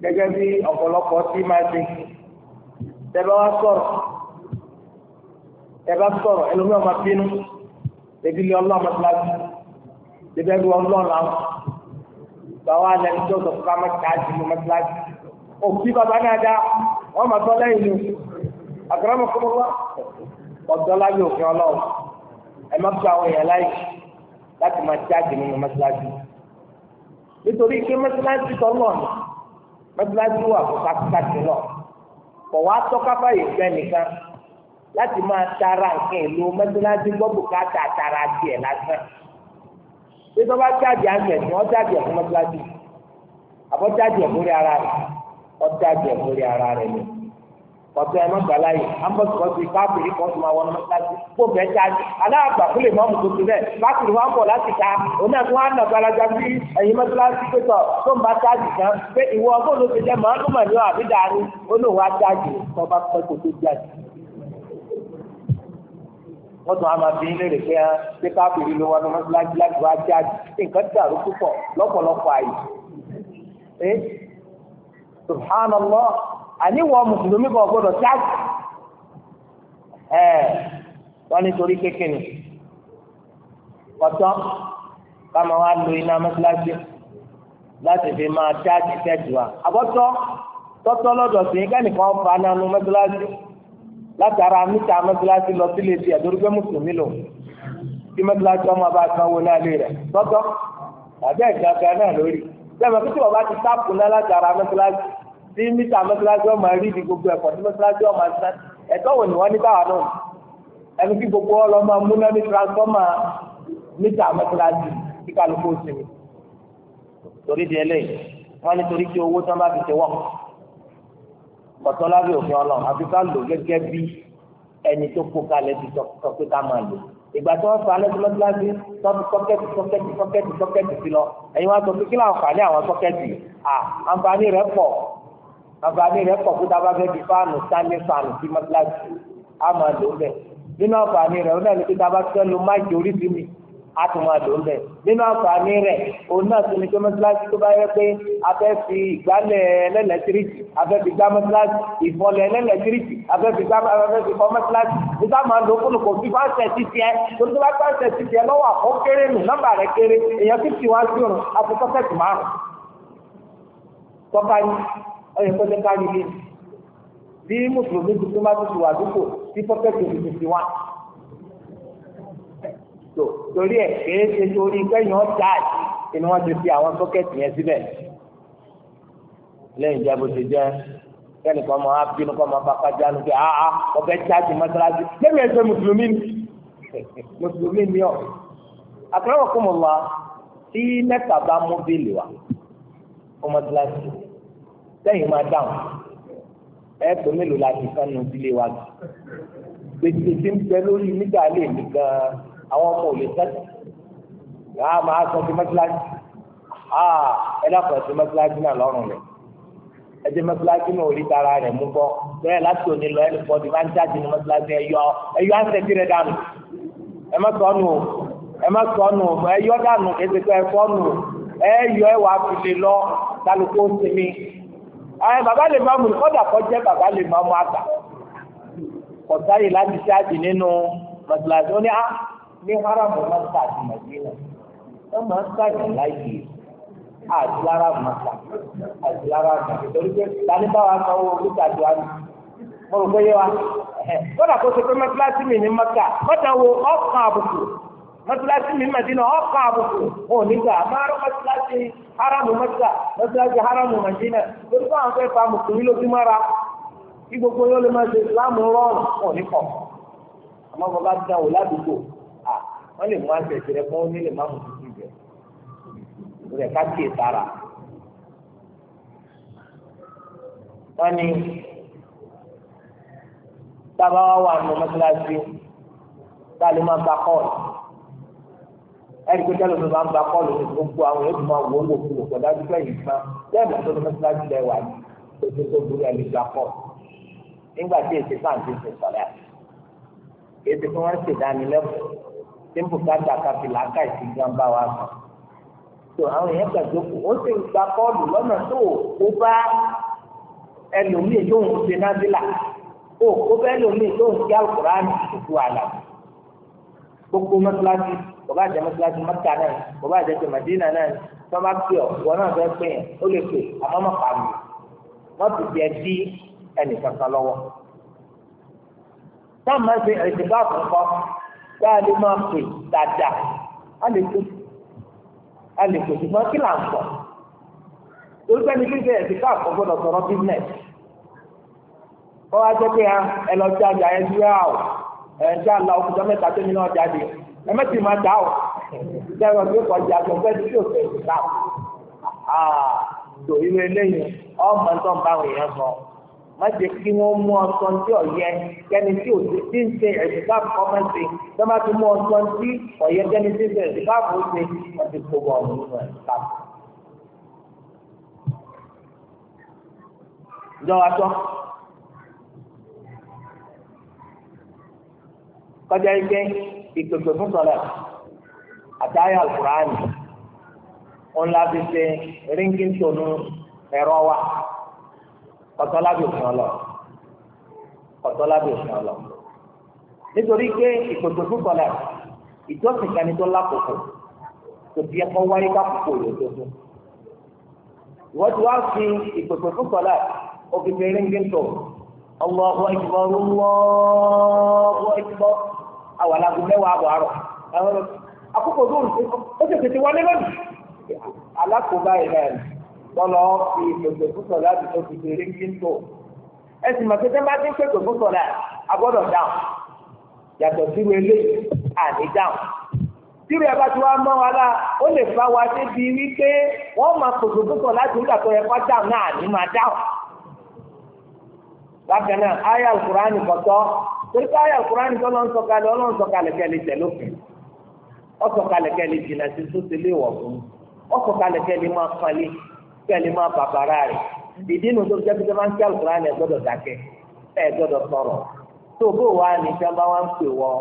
gẹ́gẹ́ bí ọ̀pọ̀lọpọ̀ tí máa ṣe tẹ́bá wá sọ̀rọ̀ tẹ́bá sọ̀rọ̀ ẹlòmíràn máa bínú ebi lé ọlọ́run máa ti ebi ẹgbẹ́ ọlọ́run làwọn bàwa lẹni tó sọ fún kámẹ́ káàdì ní mẹ́tíláàdì òbí bàbá náà dá wọ́n máa tọ́ lẹ́yìn ní àgbàràmọ̀ kọ́mọ́ wá ọ̀dọ́ láyé òfin ọlọ́run ẹ má fi àwọn èèyàn láyè láti máa jáde nínú mẹ́tíláàdì nítorí pé mẹ́tíláàdì tọ́lọ́ọ̀nù mọ́tíláṣí wà fún pátákì náà kọ̀ wá tọ́ka báyìí fẹ́ nìkan láti máa tara nǹkan ịlụ mọ́tíláṣí gbọ́bù ká tara tiẹ̀ lásán bí wọ́n bá jáde àgbẹ̀ tí wọ́n jáde fún àbọ̀ jáde ara rẹ̀ jáde ara rẹ̀ kọtẹ ẹ mọgbà láyè ambọsikọsi káfíìrì kan tó máa wọ ọmọ kíláàsì kó bẹ́ẹ̀ jáde aláàgbà kúlè mọmù tó ti bẹ́ẹ̀ káfíìrì wọn bọ láti ta oní ẹkún wọn nà gbalaja bí ẹyin mọtíláàsì pẹtọ tó ń bá jáde kan pé ìwọ ọgbọn ló ti jẹ mọ ọdún mọlẹ àbí dàrú olóòwò ajáde tọba pẹtọ tó jáde. wọ́n tún á máa bí léèrè pé ẹ pé káfíìrì ló wọ ọmọ láti eh? subhanallah àníwọ̀ mùsùlùmí kan gbọ́dọ̀ ṣáàjì ẹ̀ wọ́n nítorí kékeré kọ́tọ́ káma wá lo iná mọ́sálásí láti fi máa ṣáàjì ṣẹ́jù wa àbọ̀tọ́ tọ́tọ́ lọ́dọ̀ sí kẹ́nìkan fa nánú mọ́sálásí látara mítà mọ́sálásí lọ sílé tiẹ̀ torí pé mùsùlùmí lò tí mọ́sálásí ọmọ bá sanwó náà lé rẹ̀ tọ́tọ́ tàbí ẹ̀gbọ́n kan náà lórí sẹ́mi kí tí wọ́n bá ti sáàpù náà látara mọ́sálásí tí mítà mọ́sálásí ọmọ rí di gbogbo ẹ̀kọ́ tí mọ́sálásí ọmọ ṣá ẹ̀tọ́ wò ni wọ́n ní báwa náà ẹnu kí gbogbo ọlọ́mọ múná ní transfọ́mà mítà mọ́sálásí kí kálukú ó sinmi torí di ẹlẹ́yìn wọ́n ní torí kí owó tán bá fi ṣe wọ́n kọ̀tọ́ lábẹ́ òfin ọlọ́run àfi ká lò gẹ́gẹ́ bí ẹni tó kó kalẹ̀ ti sọ pé ká máa lò ìgbà tí wọ́n fa alẹ́ tí mọ́tíláṣí tọ́tù sọ́kẹ́tì sọ́kẹ́tì sọ́kẹ́tì sọ́kẹ́tì sí lọ ẹ̀yin wá sọ pé kí láǹfààní àwọn sọ́kẹ́tì à àǹfààní rẹ̀ pọ̀ àǹfààní rẹ̀ pọ̀ kó dábàá fẹ́ di fáànù sálẹ̀ fáànù sí mọ́tíláṣí á máa lò ó bẹ̀ nínú àǹfààní rẹ̀ òun náà ní kí dábàá fẹ́ lo máìkì oríṣi mi á tún máa lò ó bẹ̀ nínú àǹfààní rẹ̀ òun náà tún ní pé mọ́tíláṣí tó bá yẹ pé a fẹ́ fi ìgbálẹ̀ ẹlẹ́lẹ́tíríkì a fẹ́ fi gbá mọ́tíláṣí ìfọlẹ̀ ẹlẹ́lẹ́tíríkì a fẹ́ fi gbá mọ́tíláṣí ní ọyẹ kọjá kárí lé bí mùsùlùmí tuntun bá tuntun wà dúpọ̀ tí pọ́kẹ́tì òbí tuntun wá. torí ẹ̀ kéé ṣe torí kẹ́yìn ọ̀tá àti ni wọ́n ti fi àwọn sọ́kẹ́tì yẹn síbẹ̀ lẹ́yìn ìjà bó ṣe jẹ́ kẹ́nìkan máa bínú kọ́ máa bá kájá nu pé áá ọbẹ̀ jáde mọ́sálásí lẹ́yìn ẹ̀ṣẹ̀ mùsùlùmí ni mùsùlùmí ni ọ̀ àkàrà wọ̀ kọ́ mọ̀ wá tí mẹ́ta bá mú bíìlì wa ọmọdé láti sẹ́yìn máa dáhùn ẹ̀ẹ́dọ̀ mélòó la ti sánú ilé wa jù gbèsè tí ń bẹ lórí nígbà lè mi gan àwọn ọmọ ò lè sẹ́sì yàrá máa sọ ti mọ́tíláṣí aa ẹ dàpọ̀ sí mọ́tíláṣí náà lọ́rùn rẹ̀ ẹ jẹ́ mọ́tíláṣí náà orí tara rẹ̀ mú bọ́ bẹ́ẹ̀ láti òní lọ ẹnì kan ti máa ń jáde ní mọ́tíláṣí ẹ̀yọ ẹ̀yọ àǹsẹ̀tì rẹ̀ dànù ẹ má sọ nù ẹ má sọ nù ẹ̀yọ dànù kẹsẹ̀ kẹ́ ẹ fọ́ ẹ̀wà fi lọ kálukú sinmi àwọn bàbá lè máa mú kọ́dà kọ́ jẹ́ bàbá lè máa mú àgbà kọ̀dáyè láti ṣáàjì nínú mọ̀tìláṣí ó ní á ah, ní haramu máa ń ṣáàjì màdínà wọ́n máa ń ṣáàjì láàyè àti lára màtà àti lára màtà torí pé tani bá wa sanwó lítà tó a ní mo rò pé yé wa kọ́dà kó ṣe pé mọ̀tìláṣí mi ní mọ́tà mọ́tà wo ọ̀kan àbùkù mọ́tíláṣí mi Mẹdínà ọkọ̀ àbùkù ò nígbà máa rọ mọ́tíláṣí haramu Mẹ́kà mọ́tíláṣí haramu Mẹdínà torí báwọn fẹ́ fa mùsùlùmí lójú mọ́ra kí gbogbo yóò lè máa ṣe ìsìláàmù rọrùn ò ní kọ̀ àmọ́ bàbá dá wò ládùúgbò à wọ́n lè mú àṣẹ ìṣẹ̀lẹ̀ kan ó nílè má mú tuntun jẹ rẹ̀ ká kí ìtara wọ́n ní tábà wà nù mọ́tíláṣí tá a lè máa ẹni pé tẹ́lẹ̀ mi máa ń gba kọ́ọ̀lù ní gbogbo àwọn yóò máa wò ó wò fún òkò dájú pé yìí máa lẹ́ẹ̀mọ́ tó ní mẹ́tíláṣí lẹ́ wà ní ojú tó burú ẹni gba kọ́ọ̀lù nígbà tí èsì fáà ti ṣe sọ̀rọ̀ àti èsì tí wọ́n ń ṣèdánilẹ́kọ̀ọ́ tí ń bùkátà káfí làákà ìsìnkú bá wa sàn. tó àwọn èèyàn gbàgbé kù ó sì ń gba kọ́ọ̀lù lọ́nà tó O bá ẹlòmíì tó ń ṣe nábìlà ó kó bá ẹlòmíì tó ń ṣe àlùkùránì kò bá jẹ́ mọ́sálásí mọ́tà náà kò bá jẹ́ tòmàdínà náà tó bá pè ọ́ wọn náà fẹ́ pè yẹn ó lè pè àmọ́ mọ́ pa mi wọ́n ti jẹ́ dí ẹnì kankan lọ́wọ́. táwọn máa ń ṣe ìrìnsìnká àkọ́kọ́ tá a lè máa pè dáadáa a lè pè a lè pè ṣùgbọ́n kí là ń sọ torí pẹ́ni kí n ṣe ìrìnsìnká àkọ́kọ́ lọ sọ̀rọ̀ bísínẹ̀sì kọ́ wá jẹ́ pé ẹ lọ sí àjà ẹ ẹ̀mẹ́tì máa dà ó lẹ́wọ̀n tó kọjá tó fẹ́ tí yóò fẹ́ ìgbà ó tó irú eléyìí ọmọ tó ń bá àwọn èèyàn sọ má kí wọ́n mú ọsọ tí ọ̀yẹ́ kẹ́ni tí ò ti ti ń ṣe ẹ̀dùnká kọ́ máa ṣe tó ti mú ọsọ tí ọ̀yẹ́ kẹ́ni tí ń ṣe ẹ̀dùnká kọ́ ṣe wọ́n ti kó bọ̀ nínú kọjá ike ìpèpè fún sọlá àtàyà alukuraani òun la fi ṣe ríngì tonu ẹ̀rọ wa ọ̀tọ́lá bí òfin ọlọ ọ̀tọ́lá bí òfin ọlọ nítorí pé ìpèpè fún sọlá ìjọsìn kan ní tó lákòókò kò sí ẹ̀kọ́ wáyé kákòókò rẹ̀ tó fún wọ́n ti wá fi ìpèpè fún sọlá òfin ríngì tó Allahu akbar Allahu akbar. àwọn alágbó mẹ́wàá àbọ̀ àrọ̀ àkókò tó ó tètè wọlé lónìí alákòóbá ìlà lọ́lọ́ fi gbèsè fún láti tó fi ní tó mọ̀ ti ń dáhùn yàtọ̀ sí wẹlé àní dáhùn wa ó lè fa wa débi wípé máa láti dáhùn náà àní máa dáhùn torí pé kúránì tó lọ́n sọ̀kalẹ̀ ọlọ́n sọ̀kalẹ̀ kẹ́lẹ́ tẹ̀lófin ọ̀sọ̀kalẹ̀ kẹ́lẹ́ jìnnà sí tó ti léwọ̀ fún ọ̀sọ̀kalẹ̀ kẹ́lẹ́ máa falẹ̀ kẹ́lẹ́ máa bàbàrà rẹ̀ ìdí tó jẹ́ pé máa ń kí àlùkùránì ẹ̀ gbọ́dọ̀ dákẹ́ sọ̀rọ̀ tó bó wa ni sábà ń pè wọ́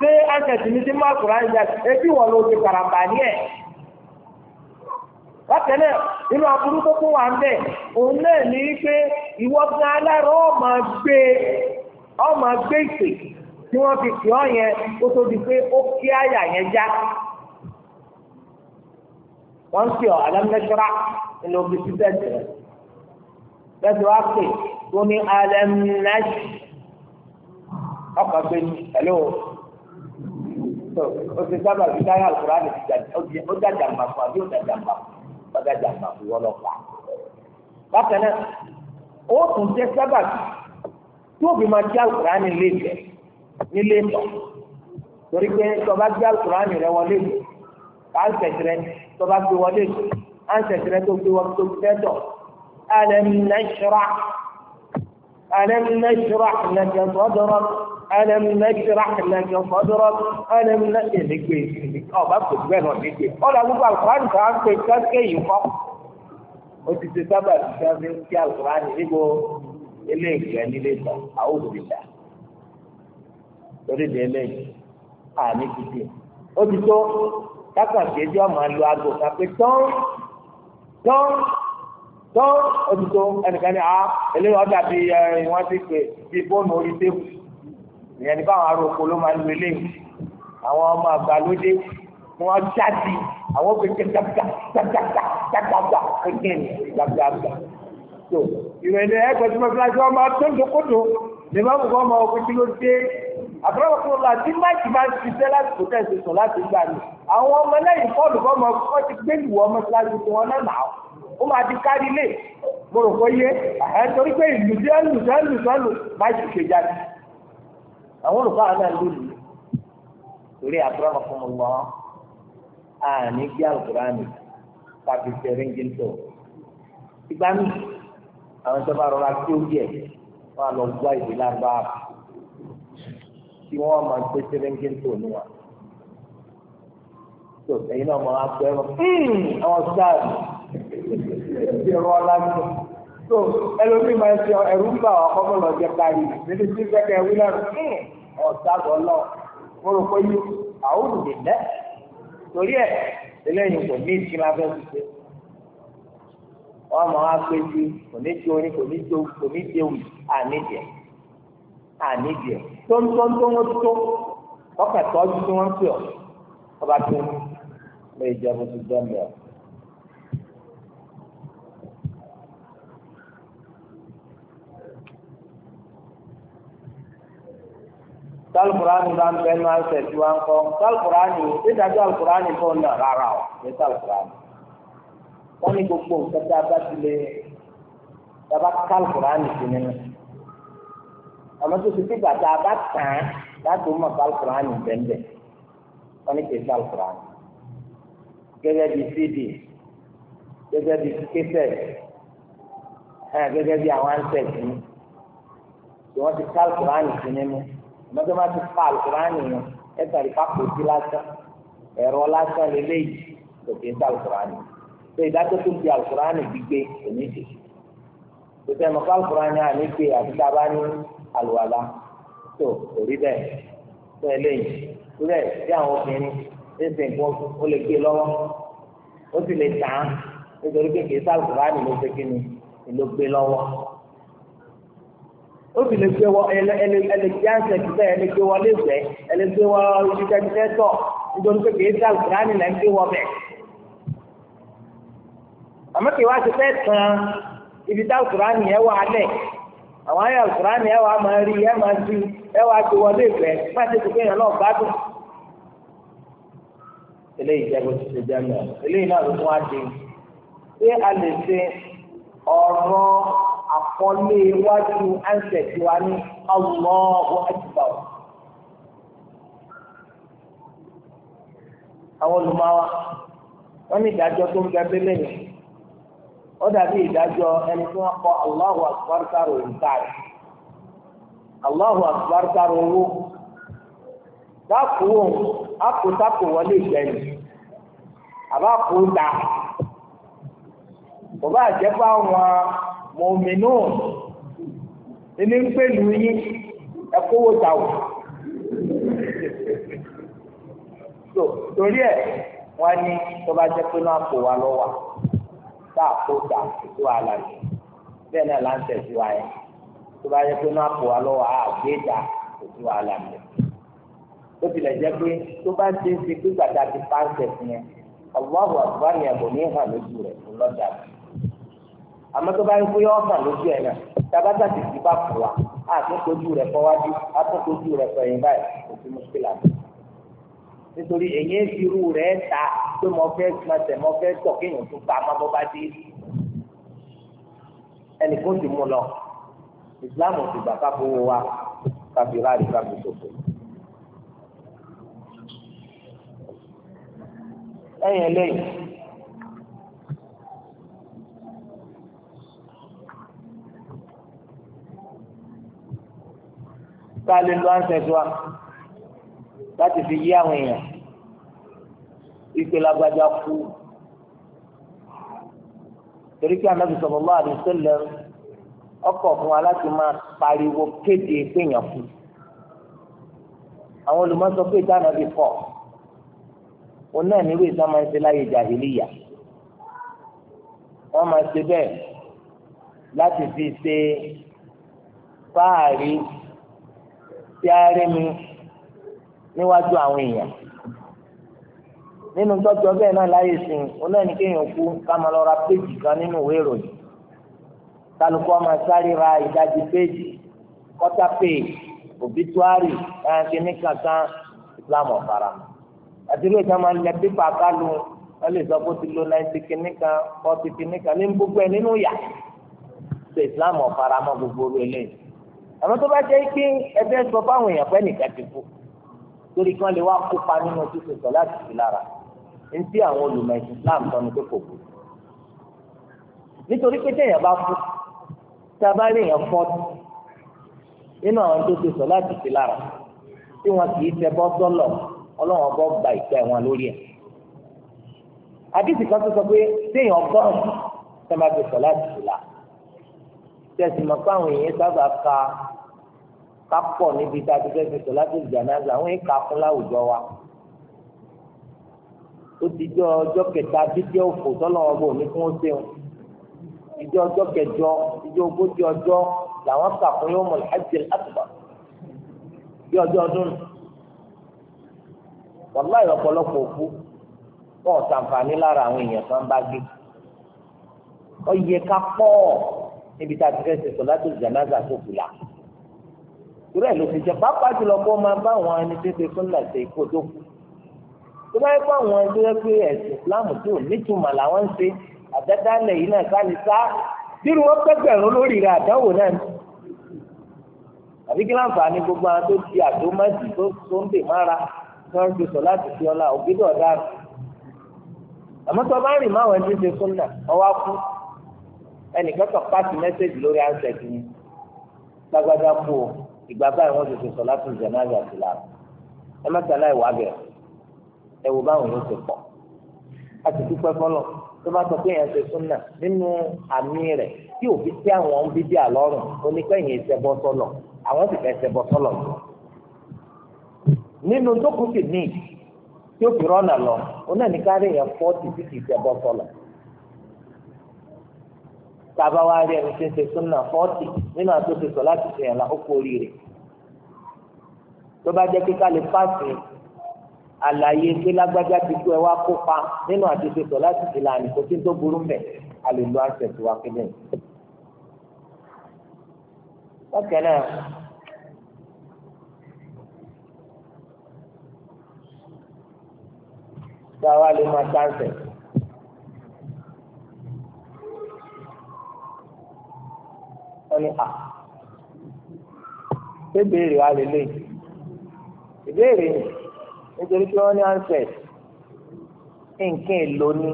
pé ánsẹ̀tì mi ti máa kúrò ánsẹ̀ ebi wọ̀ ló ti karambà ní ẹ̀. Bákan náà, inú aburú tó kún wa ń bẹ̀, òun náà ní pé ìwọ gan aláàrọ̀ ọmọ gbé ọmọ gbé ìpè tí wọ́n fi pè ọ́ yẹn kó tó di pé ó kí àyà yẹn já. Wọ́n ń pè ọ́ alámẹ́sọ́rá nínú ibi tí bẹ́ẹ̀ tẹ̀lé. Bẹ́ẹ̀ tí wọ́n á pè tó ní alámẹ́sọ́rá ọkọ̀ gbé ní ẹ̀lọ́wọ̀ o ti sábà fi táyà àlùkòrá ni ti ó dàjà mbà fún àbí ó dàjà mbà fún ó dàjà mbà fún wọn lọ pa. bákan náà ó tún jẹ sábà tí òbí máa jẹ àlùkòrá ni lè jẹ nílé tọ torí pé tọba jẹ àlùkòrá ni rẹ wọlé mi àǹsẹ̀tì rẹ tọba gbé wọlé mi àǹsẹ̀tì rẹ tó gbé wọlé tó gbé tọ alam nashra alam nashra laka sadrak. ألم نشرح لك صدرك ألم نشرح لك ọba kò gbẹ náà nígbè ọlọ gbogbo alukurani kan á pè kásìkè yìí kọ ó ti ṣe sábà ti ṣe ṣe ń kí alukurani níbo ilé ìgbẹ́ nílé tán àwọn òbíta torí de eléyìí àmì títì ó ti tó kákàtí ẹjọ́ máa lo aago kápẹ́ tán tán tán ó ti tó ẹnìkan ní a eléyìí ọjà bíi ẹ wọ́n ti pè bíi fóònù orí tébù ìyẹn ní báwọn ará oko ló máa ń lo eléyìí àwọn ọmọ àgbàlódé wọn jáde àwọn gbèsè gbàgbà gbàgbà gbàgbà gbèsè gbàgbà tó ìrẹ̀lẹ̀ ẹgbẹ̀tí mọ̀ fúnra ṣe ọmọ tó ń dokoto lè má bùkọ́ ọmọ ọkùnrin tí ló dé àbúrò fún ọlá tí máìkì máa ń ṣiṣẹ́ láti kò tẹ̀sí sùn láti gbà ní àwọn ọmọ lẹ́yìn fọ́ọ̀lù fọ́ọ̀mọ ọkọ ti gbé ìlú ọmọ síláṣí tí wọ́n náà náà ó máa ti kárí lé mo rò pé yé ẹ̀ torí pé ìlú jẹ́ lù jẹ́ lù jẹ́ lù máìkì ṣe jáde àwọn olùkọ́ àwọn náà lòlù torí àbúrò fún mi lọ àní bí àlùkùránì tàbí sẹríǹgì tó ìgbà mi àwọn tó bá rọra tí ó yẹ wọn á lọ gbọ́ ìwé lágbá tí wọn máa gbé sẹríǹgì tó ní wa tó ẹ̀yin náà máa gbọ́ ẹ̀rọ ọmọ sáà ìrọ̀lá tó so ẹlòmíì máa ń ṣe ẹ̀rú ń bà ọkọ mọ̀ lọ́jọ́ parí níbi tí kẹ́kẹ́ wí náà hmm, ọ̀sá bọ̀ lọ mo rò pé yí àwọn òdìdè lẹ́ torí ẹ̀ eléyìí kò ní ìsinmi abẹ́ ṣiṣẹ́ wọ́n mọ̀ á pé ju kò ní ju orin kò ní ju kò ní ju ewì àníjẹ àníjẹ tóńtóńtó wọn tó ọkà tọ́jú tí wọ́n pè ọ́ ọba tó lè jẹ́ bó ti jẹ́ mẹ́ọ̀. talukurani bá ń bẹ nínú àìsàn tí wọn kọ talukurani dídájọ alukurani tó ń nà rárá o ní talukurani wọn ní gbogbo nǹkan tí a bá ti lè daba talukurani sí nínú àmọ́ tó ti fìgbà tá a bá tàn án láti mọ talukurani bẹ́ẹ̀ wọn ní kì í talukurani gẹ́gẹ́ bí cd gẹ́gẹ́ bí kẹsẹt gẹ́gẹ́ bí àwọn ansẹt tí wọn ti talukurani sí nínú mọ́tò máa ti fa alukurani yẹn ẹ tàbí kápòtì lásán ẹ̀rọ lásán lélẹ́yìí kò kí n ta alukurani ṣé ìdájọ́ tó di alukurani gbígbé òní dè kò tẹ́ mọ́ kálukurani àní gbé àti dábàá ní àlùwàlá tó òrí bẹ́ẹ̀ tó eléyìí rẹ̀ sí àwọn obìnrin ẹsẹ̀ nǹkan ó lè gbé lọ́wọ́ ó sì lè tàn án nítorí pé kì í sá alukurani ló ṣe kí ni ló gbé lọ́wọ́ ó sì lè gbé wọ ẹlẹgbẹ́sẹ̀ títẹ̀ ẹlẹgbẹ́ wọ lẹ́sẹ̀ ẹlẹgbẹ́ wọ ìṣiṣẹ́ títẹ̀ tọ̀ nítorí pé kìí sáà kúránì là ń gbé wọ bẹ̀. àmọ́ kí wá ti fẹ́ tán ibi táà kúránì yẹn wà á lẹ̀ àwọn ayé kúránì yẹn wà á máa rí yẹn máa ju yẹn wà á ti wọlé ìfẹ́ má ti ti kéèyàn náà gbádùn. eléyìí jẹ́ bó ti ṣe jẹ́ eléyìí náà ló tún wá di pé a lè ṣe ọ̀rọ̀ àkọlé iwájú ẹsẹ̀ tí wà ní Allahu Akbar. àwọn olùmọ̀wá wọ́n ní ìdájọ́ tó ń bẹ bẹ́lẹ̀ yẹn ó dàbí ìdájọ́ ẹni tí wọ́n kọ Allahu Akbar sáró ìtàrí Allahu Akbar sáró owó dákúwò àkótákò wọlé ìgbẹ́yìn àbá kó dà kò bá jẹ́ mọ̀mìnú ilé ń pèlú yín ẹ̀kọ́wò tàwù. torí ẹ̀ wọ́n ní tó bá jẹ́ pé náà kò wá lọ́wọ́ tá a kó tà tó àlàyé bẹ́ẹ̀ náà là ń tẹ̀síwáyé tó bá yẹ pé náà kò wá lọ́wọ́ a gbé ta kò tó àlàyé tó tilẹ̀ jẹ́ pé tó bá ṣe é ṣe pé gbàdá ti pàṣẹ fún yẹn ọ̀gbọ́n àgbà yẹn kò ní hàn lójú rẹ̀ lọ́dà rẹ̀ àmọ́ tó bá ń pín ọ̀sán lójú ẹ̀ náà tabata ti ti bá fò wá àtúnkojú rẹ̀ fọwájú àtúnkojú rẹ̀ fẹ̀yìn báyìí kò sí mùsùlùmí nítorí èyí ń fi irú rẹ̀ ta pé mo fẹ́ gbọ́nsẹ̀ mo fẹ́ tọ̀ kéèyàn tó pa má bọ́ bá dé ẹnì kó ti mú lọ ìsìláàmù ti gbà káfowó wa káfíńrà rẹ̀ káfíńsòfò. ẹ̀yìn eléyìí. tá a lè lo ansẹt wa láti fi yí àwọn èèyàn ìpè lágbájá kú torí kí anabi sallallahu alaihi wasallam ọkọ fún wa láti máa pariwo kéde péyàn kú àwọn olùmọ̀sọ pé ìta anabi kọ òun náà nírú ìta máa ń ṣe láyé jàhìlíyà wọn máa ṣe bẹ́ẹ̀ láti fi ṣe fáàrí tí a rí mi níwájú àwọn èèyàn nínú tọ́jọ́ bẹ́ẹ̀ náà láyé sìn òun náà ní kéèyàn kú ká máa lọ ra péjì kan nínú ìwé ìròyìn kálukú ọmọ sáré ra ìdajì péjì kọ́tà péjì òbítúárì ẹ̀ǹkì ní kankan Islam ọ̀fara àti ilé ìjọba máa ń lẹ pípa kálu wọ́n lè sọ pé ó ti lo náìtì kìíní kan fọ́ọ̀tì kìíní kan ní gbogbo ẹ̀ nínú yà ṣe Islam ọ̀fara mọ́ gbogbo orí eléyìí àmọ́ tó bá jẹ́ pé ẹgbẹ́ sọ fáwọn èèyàn pẹ́ nìkan ti kú torí kí wọ́n lè wá kópa nínú ṣíṣe sọ láti fi lára ń tí àwọn olùmọ̀ ẹ̀sìn Islam sọ ni pé kò kú nítorí pé téèyàn bá kú tá a bá rí èèyàn fọ́ nínú àwọn tó ṣe sọ láti fi lára tí wọn kì í ṣẹbọ sọlọ Ọlọ́run ọbọ gba ìpẹ́ wọn lórí ẹ̀ àdìsí kan tó sọ pé téèyàn ọgọ́rùn-ún máa ṣe sọ láti fi lára tẹ̀sí mọ̀ pé àwọn èèyàn sábà ka kápọ̀ níbi tá a ti fẹ́ fi sọ láti ìjànáza àwọn èèkà fún láwùjọ wa ó ti jọ ọjọ́ kẹta dídé òfò tọ́lọ́wọ́ bò ní fún ó ṣeun ìjọ ọjọ́ kẹjọ ìjọ ogójì ọjọ́ làwọn kà fún yóò mọ̀ láti àtùbà bí ọjọ́ ọdún nù wàlá ìrọ̀pọ̀lọpọ̀ òkú wọn ò ṣàǹfààní lára àwọn èèyàn tó ń bá gbé ọ ká pọ̀ ọ́ níbi tá a ti fẹ́ ṣe solatul janaza tó kù la irú ẹ̀ ló ti jẹ pàápàá jùlọ kó máa bá àwọn ẹni tó ṣe sunna ṣe kó tó kù tó bá yẹ kó àwọn ẹni tó yẹ pé ẹ̀sìn Ìsìláàmù tó nítumọ̀ làwọn ń ṣe àdádálẹ̀ yìí náà káni sá bírú wọn pẹ́gbẹ̀rún lórí rẹ̀ àdánwò náà ni àbí kí láǹfààní gbogbo àwọn tó di àdómọ́jì tó ń dè mára tó ń ṣe sọ̀láàtì sí ẹnìkan kan pàṣẹ mẹ́sẹ̀gì lórí ansẹ̀tì ni gbàgbàgbà kú o ìgbà báyìí wọ́n ti ṣe sọ láti jẹ̀náàzì àti làbù ẹ má tẹ̀lé ìwà bẹ̀ ẹ wò báwọn yóò ti pọ̀ a ti dúpẹ́ fọlọ́ tó bá sọ pé èèyàn ṣe súnà nínú àmì rẹ̀ tí òfin tí àwọn ń bíbí àlọ́rùn oníkẹ́yìn ìṣẹ́bọ sọlọ àwọn sì fẹ́ ṣẹbọ sọlọ nínú tó kù sí ní tí ó fi rọ́nà lọ onáníkárẹ̀ yẹn fọ́ ti fi kì í ṣẹbọ sọlọ tàbá wa rí ẹni tí ń ṣe súnà fọ́ọ̀tì nínú àtúnṣe sọ láti ṣe ẹ̀la ó kú oríire tó bá jẹ́ kíkà lè pàṣẹ àlàyé pé lágbájá ti kú ẹ wá kópa nínú àtúnṣe sọ láti ṣe lànà kò tí ń tó burú mbẹ a lè lo access wa kébẹ̀. bákan náà táwa lè máa ṣàǹsẹ̀. wọ́n ní à ṣé béèrè wa lè lè ìbéèrè nítorí pé wọ́n ní ansẹ̀ nǹkan èlò ni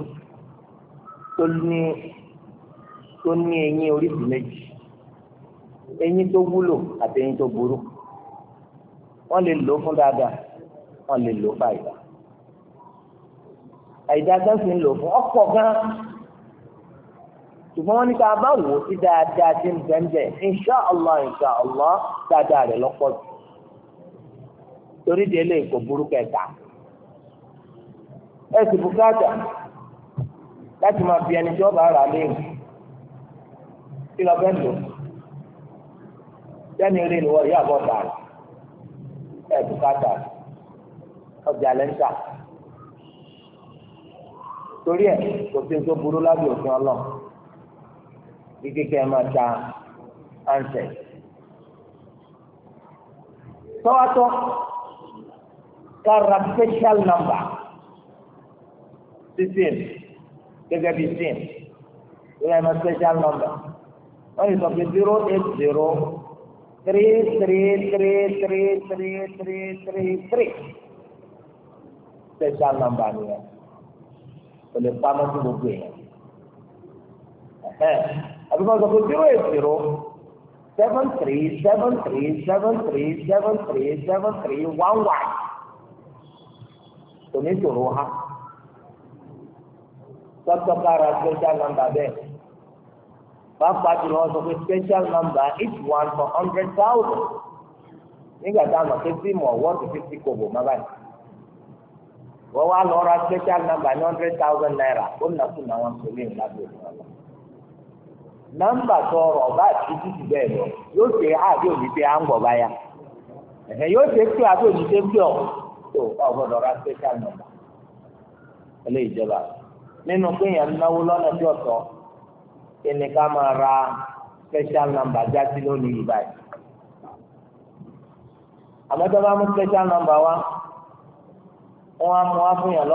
tó ní tó ní eyín oríṣi méjì eyín tó wúlò àti eyín tó burú wọ́n lè lò ó fún dáadáa wọ́n lè lò fún àìdá àìdá sẹ́sìn lò fún ọ̀pọ̀ gan-an ṣùgbọ́n wọ́n ní ká bá wò ó sí dáadáa tí ń bẹ́ńbẹ́ insha allah insha allah dáadáa rẹ̀ lọ́pọ̀ jù torí délé kò burú kẹta ẹ sì bùkátà láti máa fi ẹni jọba ara léwu kí lọ fẹ́ lò sẹ́ni rí ni wọ́n yà bọ̀ dàrú ẹ bùkátà ọjà lẹ́ńtà torí ẹ kò sí nǹkan burú lábẹ́ òfin ọlọ́run kíkẹ́ kẹ́ ẹ máa ta ansẹ̀. tọ́wọ́tọ́ ká ra special number sí sim gẹ́gẹ́ bí sim ìlànà ma special number wọ́n yìí sọ pé zero eight zero three three three three three three three three special number nìyẹn kò lè pamọ́ sí gbogbo yẹn àbí wọ́n sọ pé zero eight zero seven three seven three seven three seven three seven three one one kò ní ṣòro ha tọ́tọ́ kára special number bẹ́ẹ̀ bá pàdé lọ́wọ́ sọ pé special number each one for hundred thousand nígbà tá a mọ̀ pé síìmù ọ̀wọ́ ti fi sí kòbò má báyìí wọ́n wá lọ ra special number ní hundred thousand naira ó nà fún àwọn sọlẹ̀ ńlá bẹ́ẹ̀ lọ́wọ́. na mba ọ̀rọ̀ bá ti títí lọ yóò ṣe àbí òdìdé à ń yóò ṣe tó ra special number ilé ìjọba nínú pé náwó ọtọ, tí ọ̀tọ̀ ra special number já lónìí yìí báyìí bá mú special number á mú wá fún yàn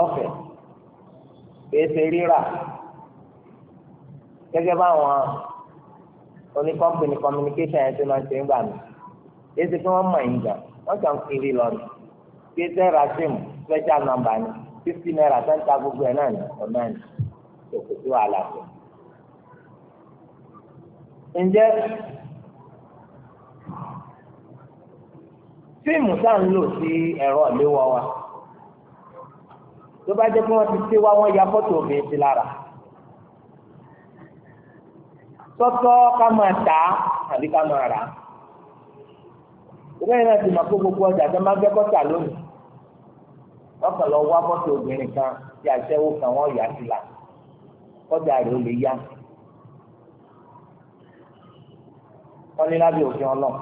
oní kọ́mpìnì communication yẹn ti máa ń ṣe ń gbà mí èsì kí wọ́n mọ̀ yín gan wọ́n kàn kiri lọ ni pé tẹ́ra special number ni fifty naira sẹ́ńtà gbogbo ẹ̀ náà ni ọ̀nà ni kò sí wàhálà tó. ǹjẹ́ fíìmù tá à ń lò sí ẹ̀rọ ìléwọ́ wa tó bá jẹ́ pé wọ́n ti ṣe wá wọ́n ya fọ́tò obìnrin sí lára tọ́tọ́ ká máa tà á àbí ká máa rà á. ìbẹ́rẹ̀ náà ti máa kó gbogbo ọjà tó máa gbẹ́kọ́ tà lónìí. wọ́n kàn lọ wá bọ́tò obìnrin kan tí àṣẹwó kan wọ́n yà sí là kọjá rẹ̀ ó lè yá. wọ́n ní lábẹ́ òfin ọlọ́run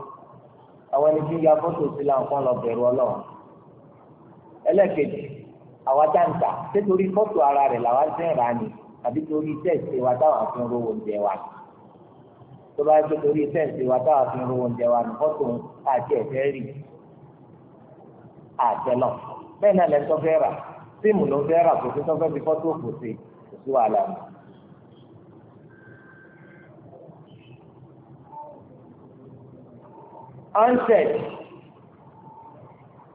àwọn ẹni tí ń ya fọ́tò sí là ń lọ bẹ̀rù ọlọ́run. ẹlẹ́kejì àwa dáńtà sétorí fọ́tò ara rẹ̀ làwa ń sẹ́ńrà ni àbí torí iṣẹ́ ìṣe wa táwọn àfihàn owó ń wa ni tó bá gbé torí fẹ́ǹsì wa táwa fi ń ro oúnjẹ wa ní fọ́tò àti ẹ̀fẹ́ rì àtẹlọ bẹ́ẹ̀ náà lẹ́tọ́ fẹ́ rà síìmù ló fẹ́ rà kò sí tọ́fẹ́ fi fọ́tò kò sí kò sí wàhálà mi.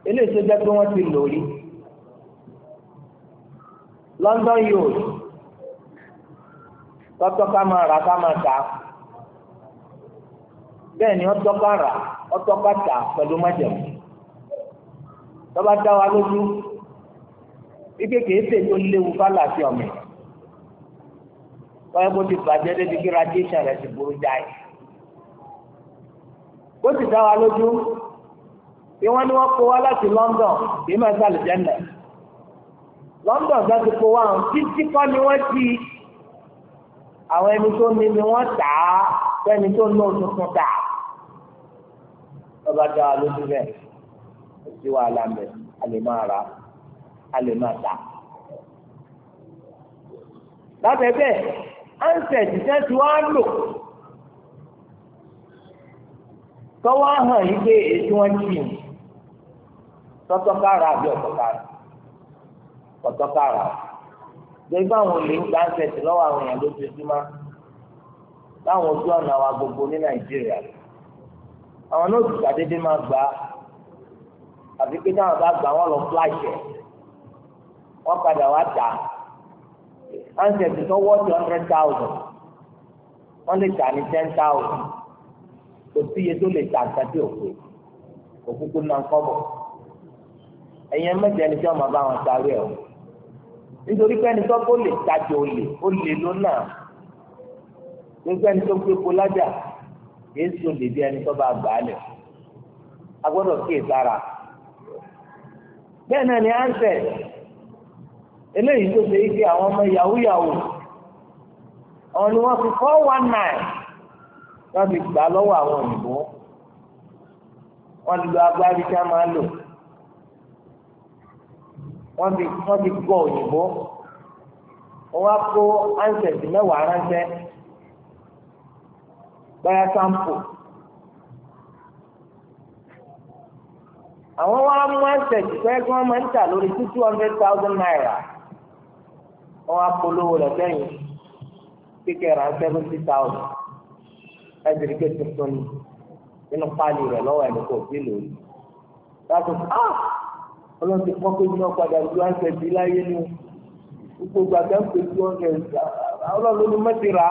eléyìí tó jẹ́ pé wọ́n ti lò London yóò lọ́tọ́ ká máa rà ká máa tà bẹ́ẹ̀ ni ọtọ́ bá rà ọtọ́ bá tà pẹ̀lú májẹ̀mú tọ́ba dá wa lójú ike kìí ṣe tó léwu bálà sí ọ̀mẹ́ wọ́n yẹ kó ti bàjẹ́ débi kí radiation rẹ̀ ti burú jáì ó sì dá wa lójú bí wọ́n ní wọ́n kó wa láti London kìí máa sálì jẹ́nà London bá ti kó wa hàn títí kọ́ ni wọ́n ti àwọn ẹni tó ní ni wọ́n tà á fẹ́ni tó ní oṣù tuntun tà á lọ́ba dá wa lójú bẹ́ẹ̀ kò sí wàhálà ń bẹ̀ a lè máa rà a lè máa tà. lábẹ́ bẹ́ẹ̀ ansẹ̀t náà ti wá lò tọ́wọ́ hàn yí pé èyí wọ́n jì ń tọ́tọ́kára àbí ọ̀tọ́kára ọ̀tọ́kára gbẹ̀gbẹ́ àwọn olè ń gba ansẹ̀t lọ́wọ́ àwọn èèyàn lójoojúmọ́ láwọn ojú ọ̀nà wa gbogbo ní nàìjíríà àwọn náà ti sàdédé máa gbà á àfi pé táwọn bá gbà wọn lọ fúláṣẹ wọn padà wá tà ansẹ̀tì tó wọ́ two hundred thousand wọ́n lè tà ní ten thousand kò sí iye tó lè tà àtàtì òkú òkúkú náà kọ́bọ̀ ẹ̀yin ẹ̀mẹ́jẹ ni tí wọ́n máa bá wọn sáré ọ̀ nítorí pé ẹni tó kó lè tajà olè olè lónà nígbà ẹni tó gbé kó lájà. kìí sùn dèbí ẹni tó bá gbà á lẹ̀ a ni eléyìí tó ṣe yahoo yahoo ni wọ́n fi four one nine wọ́n fi gbà lọ́wọ́ àwọn òyìnbó wọ́n lo agbárí tí a máa lò wọ́n báyá sáǹpù àwọn wa mú ẹsẹ̀ tìpẹ́ kí wọ́n máa ń tà lórí two hundred thousand naira wọ́n á polówó rẹ̀ lẹ́yìn kíkẹ́ ra seventy thousand ẹ̀sìn rí kẹ́tù tó ní nínú páálí rẹ̀ lọ́wọ́ ẹni kò sí lórí láti á ah! ọlọ́run ti kọ́ pé iná padà ju ẹsẹ̀ bí láyé nu gbogbo àgbà ń pè two hundred ọlọ́run ló ní mẹ́tìrà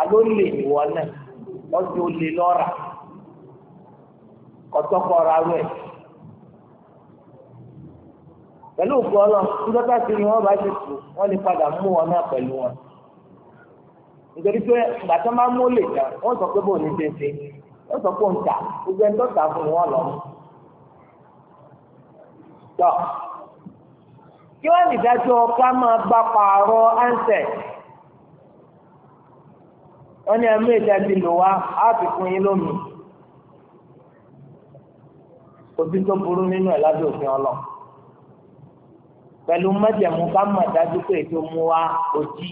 àló lè wọ́n náà lọ́sí ó lè lọ́ra kọ́tọ́kọ́ ra rẹ̀. pẹ̀lú òkú ọlọ́run tí dọ́tà sí ni wọ́n bá ti tù wọ́n lè padà mú wọn náà pẹ̀lú wọn. nítorí pé ìgbà tó máa mú lè tán wọ́n sọ pé bóun ní ṣe wọ́n sọ pé òun tà gbogbo ẹni tó fún wọn lọ. tọ́ kí wọ́n lè dájọ́ ká máa gbá pààrọ̀ ansẹ̀tì wọ́n ní ẹmú ìjà ti lò wá á fi fún yín lómi òbí tó burú nínú ẹ̀ lábẹ́ òfin ọlọ́ pẹ̀lú mẹ́jẹ̀mú ká mọ̀ dájú pé ètò mú wá òjì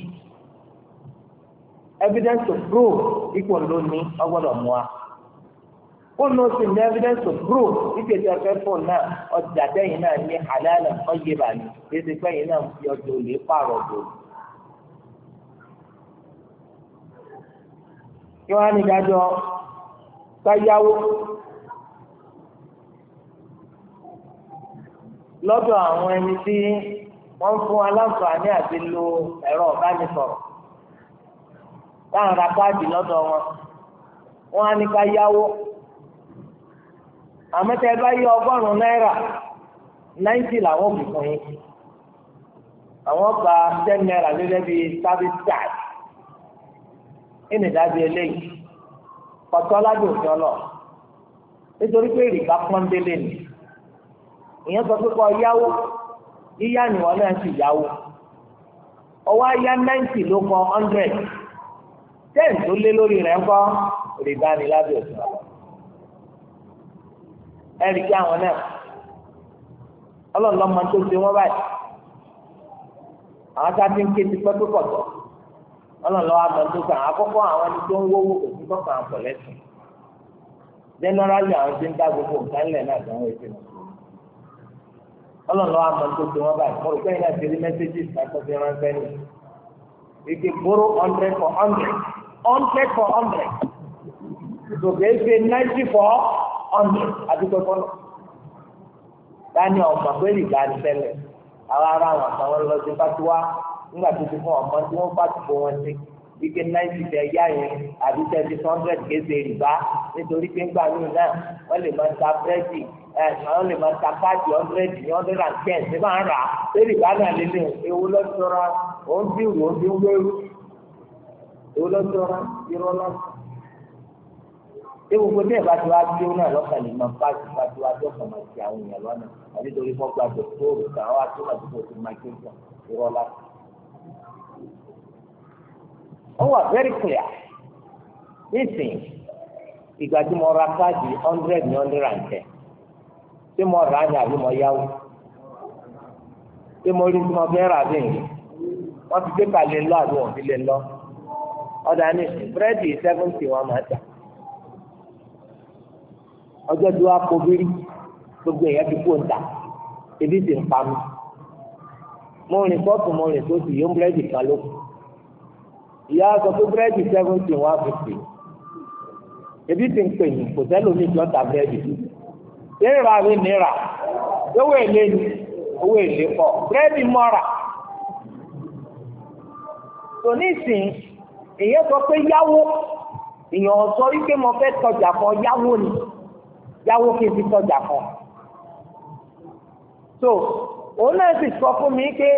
evidence to prove ipò lónìí ọgbọ́dọ̀ mú wá fóònù ó sì ní evidence to prove ipò tí ọ̀fẹ́ fóònù náà ọjà tẹ́yìn náà ní àlẹ́ àlẹ́ ọ̀yẹ́bà ní bí ó ti pẹ́yìn náà fi ọjọ́ òlé pààrọ̀ òjò òlé. kí wọ́n á ní ìdájọ́ káyáwó lọ́dọ̀ àwọn ẹni tí wọ́n ń fún aláǹfààní àti lo ẹ̀rọ ọ̀bánisọ̀rọ̀ táwọn ra káàdì lọ́dọ̀ wọn wọ́n á ní káyáwó àmọ́tẹ́ bá yí ọgọ́rùn-ún náírà náírà làwọn òbí fún yín àwọn gba ten naira gẹ́gẹ́ bíi service charge ẹnì dábìí eléyìí ọ̀tọ̀ ládùn òfin ọlọ nítorí pé ìrìbá pọ́ńbélé ni ìyẹn sọ pé kọ́ yáwó yíyá nìwọ náà sì yáwó ọwọ́ ayá náìtì ló kọ hundred ten tó lé lórí rẹ̀ ń kọ́ ni lábẹ́ òfin ọlọ ẹ̀rí kí àwọn náà ọlọ́ọ̀lọ́mọ tó ṣe wọ́n báyìí àwọn sáà ti ń ké tipẹ́ pípọ̀ tọ̀ ọlọ́lọ́ amọ̀tòkà àkọ́kọ́ àwọn ẹni tó ń wówó kò sí tọ́ka àpọ̀lẹ́sìn generally àwọn tí ń dá gbogbo nǹkan lẹ̀ náà ló ń wé sí wọn ọlọ́lọ́ amọ̀tòkà wọn báyìí mo rò pé iná ti rí mẹ́sẹ́gì ìsàkóso ránṣẹ́ ni ike borrow hundred for hundred hundred for hundred ìgbòkè ṣe ninety for hundred àdúgbò kọ́nà dání ọmọ pé nígbà tó ti fún ọmọ tí wọ́n bá ti fún wọn sí wípé náírà tẹ yá yẹn àbí tẹ̀sí hundred kéde rìbá nítorí pé ńgbà míì náà wọ́n lè máa ta búrẹ́dì ẹ̀ wọ́n lè máa ta páàkì hundred ní hundred and ten ṣé máa rà á ṣé rìbá náà lélẹ̀ ewu lọ́sọ̀rọ̀ òun bí wò ó bí wéru ewu lọ́sọ̀rọ̀ irọ́ lọ́sọ̀rọ̀ ṣé gbogbo bí ẹ bá ti wá bí ó náà lọ́kàn lè máa bá ti pàtó adó kan máa ti àwọn èèyàn lọ́nà àbí torí fọ́gbà dòkítọ́rù kan wá tó máa ti kó o ti máa ké wọ́n wà very clear nísìn ìgbà tí mo ra káàdì hundred ní hundred and ten tí mo rà á ní àbí mo yáwó tí mo rí tí mo fẹ́ rà bí nìyí wọ́n fi pépà lé lọ àbí wọ́n fi lé lọ ọ̀dà nísìn búrẹ́dì seventy wọn máa tà ọjọ́ tí wàá kó bírí gbogbo èèyàn ti kó ń ebi sì ń pa mi mo rìn sọ́ọ̀tù mo rìn sóòtù yóò búrẹ́dì kan lókun ìyá sọ pé búrẹ́dì seventy one fifty ebi ti ń pè ní kò sẹ́lómi tí wọ́n ta búrẹ́dì léèrà mi nira owó èlé ni owó èlé pọ̀ búrẹ́dì mọ́ra tòníìsìn èyẹ sọ pé yáwó èèyàn sọ wípé mo fẹ́ tọjà kan yáwó ni yáwó kí n fi tọjà kan so òun náà sì sọ fún mi pé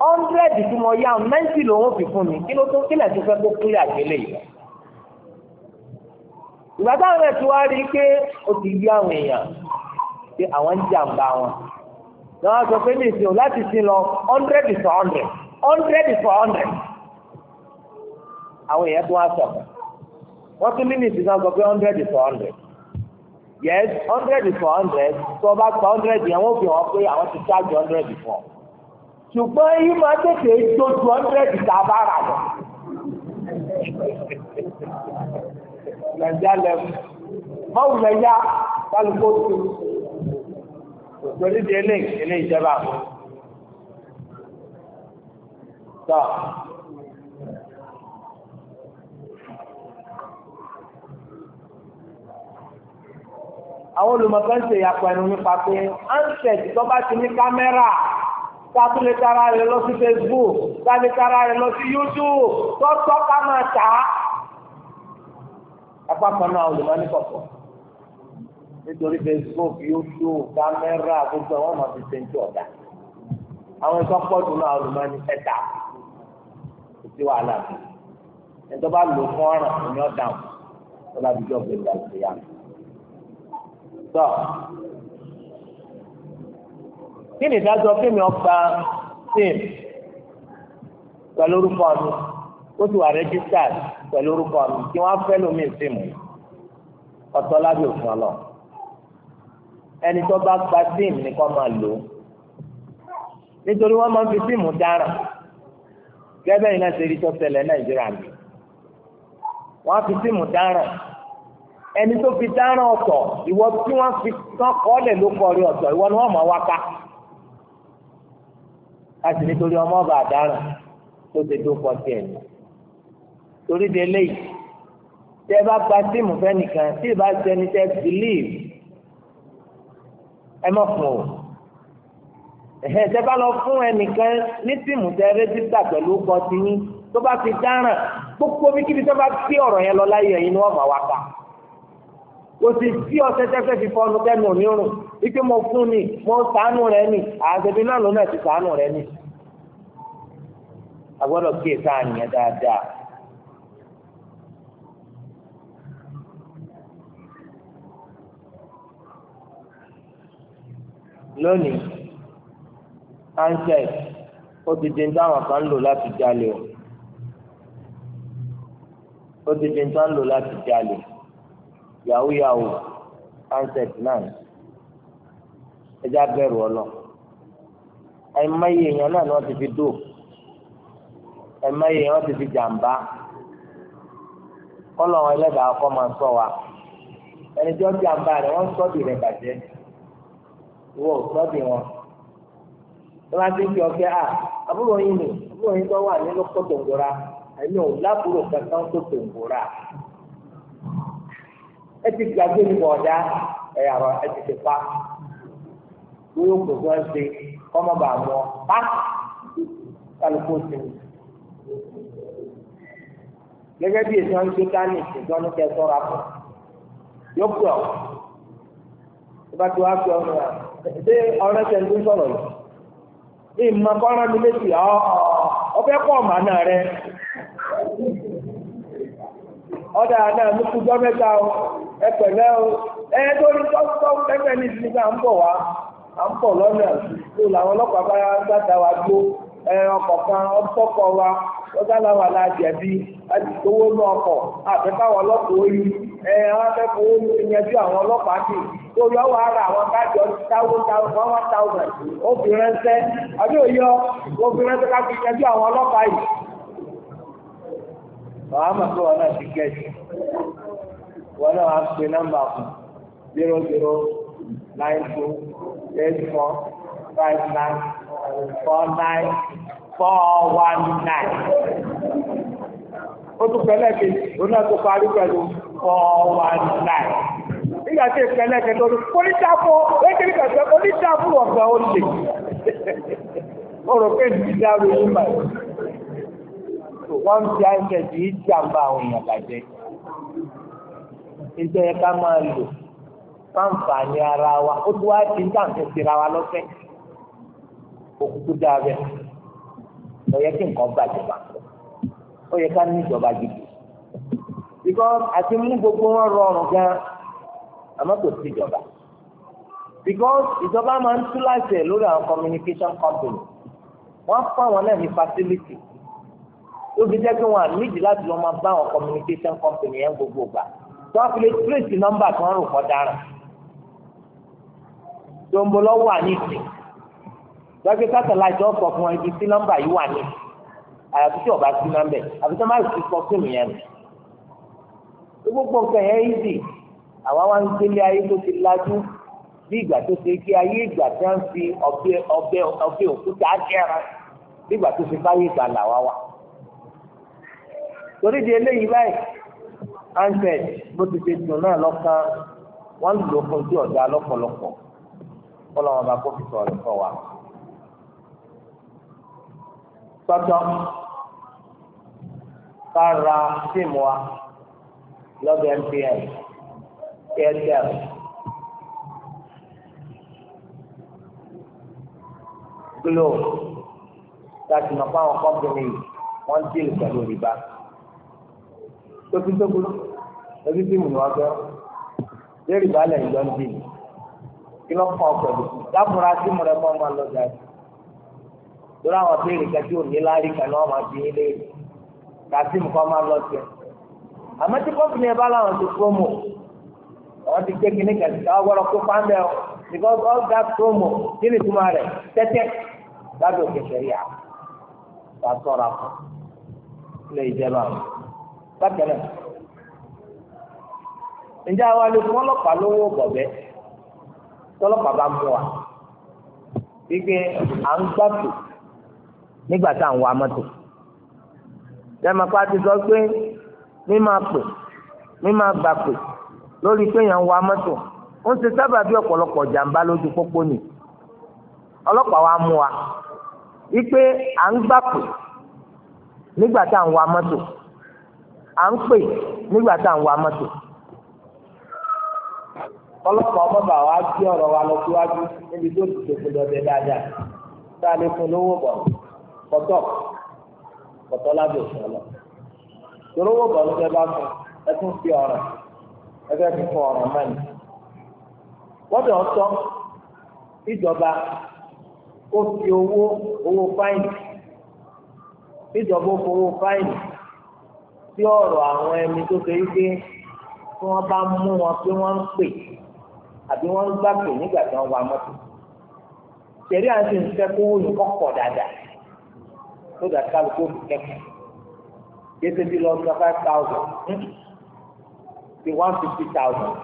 hundred tí mo yá ninety lòun fi fún mi kí ló tó kílẹ̀ tó fẹ́ kó kílẹ̀ àgbélé yìí. ìgbà táwọn ẹ̀ tí wá rí i pé o ti yí àwọn èèyàn pé àwọn ń jàǹbá wọn ni wọ́n sọ pé ní ìsìn láti sin lọ hundred for hundred hundred for hundred àwọn èèyàn tó wá sọ wọ́n tún ní ní ìsìn náà sọ pé hundred for hundred yes hundred for hundred tó o bá pa hundred yẹn wọ́n fi hàn pé àwọn ti ṣáàjì hundred fún ṣùgbọ́n yí máa tètè jó ju ọ́ndẹ́ẹ̀dì tá a bá rà lọ. nàìjíríà lẹ́mú mọ́wù lẹ́yà kálukó tu òtòrí di eléyìí eléyìí ìjọba àbọ̀. tọ́ àwọn olùmọ̀kan ṣe ìyàpọ̀ ẹnu nípa pé ansẹ̀tì tó bá ti ní kámẹ́rà tàbí lè tara rẹ̀ lọ sí Facebook tàbí tara rẹ̀ lọ sí YouTube tọ́tọ́ ká máa tà á. apákan náà olùmọ̀ ní kọ̀kọ̀ nítorí Facebook YouTube kámẹ́rà gbogbo àwọn ọmọ fi ṣe ń tí ọ̀dà àwọn ẹ̀kọ́ pọ̀jù náà olùmọ̀ ní ẹ̀ta kò sí wàhálà bí ẹ̀tọ́ bá lò fún ọ̀ràn ìyọ̀dà ọ̀làbíjọ́ gbẹ̀gbẹ̀ àti ìyá kí ni ìdájọ́ kémi ọgbà sim pẹ̀lú orúkọ mi ó ti wà registered pẹ̀lú orúkọ mi kí wọ́n fẹ́ lómi sim ọ̀tọ̀ lábẹ́ òfin ọlọ́ ẹni tó bá gba sim ni kó máa lò ó nítorí wọ́n máa ń fi sim dáràn gẹ́gẹ́ iná ṣe rí tó ṣẹlẹ̀ nàìjíríà mi wọ́n fi sim dáràn ẹni tó fi dáràn ọ̀tọ̀ ìwọ tí wọ́n fi kọ́ ọ́ lẹ̀ ló kọ́ rí ọ̀tọ̀ ìwọ ni wọ́n máa wá ká láti nítorí ọmọ ọba àdáràn tó ti tó pọ̀ sí ẹ̀mí. torí de eléyìí tẹ́ bá gba síìmù fẹ́nìkan tí ìbá sẹni tẹ́ bìlíìf ẹ mọ̀ fún o ẹ̀hẹ́ tẹ́ bá lọ fún ẹnìkan ní síìmù tẹ́ rẹ́jísítà pẹ̀lú pọ̀ sí yín tó bá ti dáràn gbogbo bí kíbi tó bá gbé ọ̀rọ̀ yẹn lọ láyé ẹ̀yin ni wọ́n mọ̀ wá kò sì sí ọ̀sẹ̀ tẹ́fẹ́ fi fọ́nu kẹ́nu òní rùn ike mo fún ni mo ṣàánú rẹ ni àṣẹbí náà ló náà ti ṣàánú rẹ ni. a gbọ́dọ̀ kí èsà àyàn dáadáa. lónìí handset ó ti di táwọn kan lò láti jalè o ó ti di táwọn lò láti jalè yahoo yahoo handset náà. ẹjá bẹ̀rù ọ lọ ẹ̀mọ́yé èèyàn náà ni wọ́n ti fi dò ẹ̀mọ́yé èèyàn ti fi jàǹbá kọ́lọ̀ wọn ẹlẹ́dàá ọkọ máa sọ wa ẹni tí wọ́n jàǹbá rẹ̀ wọ́n sọ́ọ̀dì rẹ̀ bàjẹ́ wọ́n sọ́ọ̀dì wọn wọ́n á ti fi ọ̀kẹ́ à àbúrò yín ni àbúrò yín tó wà nínú lábúrò kankan ẹ ti gbàgbé nípa ẹ ti yóò gbogbo fún ẹsẹ kọ́mọ bá mọ pa kálukú sí i. gẹ́gẹ́ bí èso ń gbé kánì ìgbọ́n ní kẹsọ́ ra fún yóò pè ọ́ tó bá ti wá pè ọ́ nìyà ṣé ọ̀rẹ́ tẹ̀ ń tún sọ̀rọ̀ yìí. ìmọ̀ mi ọ pọ̀ màá náà rẹ. ọ̀dà náà mẹ́ta o ẹ pẹ̀lẹ́ o ẹ tó ní ní náà ń bọ̀ wá. a ń pọ̀ lọ́nà tó làwọn ọlọ́pàá bá gbàdá wa gbó ọkọ̀ kan ọ̀pọ̀pọ̀ wa ọjà làwọn alájẹ̀bi láti gbowó ní ọkọ̀ àfẹ́fáwọn ọlọ́pàá orí afẹ́fọ́ orí àwọn ọlọ́pàá kì àwọn táwọn táwọn obìnrin àbí obìnrin àwọn ọlọ́pàá eight four five nine four nine four one nine. ó tún pẹ̀lẹ́ kejì òun náà tó parí pẹ̀lú four one nine. nígbà tí ìpẹ̀lẹ́ kejì ó ní oníṣàfù ékeré kẹsẹ̀ oníṣàfù ọ̀gá ó lè. ó rò pé ìdí dáre yín mà. wọ́n ti àìsàn yìí jàǹbá àwọn èèyàn bàjẹ́. ìjọ ká máa lò. fáǹfààní ara wa ó tún wá di dáǹtí síra wa lọ́fẹ́ òkú tó dáa bẹ́ẹ̀ ó yẹ kí nǹkan bàjẹ́ bá ó yẹ ká ní ìjọba gidi because àti mú gbogbo wọn rọrùn gan àmọ́ kò sí ìjọba because ìjọba máa ń tú láṣẹ lórí àwọn communication company wọ́n fún àwọn náà ní facility ó fi jẹ́ pé wọ́n á nídìí láti lọ́ọ́ máa bá àwọn communication company yẹn gbogbo gbà tó a lè trace nọ́mbà tí wọ́n rò kọ́ dára. Dombolo ń bọ̀ lọ wà ní ìsìn gbàgbé sátẹláìtì ọkọ fún ibi tí nọ́mbà yìí wà ní àyàfi tí ọba sí nọ́mbà àfi tí wọn bá sì sọ fíìmù yẹn nù gbogbo nǹkan yẹn easy àwa wá ń gbélé ayé tó ti lajú bí ìgbà tó ṣe kí ayé ìgbà tí wọn fi ọbẹ òkúta kẹran bí ìgbà tó ṣe báyé ìgbà làwa wà torí di eléyìí báyìí handset bó ti ṣe dùn náà lọ́kàn wọ́n lò ó fún ọ̀dà lọ́pọ̀lọpọ̀ kọ́lọ́wọ́n bá kó fi sọ̀rọ̀ kọ́ wa. Tọ́tọ́ ká ra síìmù wa lọ́dọ̀ MTN, Airtel. Glo láti mọ̀ pé àwọn kọ́mpìnì yìí wọ́n dìlù pẹ̀lú rìbá. Tókítókú, ebi síìmù ni wọ́n fẹ́. Lé rìbá lẹ̀ ń ń dìlù kí ló kàn pẹ̀lú láfúrá sí mo rẹ kọ́ máa lọ jà sí. lórí àwọn béèrè kan tí ò ní láàrí kan náà máa bí ilé rẹ̀ kàtí nǹkan máa lọ sí ẹ. àmọ́ tí kọ́mpìnì ẹ bá láwọn ti promo àwọn ti gbé kínní kan síta ọgbọ́dọ̀ kó pàmbẹ́ ọ because all that promo kí ni túmọ̀ rẹ̀ tẹ́tẹ́ lábẹ́ òkè sẹ́rí à wà sọ̀rọ̀ àpò ilé ìjẹba àwọn bákan náà. ǹjẹ́ àwọn alẹ́ fún ọlọ́pàá lówó gbọ̀bẹ́? tọ́lọ́pàá bá mú wa wípé à ń gbàtò nígbà tá à ń wa mọ́tò tẹ́mọ̀pá ti sọ pé mí máa pè mí máa gbà pè lórí pé yẹn ń wa mọ́tò ó ń ṣe sábàbí ọ̀pọ̀lọpọ̀ jàǹbá lójú pópó ni ọlọ́pàá wa mú wa wípé à ń gbà nígbà tá à ń wa mọ́tò à ń pè nígbà tá à ń wa mọ́tò ọlọ́pàá ọmọ bá wa gbé ọ̀rọ̀ wa lọ síwájú níbi tó ti tètè lọ́dẹ dáadáa tá a lè fún lówó bọ̀ pọ̀tọ́ pọ̀tọ́ lábẹ́ òfin ọlọ́ lówó bọ̀ ló fẹ́ bá fún ẹ tún fi ọ̀ràn ẹ fẹ́ fi fún ọ̀ràn mọ́ni. wọ́n dọ̀ sọ ìjọba ó fi owó owó fáìnì ìjọba ó fowó fáìnì sí ọ̀rọ̀ àwọn ẹni tó ṣe é gbé tí wọ́n bá mú wọn pé wọ́n ń pè é àbí wọ́n ń gbàgbé nígbà tí wọ́n wa mọ́tò tẹ̀lé à ń sì ń fẹ́ kówó ní kọ́kọ́ dáadáa tó dà kálukú òfin kẹ́kọ̀ọ́ yéṣe bí lọ sọ five thousand ti one fifty thousand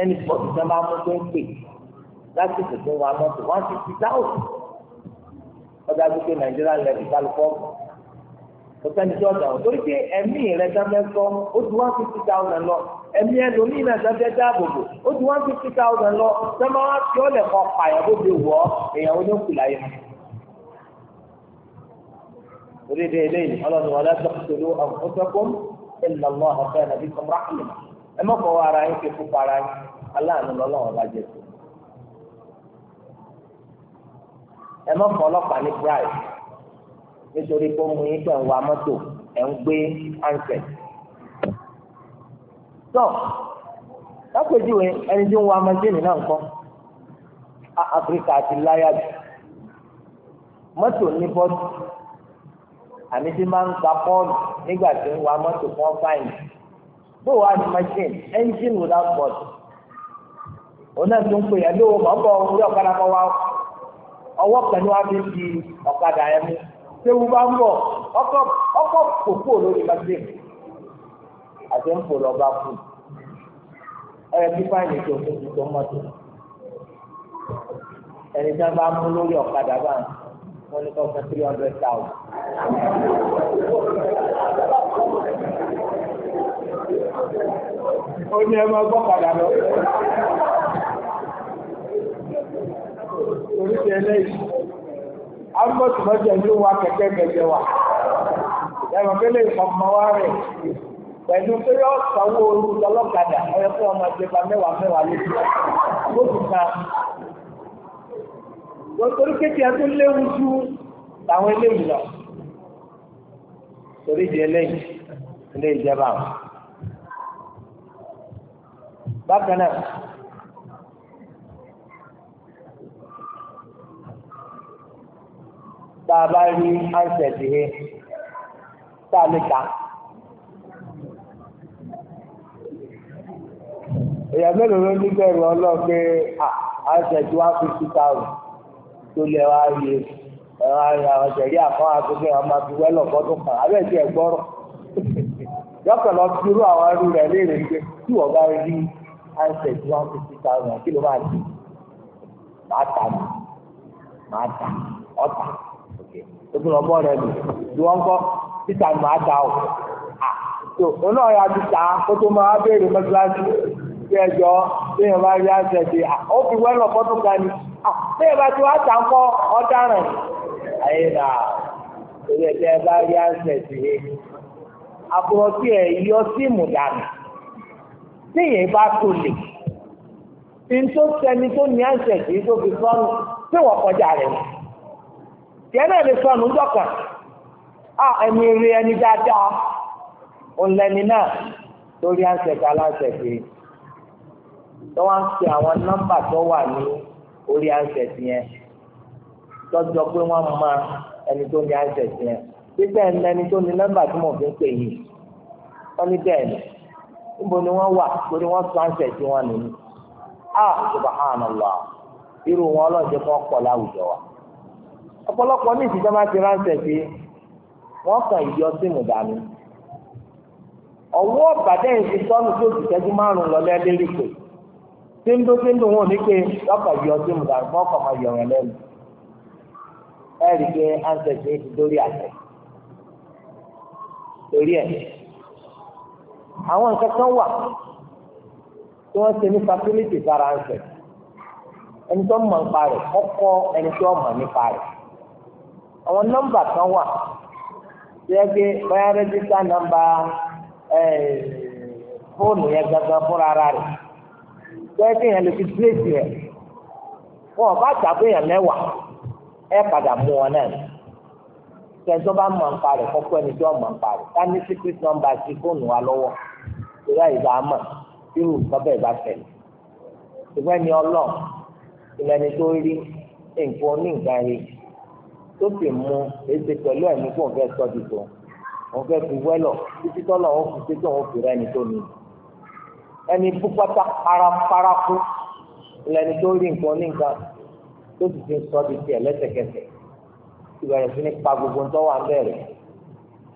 ẹni pọ̀jù tí wọ́n bá mú tó ń pè láti tètè wa mọ́tò one fifty thousand ọjà gbogbo nàìjíríà lẹ́yìn kálukú ọ̀gbọ̀n kò sẹ́ni tí ọjà wọn torí pé ẹ̀mí rẹ̀ dáfẹ́ sọ ó ju one fifty thousand lọ ẹ̀mí ẹlòmíì náà sọ́jẹ́ dáàbòbò ó ju one fifty thousand lọ sọ́mọ́ wá fi ọ́ lẹ̀kọ́ pààyàn bó ti wọ̀ ọ́ èèyàn ó ní òkú láyé mi. orí de eléyìí ọlọ́run wọn lọ́sọ̀ pẹ̀lú ọ̀fọ́sọ́kùn ìlànà ọ̀fẹ́ nàbí kọ́mọ́ràkìlì ẹ mọ̀kọ́ wa ara yín fi fún para yín aláàánú lọ́lọ́run bá jẹ sí. ẹ̀ ń gbé handset tọ lápèjúwe ẹni tí ń wa mọ́ṣíìnì náà kọ́ áfíríkà àti láyà jù mọ́tò ní bọ́ọ̀dù àmì tí máa ń gba bọ́ọ̀lù nígbà tí ń wa mọ́tò fún ọ́fáìnì bó wà ní machine engine without bọ́ọ̀dù òun náà tún pè é lówó ọkọ̀ orí ọ̀kadà kan wá ọwọ́ ọ̀kadà bá ń àti ń pò lọ́ba kù ọyọ kí fáìlì tó fún ti tó mọ́tò ẹni tí wọ́n bá mú lórí ọ̀kadà bá wọn ní kọ́ fún three hundred thousand. ó ní ẹ máa gbọ́ padà lọ. oríṣi ẹlẹ́yìí ambos mọ́jẹ̀ ló wa kẹ̀kẹ́ kẹ̀kẹ́ wa ẹ̀rọ kẹ́lẹ́ ìfọ̀mọ́wá rẹ̀ pẹ̀lú pé yọ sanwó oru lọ́lọ́kadà ọyọ fún ọmọ ìjọba mẹ́wàá mẹ́wàá lójú lóṣù kan. Lọ́tọ́rí kékeré tó léwu ju àwọn eléyìí lọ. Torí di eléyìí, ilé ìjọba. Bákan náà, tá a bá rí ansẹ̀tì he, tá a lè ta. èèyàn mélòó ló ní bẹ̀rù ọlọ́pẹ́ àṣẹjú wá fifty thousand tó lẹ wá yẹ ẹ̀rọ àwọn ṣẹ̀rí àkọ́ àtúnṣe àwọn máa fi wẹ́lọ̀ fọ́dún kan abẹ́ẹ̀tì ẹ̀ gbọ́rọ̀ yọkàn lọ fi irú àwọn ẹrú rẹ̀ léèrè pé tí wọ́n bá rí àṣẹjú wá fifty o kí ló máa di máa tà mí máa tà ọ̀tà òtún lọ bọ́ rẹ̀ lò tí wọ́n kọ́ títà máa tà ọ̀ so onáà yà ti tà kó tó máa béèrè mọ́tíláṣí bí ẹjọ́ bí ẹ bá rí àṣẹ ti ó fi wẹ́lọ̀ fọ́tún kan ni bí ẹ bá ti wá tà ń kọ́ ọ̀daràn ayé nà torí ẹjọ́ ẹ bá rí àṣẹ ti àbúrọ̀tí ẹ̀ yọ síìmù dànù téèyàn bá tó lè tí n tó sẹni tó ní àṣẹ tí tó fi sọnù tí wọ́n kọjá rẹ̀ mọ́ tiẹ̀ náà lè sọnù dọ̀kan á ẹni rí ẹni dáadáa òun lẹni náà lórí àṣẹ ká láṣẹ pé tó wá ń fi àwọn nọ́mbà tó wà ní orí ansẹt yẹn tọjọ pé wọn mọ ẹni tó ní ansẹt yẹn pípẹ́ ẹni tó ní nọ́mbà tí mo fi ń pè yìí wọ́n ní bẹ́ẹ̀ ni níbo ni wọ́n wà torí wọ́n sọ ansẹt wọn nìyí a subhanallah irú wọn ọlọ́ọ̀jẹ́ kan pọ̀ láwùjọ wa ọ̀pọ̀lọpọ̀ ní ìsìjọba ti ránṣẹ́ sí wọ́n kàn yọ síìmù dànù ọwọ́ bàtẹ́ ìsìtọ́nù tó ti tẹ́jú márùn-ún lọ lẹ́ẹ́dẹ́rì pé tíndó tíndó wọn ní pé lọ́kọ̀ yọ sí mùdà mọ́kọ̀ máa yọ̀ wọ́n lẹ́nu ẹ rí i pé ancestry ti dórí àtẹ torí ẹ àwọn nǹkan kan wà tí wọ́n ṣe ní facility sára ń sẹ̀ ẹni tó mọ̀ nípa rẹ̀ ọkọ ẹni tó mọ̀ nípa rẹ̀ àwọn nọ́mbà kan wà tí wọ́n gbé báyà rẹ́jísítà nọ́mbà fóònù yẹn gangan fúnra rẹ̀ bẹ́ẹ̀ tí èèyàn lè fi gírèsì rẹ̀ wọn bá tà fún èèyàn mẹ́wàá ẹ padà mú wọn náà ní kẹjọ bá mọ̀ nípa rẹ̀ kọ́kọ́ ẹni tí wọ́n mọ̀ nípa rẹ̀ ká ní secret number sí fóònù wa lọ́wọ́ ìrẹ́ àyíká mọ̀ irú nǹkan bẹ́ẹ̀ bá tẹ̀lé ìgbẹ́ ni ọlọ́ọ̀ ìlẹ́ni tó rí nǹkan oníǹkan rẹ̀ tó sì mú èsì pẹ̀lú ẹ̀mí fún òun fẹ́ sọ́dí tó òun fẹ́ fi wẹ́lọ̀ títí tọ́lọ̀ òun fi ṣe tó òun fi rẹ́ni tó nìyí ẹni fúpátá ara paraku lẹni tó rí nǹkan ní nǹkan tó sì ti ń sọ di tiẹ̀ lẹ́sẹ̀kẹsẹ̀ ti bẹ̀rẹ̀ sí ní pa gbogbo ń tọ́wọ́ abẹ́rẹ́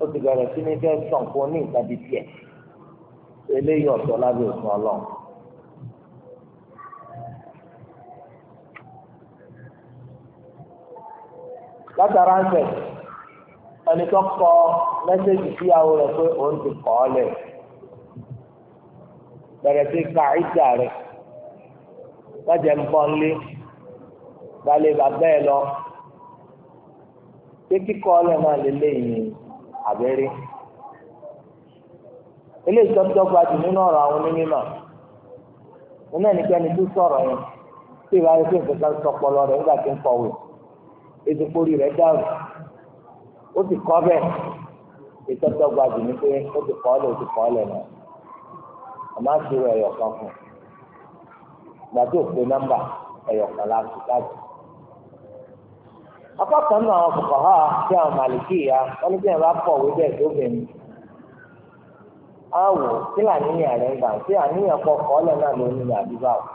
ó ti bẹ̀rẹ̀ sí ní fẹ́ sọ nǹkan ní nǹkan di tiẹ̀ eléyìí ọ̀tọ̀ lábẹ́ òfin ọlọ́run. látara ń bẹ̀ ẹni tó kọ mẹ́sẹ̀gì síyàwó rẹ̀ pé òun ti kọ́ ọ lẹ̀ bẹ̀rẹ̀ sí ka ìjà rẹ̀ lọ́jẹ̀ ń bọ́ nlé balẹ̀ bàbá ẹ̀ lọ pé kíkọ́ ọlọ́run náà lè léyìn àbẹ́rẹ́ eléyìí tó dọ́gba jù nínú ọ̀rọ̀ àwọn onímọ̀ nínú ẹnikẹ́ni tó sọ̀rọ̀ yẹn tí ìwà rẹ̀ fún ìfẹ́ká sọpọlọ rẹ̀ nígbà tí ń kọ̀wé ezekpori rẹ̀ dàrú ó ti kọ́ bẹ́ẹ̀ ètò dọ́gba jù ní pé ó ti kọ́ lẹ̀ ó ti kọ́ lẹ̀ náà àmọ́ àṣírí ẹ̀yọ̀ kan fún un ìgbà tó pe nọ́mbà ẹ̀yọ̀ kan láti láti. apá náà àwọn kòkò ha tí àwọn màlìkì ya wọ́n ní bí ẹ̀rọ akọ̀wé bẹ́ẹ̀ tó bẹ̀ mí. á wò kí làníyàn rẹ̀ ń gbà tí àníyàn kọ kọ́ ọ́lẹ̀ náà ló ní àdúrà o.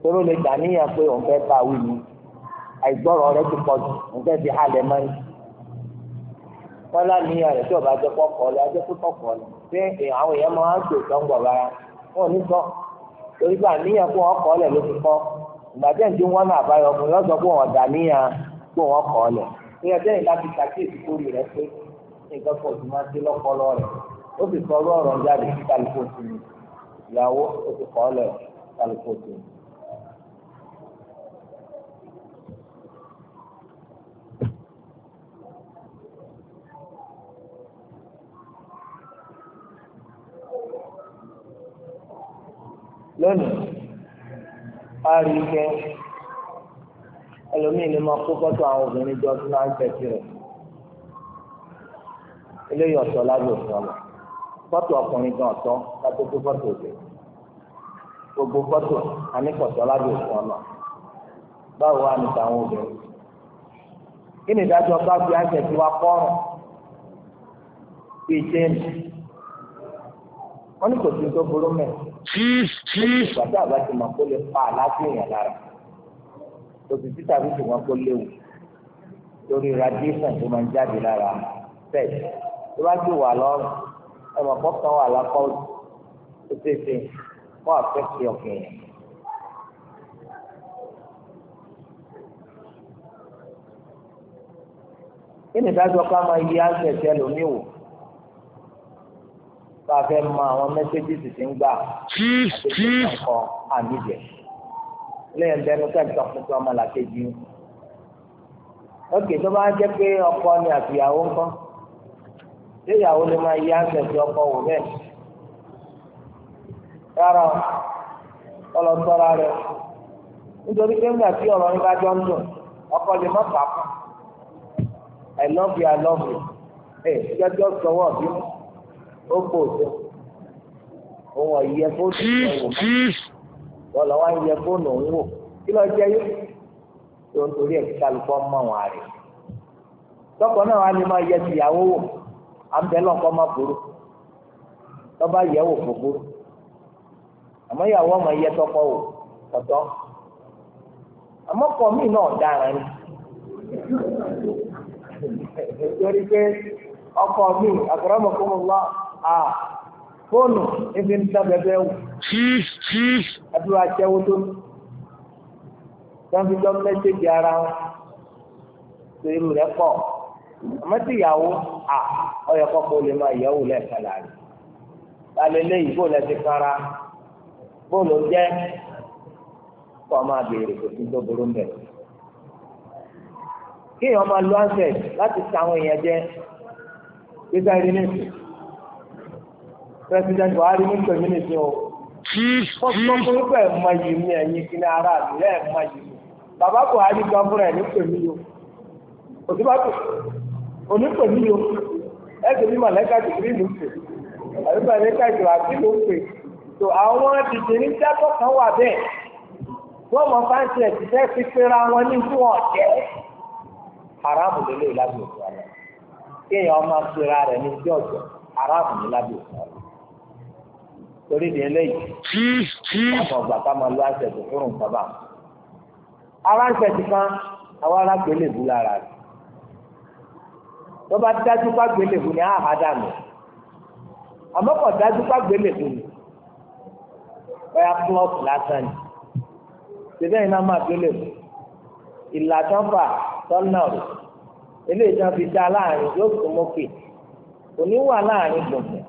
toró lè dàníyàn pé òun fẹ́ bá wí ni àìgbọ́rọ̀ rẹ̀ ti pọ̀ jù òun fẹ́ fi halẹ̀ mọ́ni. wọn lánìyàn rẹ̀ tí ọba jẹ́ kọ́kọ́ lẹ ajẹ́ pé kọ́kọ́ lẹ pé àwọn èèyàn máa ń gbèsò ń gbọ̀ba ya ò ní sọ torí pé àníyàn fún wọn kọ́ lẹ̀ ló ti kọ́ ìgbàjẹ́ ìdí wọn náà bá yọ lọ́sọ̀ kọ́ lẹ̀ ẹjẹ́ pé nǹkan máa ń dé rẹ̀ ó sì jáde sí kálífóòtù ìyàwó ó ti kọ́ lẹ̀ kálífóòtù lónìí a rí i kẹ ẹlòmíì lè máa kó fọ́tò àwọn obìnrin jọ sí náà ń tẹ̀sí rẹ̀ eléyìí ọ̀tọ̀ lábẹ́ òfin ọ̀la fọ́tò ọkùnrin gan ọ̀tọ̀ lábẹ́ tó fọ́tò òde gbogbo fọ́tò àníkọ̀tọ̀ lábẹ́ òfin ọ̀la báwo wà ní tàwọn obìnrin kí ni ìdájọ́ bá fi àjẹsí wa kọ́rùn bíi jẹ́ẹ̀mù wọ́n ní kò sí tó burú mẹ́rin ìgbà tí àgbà ti mọ̀ kó lè pa àlàáfíà èèyàn lára òtítí tàbí ṣùgbọ́n kó léwu lórí radiation tó máa ń jáde lára bẹ́ẹ̀ tó bá ti wà lọ́rùn ẹ̀mọ̀ kọ́kàn wà lápá ó tètè kó àfẹ́sí ọ̀kẹ́ yẹn. kí ni ìdájọ́ ká máa yí àṣẹ tẹ́lómi wò? bá a fẹ́ mọ àwọn mẹ́sẹ́gì tí ń gbà àti ìkọ̀ àmì lẹ́yìn bẹ́ẹ̀ ni kẹ́kẹ́ ọkùnrin ọmọ làkejì. ókè tó bá jẹ́ pé ọkọ ni àtìyàwó ń ṣé ìyàwó lè máa yí àgbẹ̀sẹ̀ ọkọ wò bẹ́ẹ̀. rárá ọlọ́tọ́ra rẹ̀ nítorí pé ńgbà tí ọ̀rọ̀ yín jọ ń dùn ọkọ lè má fà I love you, I love you. Ẹ jẹ́jọ́ sọ̀wọ́ bí mo. ó pò tó òun ọ̀yẹ fóònù ìyẹ̀wò wọn wa yẹ fóònù òun wò kí lọ́ọ́ jẹ́ yìí tó ń torí ẹ̀ mọ̀ wọn rẹ̀ tọkọ náà wàá ní ma yẹ ti ìyàwó wò burú tọ́ba yẹ wò burú àmọ́ ìyàwó ọmọ yẹ tọkọ wò àmọ́ kọ́ náà dára ni torí pé ọkọ mi à fóònù ibi ń dábẹ̀bẹ̀ wù àdúrà àjẹwò tó dánfíjọ́ mẹ́sẹ̀gì ara wọn tó irú rẹ̀ pọ̀ àmọ́tìyàwó à ọyọ kọ́kọ́ lè máa yẹ̀wò lẹ́ẹ̀kan láàrin balẹ̀ lẹ́yìn bó lẹ́sẹ̀ kára bó ló jẹ́ kó o máa béèrè kò sí tó burú mẹ́rin kéèyàn máa lo ansẹ̀ láti ta àwọn èèyàn jẹ gbégbá irin nìkan president buhari ní pẹ̀lú nìkan o kọ́sọ́kọ́ ló pẹ̀ mọ yìí ní ẹ̀yìn kí ní ara àlù lẹ́ẹ̀ mọ yìí bàbá buhari gan fúnra ẹ̀ ní pẹ̀lú yìí òtúbàtò òní pẹ̀lú yìí ẹ̀sìn bí mọ̀lẹ́kà tìkìrì ló pè àbí mọ̀lẹ́kà ìtura sí ló pè tó àwọn tìkìrì jákọ̀ kan wà bẹ́ẹ̀ wọ́n mọ fáńsì ẹ̀ ti fẹ́ fi pera wọn ní fún ọ̀jẹ́ haramu lélẹ̀ lábẹ́ òkú àná kéèyàn ọmọ pera rẹ̀ ní sí ọ̀jẹ́ haramu ní lábẹ́ òkú àná torí ìdí eléyìí ọmọ ọgbà ká máa lo àṣẹjù fún un sábà ara ń tẹ̀sí kan àwọn aráàgbé lè bu lára rẹ̀ tó bá dájú pá gbélé ni àhà dànù àmọ́ kò dájú pá gbélé bu ni ọ̀yà plọ́ọ̀tù lásán ni ṣẹlẹ̀ iná máa gbélé bu ìlà tán fà tọ́nà rẹ̀ eléyìí tán fi dá láàrin yóò sún mọ́kè òní wà láàrin gbọ̀ngàn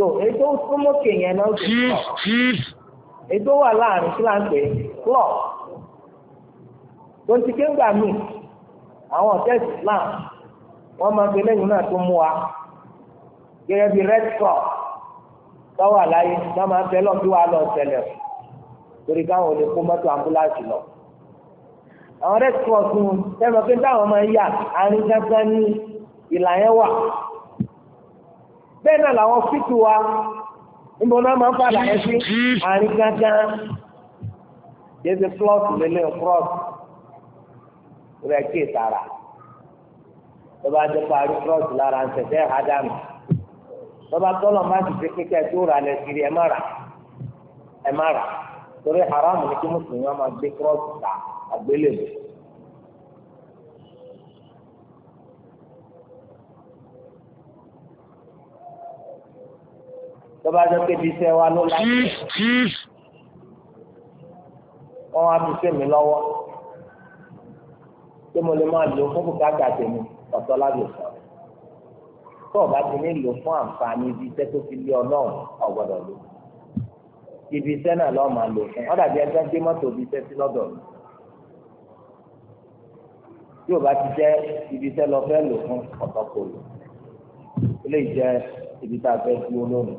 tó èyí tó súnmọ́ kéèyàn náà ti pọ̀ èyí tó wà láàrin kí láǹpẹ̀ pọ̀ tó ń ti ké ńgbà míì àwọn ọ̀tẹ́ Islam wọ́n máa gbé lẹ́yìn náà tó mú wa gẹ́gẹ́ bí red cross tọ́wà láyé náà máa bẹ lọ́ọ́ bí wàá lọ ṣẹlẹ̀ torí káwọn ò lè kó mọ́tò ambulance lọ. àwọn red cross ń tẹ́lọ̀ pé táwọn máa ń yà àárín gángan ní ìlà wà bẹ́ẹ̀ náà làwọn fíìtì wa níbo náà máa ń padà ẹ sí àárín gángan yẹ ti flọ́ọ̀t lélẹ̀ flọ́ọ̀t rẹ̀ kí ìtara tó bá jẹ́ parí flọ́ọ̀t lára ń tẹ̀sẹ̀ ha dànù tó bá tọ́lọ̀ má ti ṣe kékeré tó rà lẹ́sìrì ẹ̀ má rà ẹ̀ má rà torí haram ni kí mùsùlùmí wọn máa gbé flọ́ọ̀t ta àgbélébùú. tó bá jẹ́ pé ibi iṣẹ́ wa ló láti wọ́n wá fi sèmi lọ́wọ́ tí mo lè máa lò fún bùkátà tèmi ọ̀tọ̀ lábẹ́ sọ tó o bá ti ní lò fún àǹfààní ibi iṣẹ́ tó fi lé ọ náà ọ̀gbọ́dọ̀ lò ibi iṣẹ́ náà lọ́ọ́ máa lò fún ọ̀dàbí ẹgbẹ́ gbé mọ́tò ibi iṣẹ́ sí lọ́dọ̀ mi tí o bá ti jẹ́ ibi iṣẹ́ lọ fẹ́ lò fún ọ̀tọ̀ kò lò eléyìí jẹ́ ibi tá a fẹ́ dúró lónìí.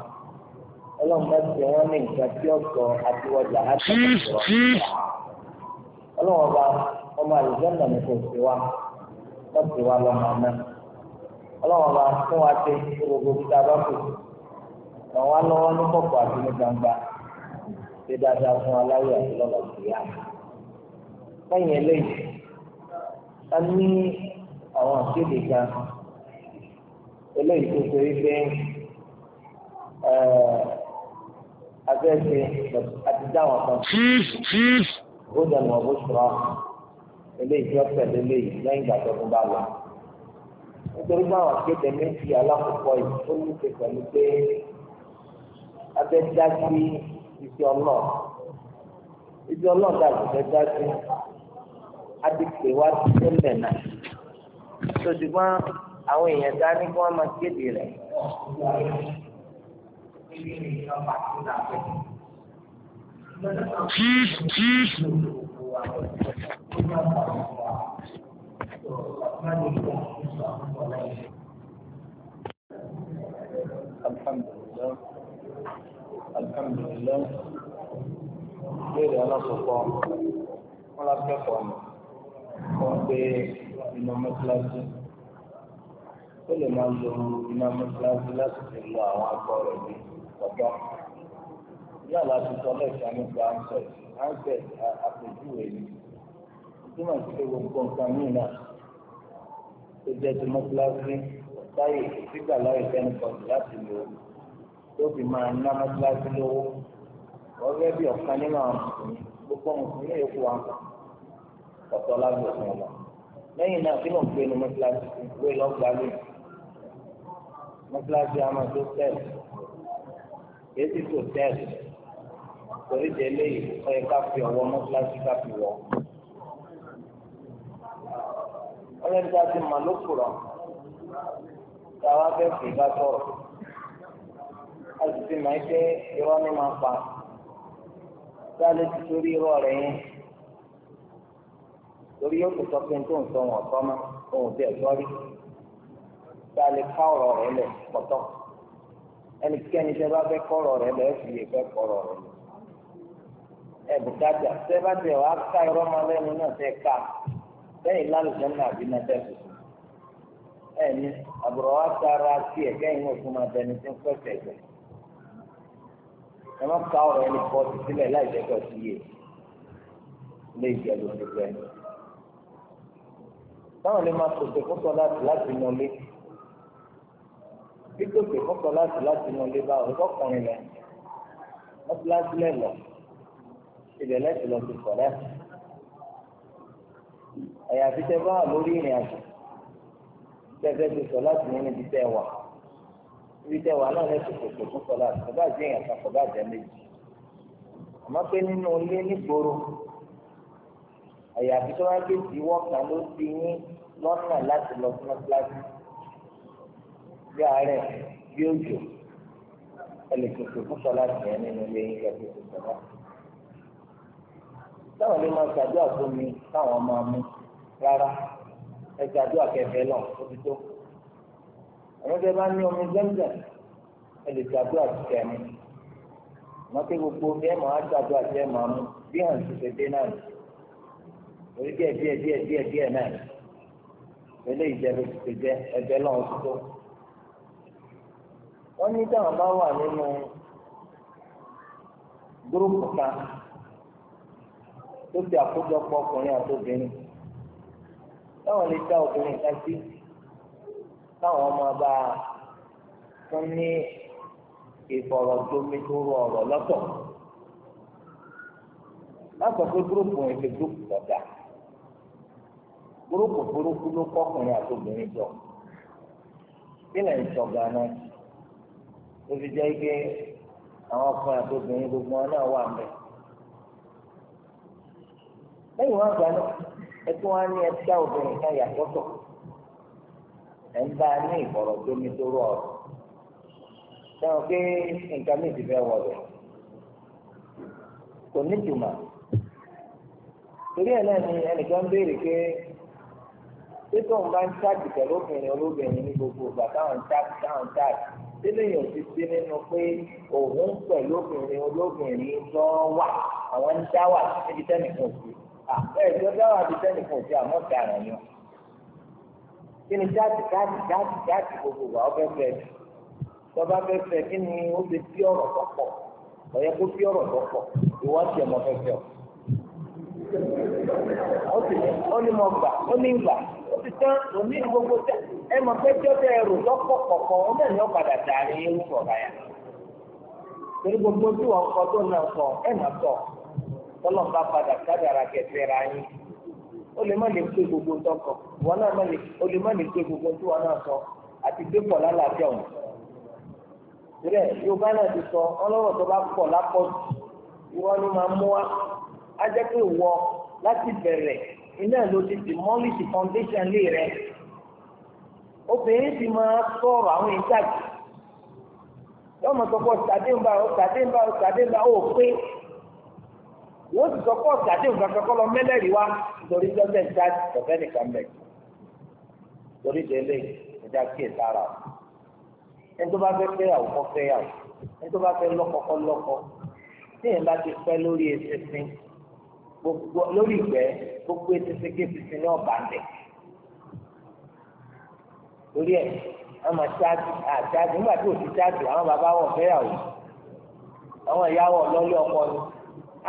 ọlọ́mọ ti wọ́n ní nǹkan tí ọ̀sọ̀ àti ọjà láti ọ̀sọ̀ ọlọ́wọ́ bá ọmọ àlùjọ́nà ní kò sí wa wọ́n ti wá lọ́mọ ọmọ ọlọ́wọ́ bá fún wa ṣe gbogbo bí dábàá kù ràn wá lọ́wọ́ ní kọ̀kọ̀ àti ní gbangba ṣe dáadáa fún aláwọ̀ àti lọ́lọ́ sí yá lẹ́yìn eléyìí a ní àwọn àkéde kan eléyìí tó ṣe wípé ẹ̀ẹ́ afẹ́fẹ́ àti dáwọn kan ó dẹnu ọ̀bọ̀ ṣùgbọ́n eléyìí tí wọ́n tẹ̀lé eléyìí lẹ́yìn ìgbà tó ń bá lọ. nítorí báwọn akéde méjì alákọ̀ọ́kọ́ yìí ó ní ṣe pẹ̀lú pé abẹ́dá sí iṣẹ́ ọlọ́ọ̀ iṣẹ́ ọlọ́ọ̀ dàbí abẹ́dá sí adìpé wá sí tẹ́lẹ̀ náà. sọ̀tùmọ́ àwọn èèyàn dání kí wọ́n máa kéde rẹ̀ ini tempat kita Alhamdulillah Alhamdulillah Béèrè alákọ̀ọ́kọ́ wọ́n lákẹ́kọ̀ọ́ ọ̀nà wọ́n pé iná mẹ́tíláṣí ó lè máa lo iná mẹ́tíláṣí láti fi lo àwọn agbọ́rọ̀ bíi àkọ́kọ́ náà láti sọ lẹ́sẹ̀ nípa ansẹt ansẹt àpèjúwe ni túmọ̀ sí gbogbo nǹkan míì náà tó jẹ́ ti láti lò ó tó fi máa ná lówó ọ̀rẹ́ bí ọ̀kan nínú àwọn mùsùlùmí gbogbo mùsùlùmí wa ọ̀tọ̀ lábẹ́ kìí sì tó tẹ́ẹ̀lì torí de eléyìí ọ yẹ ká fi ọwọ́ mọ́tíláṣí ká fi wọ̀. ọlọ́ni tá a ti mọ̀ ló kùrọ̀ táwa fẹ́ fi bá sọ̀rọ̀ a sì ti mọ̀ pé irọ́ ni máa pa tá a lè ti torí irọ́ rẹ̀ yẹn torí yóò tó sọ pé tó ń sọ wọn ọ̀tọ́ mọ́ òun tẹ̀ sọ́rí tá a lè ká ọ̀rọ̀ rẹ̀ lẹ̀ pọ̀tọ́ ẹnikẹ́ni tẹ́ bá fẹ́ kọ́rọ̀ rẹ lọ ẹ fi yẹ fẹ́ kọ́rọ̀ rẹ lọ. ẹ bùkátà tẹ́ bá tẹ wàá ká irọ́ máa lẹ́nu náà tẹ́ ká lẹ́yìn lálùjọ náà àbí náà tẹ́ fi sùn. ẹ ní àbúrò wa tara tiẹ̀ kẹ́yìn náà fún ma bẹni tí ń pẹ́ tẹ̀gbẹ́. ẹ má ká ọ̀rọ̀ ẹni kọ́ sílẹ̀ láì jẹ́ kọ́ sí yé lé ìjẹ́lu ti gbẹ. táwọn lè máa tòṣe fún sọ́dá bí kò sì kọ́kọ́ láti láti mọ ilé bá ọ̀rọ̀ kọkùnrin lẹ mọ́tíláṣí lẹ lọ ibẹ̀ lẹ́sìn lọ sí sọ̀rẹ́ ẹ̀yà àfitẹ́ bá wà lórí ìrìn àjò tẹ́fẹ́ ti sọ láti mú níbi tẹ́ wà níbi tẹ́ wà náà lẹ́sìn kòtò fún sọ láti kò bá jẹ́ èèyàn kan kò bá jẹ́ méjì àmọ́ pé nínú ilé nígboro ẹ̀yà àfitẹ́ wá gbé ìwọ́ kan ló ti yín lọ́nà láti lọ sí mọ́tíláṣí bí ààrẹ bí òjò ẹlẹ́kẹ̀kẹ̀ fún sọlá tìyẹn nínú ilé yín kẹ́kẹ́ fún sọlá. táwọn lè máa ṣàdúrà fún mi táwọn máa mú rárá ẹ ṣàdúrà kẹfẹ́ lọ ó ti tó. àwọn tẹ bá ní omi gbẹ́ngbẹ́ ẹ lè ṣàdúrà tìkẹ́ mi. wọ́n ké gbogbo omi ẹ̀ máa ṣàdúrà tìkẹ́ máa mú bí hàn sí ṣẹ̀dé náà ní. orí díẹ̀ díẹ̀ díẹ̀ díẹ̀ díẹ̀ náà ní. eléyìí jẹ́ ti ṣe jẹ́ ẹgbẹ́ náà ó tó wọ́n ní táwọn bá wà nínú gúrúùpù kan tó fi àkójọpọ̀ ọkùnrin àti obìnrin táwọn lè dá obìnrin kan sí táwọn ọmọ bá fún ní ìfọ̀rọ̀jomitoro ọ̀rọ̀ lọ́tọ̀ látọ̀ pé gúrúùpù yẹn ti gúrúùpù lọ́dà gúrúùpù burúkú ló kọ́kùnrin àti obìnrin jọ sílẹ̀ ń sọ ganan. tóbi jẹ́ ike àwọn ọkùnrin àti obìnrin gbogbo wọn náà wà mẹ́. lẹ́yìn wọn gbà náà ẹtú wọn ní ẹdá obìnrin kan yàtọ̀tọ̀ ń bá a ní ìbọ̀rọ̀ tó ọ̀rọ̀ sẹ́wọ̀n pé nǹkan mi ti fẹ́ wọlé kò ní jùmọ̀ torí ẹ̀ náà ni ẹnìkan béèrè pé títún bá ń tẹ́lẹ̀yìn ti ṣe nínú pé òun pẹ̀lú obìnrin olóbìnrin lọ wà àwọn ń wà níbi tẹ́nìkan òsì àbẹ́ẹ̀ tó dá níbi tẹ́nìkan òsì àmọ́ ti àrà yàn. kí ni jáde jáde jáde jáde gbogbo wa ọbẹ̀ fẹ́ tọ́ba fẹ́ fẹ́ kí ni ó lè fi ọ̀rọ̀ tọ́pọ̀ ọ̀yẹ́ kó fi ọ̀rọ̀ tọ́pọ̀ ìwádìí ọmọ fẹ́ fẹ́ ọ. ó ní mọ̀ gbà ó ní gbà ti tán òní gbogbo tẹ ẹ mọ̀ pé tí ó tẹ ẹrù lọ́pọ̀ kọ̀ọ̀kan ó náà ní ọ̀padà dàrí ewu sọ̀rọ̀ yà. torí gbogbo tí wọ́n kọ tó náà sọ ẹ mọ̀ sọ tọ́lọ̀ bá padà kádàrà kẹfẹ́ ra yín ó lè má lè pé gbogbo tọkọ wọn náà má lè ó lè má lè pé gbogbo tí wọn náà sọ àti gbé pọ̀ lálàáfíà òun. rẹ̀ yorùbá náà ti sọ ọlọ́wọ́ tó bá pọ̀ lápọ̀ ìwọ ni máa mú wa á jẹ́ pé wọ láti bẹ̀rẹ̀ iná ló ti demolish foundation lé rẹ obìnrin ti máa sọ̀rọ̀ àwọn ìjáde yóò mọ̀ sọ́kọ́ ṣàdéǹbà ó ṣàdéǹbà ó ṣàdéǹbà ó pé wọ́n sì sọ́kọ́ ṣàdéǹbà kankan lọ mẹ́lẹ́rìí wá torí jọ́sẹ̀ ń dá ọ̀fẹ́ nìkan mẹ́ torí délé ìjà kí èta ara ẹni tó bá fẹ́ fẹ́yàwó kọ́ fẹ́yàwó ẹni tó bá fẹ́ lọ́kọ kọ́ tí èèyàn bá ti pẹ́ lórí ẹsẹ̀ sí gbogbo lórí ìgbẹ́ gbogbo etiseke titi ní ọba ń bẹ torí ẹ wọn máa ṣáàjì àṣáàjì nígbà tí òsì ṣáàjì àwọn bàbá wọn fẹ́yàwó àwọn ìyàwó lọlé ọkọ ni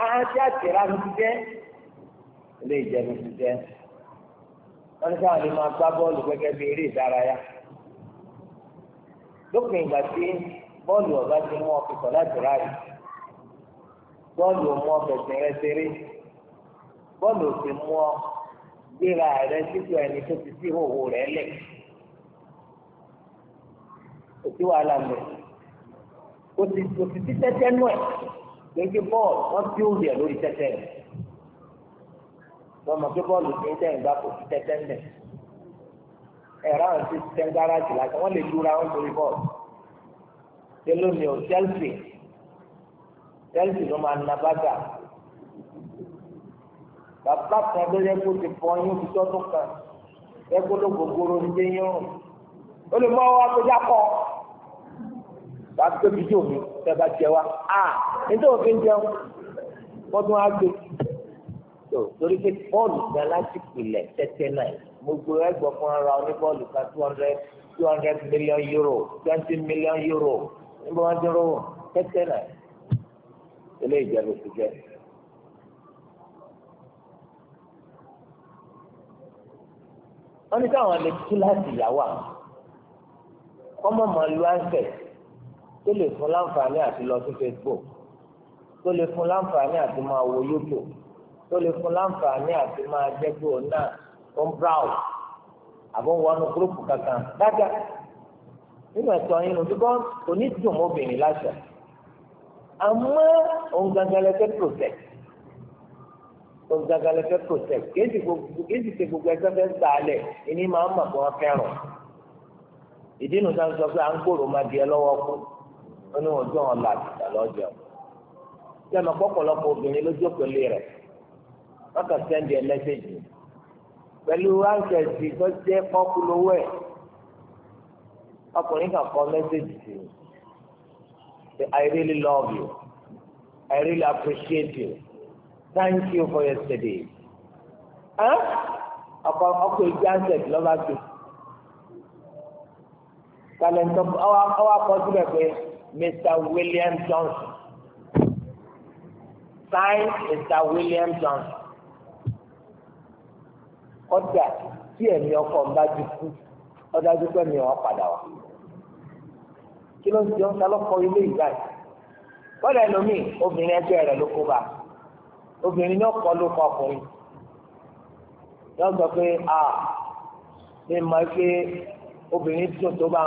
àṣáàjì ránu ti jẹ ilé ìjẹun ti jẹ wọn ní sáwọn lè máa gbá bọ́ọ̀lù gẹ́gẹ́ bí eré ìdárayá lópin ìgbà tí bọ́ọ̀lù ọba ti mú ọkùnkàn láti ráàyè bọ́ọ̀lù ọmọ ọbẹ̀ tẹ̀rẹ̀ ṣeré bọ́ọ̀lù òsè mú ọ gbéra rẹ sípò ẹni tó ti sí ìhòòhò rẹ lẹ̀ kò sí wàhálà mọ̀ kò sì kò sì sí tẹ́tẹ́ nù ẹ̀ gbẹ́gbẹ́ bọ́ọ̀lù wọ́n ti ó rẹ̀ lórí tẹ́tẹ́ rẹ̀ lọ́mọ pé bọ́ọ̀lù ti ń tẹ̀ ń gbà kò sí tẹ́tẹ́ nù ẹ̀ ẹ̀rọ àwọn ti tẹ́ gáràjì láti wọ́n lè dúra wọn lórí bọ́ọ̀lù tẹ́lómi ò Chelsea Chelsea ló máa ń na bàbá kan ló yẹ kó ti fọ yín fi tọ́dún kan yẹ kó ló gbogbooro ń dé yín rùn ó lè mọ wa kọjá kọ wàá gbé bíjò mi tẹ bá jẹ wa a nítorí òfin jẹun wọ́n tún á gbé tó torí pé bọ́ọ̀lù gan láti pìlẹ̀ tẹ́tẹ́ náà mo gbé ẹgbọ́ fún ara oníbọ́ọ̀lù kan two hundred two hundred million euro twenty million euro níbo wọ́n ti tẹ́tẹ́ náà eléyìí jẹ́ bó ti jẹ́. wọ́n ní káwọn lè tú láti ìyàwó àwọn kọ́mọ̀ máa lu àǹfẹ̀ tó lè fún láǹfààní àti lọ sí Facebook tó lè fún láǹfààní àti máa wo YouTube tó lè fún láǹfààní àti máa jẹ́ pé òun náà ó ń browse àbọ̀ wọnú gúrúùpù kankan dájá nínú ẹ̀tọ́ yín nu bíkọ́ kò ní dùn mọ́bìnrin láṣà àmọ́ òun gangan lẹ́sẹ̀ protect ọ̀gágalẹ̀ fẹ́ protect kéèdì ṣe gbogbo ẹgbẹ́ fẹ́ gbà á lẹ̀ ìní máa ń mọ̀ kí wọ́n fẹ́ràn ìdí nu sáà ń sọ pé à ń gbòòrò máa di ẹ lọ́wọ́ kú ó ní wọn jọ wọn là àbùdá lọ́jọ́ sẹ́nu ọ̀pọ̀lọpọ̀ obìnrin ló jókòó rẹ̀ wọ́n kàn sẹ́ndì ẹ mẹ́sẹ̀gì pẹ̀lú áńsẹ̀sì tó jẹ́ pọ́kú lówó ẹ̀ ọkùnrin I really love you I really appreciate you thank you for yesterday ọkọ ọkọ ìgbé ansẹt lọba gbé kalẹntọ ọwọ akọ síbẹ̀ pé Mr. William Johnson sign Mr. William Johnson ọjà tí ẹ̀mí ọkọ bá ti kú ọjà tó pẹ́ mi ọ̀ padà wá kí ló ń jẹun ta lọ́kọ ilé ìgbà yìí kọ́dà ẹlòmíì obìnrin ẹgbẹ́ rẹ̀ ló kó bá a obìnrin náà kọ́ ló kọ ọkùnrin yọ sọ pé a lè mọ pé obìnrin dùn tó bá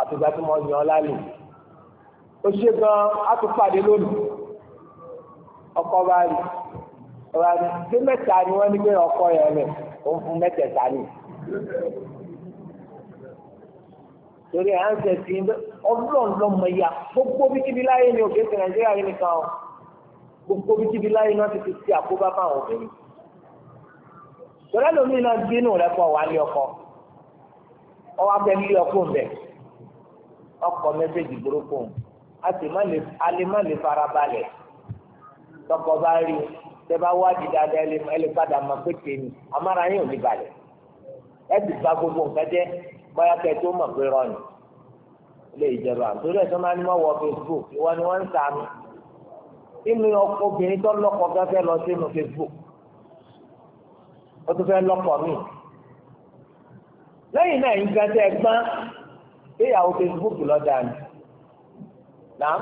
àtìgbà tí mo yàn ọ́ lálẹ́ o ṣe gan a tún pàdé lónìí ọkọ bá rí ọba rí pé ni wọ́n ní pé ọkọ yẹn lẹ̀ òun fún mẹ́tẹ̀ẹ̀ta ni torí à ń sẹ̀ sí ọlọ́run lọ́mọ ya gbogbo bíkíbi láyé ni òkè sí nàìjíríà yìí nìkan o gbogbo bí tíbi láyé náà ti fi ti àkóbá bá àwọn obìnrin. Tọ́lá lómi náà bínú rẹ̀ pọ̀ wá lé ọkọ. Ọwọ́ abẹ́ lé ọkọ ń bẹ̀. Ọkọ̀ mẹ́sẹ̀gì burúkú. A sì má lè a lè má lè fara balẹ̀. Tọkọ bá rí tẹ bá wádìí dáadáa ẹ lè ẹ lè padà máa pé tèmi. Amára yín ò ní balẹ̀. Ẹ ti gba gbogbo nǹkan jẹ́ bóyá kẹ tó mọ̀ pé rọ́ọ̀nì. Ilé ìjọba àtúndẹ̀ tó máa ń mọ̀ wọ Facebook ìwọ ni wọ́n ń sàánú inú obìnrin tó lọ́kọ fẹ́ fẹ́ lọ sínú Facebook ó tún fẹ́ lọ́kọ mi lẹ́yìn náà yín gan tẹ́ ẹ gbọ́n ìyàwó Facebook lọ́dà ni nàá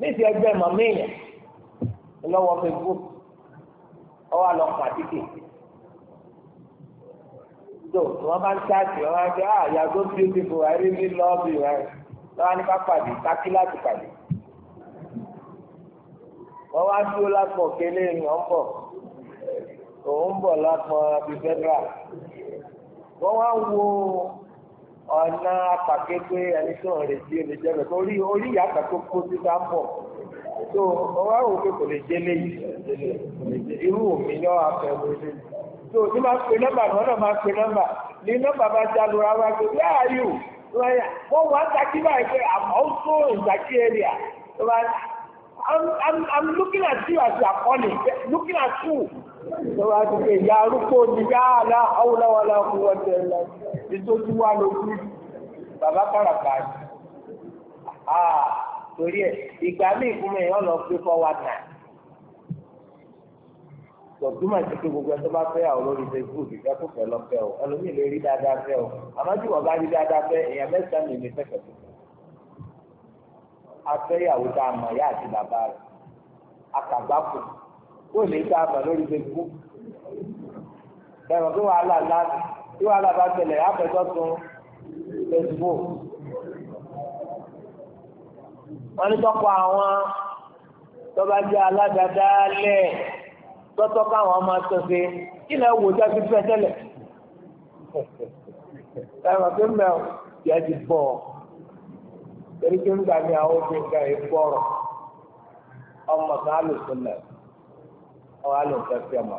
níbi ẹgbẹ́ màmí èèyàn lọ́wọ́ Facebook ọwọ́ àlọ́ pàtíkì tó wọ́n bá ń ṣáàtì wọ́n á jẹ́ àyàgó bí o ti bò wá rí mi lọ́ọ́ bì wá lọ́wọ́ ní pápá dì tákì láti pàdé wọ́n wá dúró lápọ̀ kélé ni wọ́n bọ̀ òun bọ̀ lápọ̀ bíbẹ́dà wọ́n wá wo ọ̀nà apàkété ẹni tó ń retí olùjẹ́ bẹ̀ torí orí ìyàtọ̀ tó kó sí bá ń bọ̀ tó wọ́n wá wò pé kò lè délé irú òmí ni wọ́n á fẹ́ wọlé tó ní máa pe nọ́mbà ní náà máa pe nọ́mbà ní nọ́mbà bá já lura wá pé where are you wọ́n wá ń takí báyìí pé I'm also in Zaki area. I'm, I'm, I'm looking at you as your colleague, looking at you. So I say, Ya ya arúgbó ni yá àlá àwòlá wà láàbù ọ̀tẹ̀ ẹ̀lá. Ìtòjú wa lójú. Bàbá kàràkà ni. Torí ẹ̀, ìgbà míì fún mi yọ̀ lọ pé forward nine. Tọ̀túmọ̀ sí pé gbogbo ẹ tó bá fẹ́ àwọn olórí Facebook ìfẹ́kùfẹ́ lọ fẹ́ o. Ẹlòmíì lè rí dáadáa fẹ́ o. I'm not wọ́n bá rí dáadáa fẹ́, I'm mẹ́sàn-án lè fẹ́ fẹ́ fẹ́ afẹ́yàwó tá a mọ̀ yá àti bàbá rẹ̀ akàgbákò kó lè tá a mọ̀ lórí Facebook bẹ̀rẹ̀ kí wàhálà ńlá kí wàhálà bá tẹ̀lẹ̀ afẹ́tọ́ tún Facebook wọ́n ní tọ́kọ àwọn tọ́ba jẹ́ aládàáda lẹ̀ tọ́tọ́ káwọn máa tọ́ sí kí lẹ́ wò jáde fẹ́ tẹ́lẹ̀ ẹ̀rọ tó mẹ́ọ̀ yẹ ti bọ̀ ọ́ torí pé nígbà mi àwọn oṣù nǹkan yìí gbọ́rọ̀ ọmọ kan á lò sílẹ̀ ọ á lò nǹkan fi ọmọ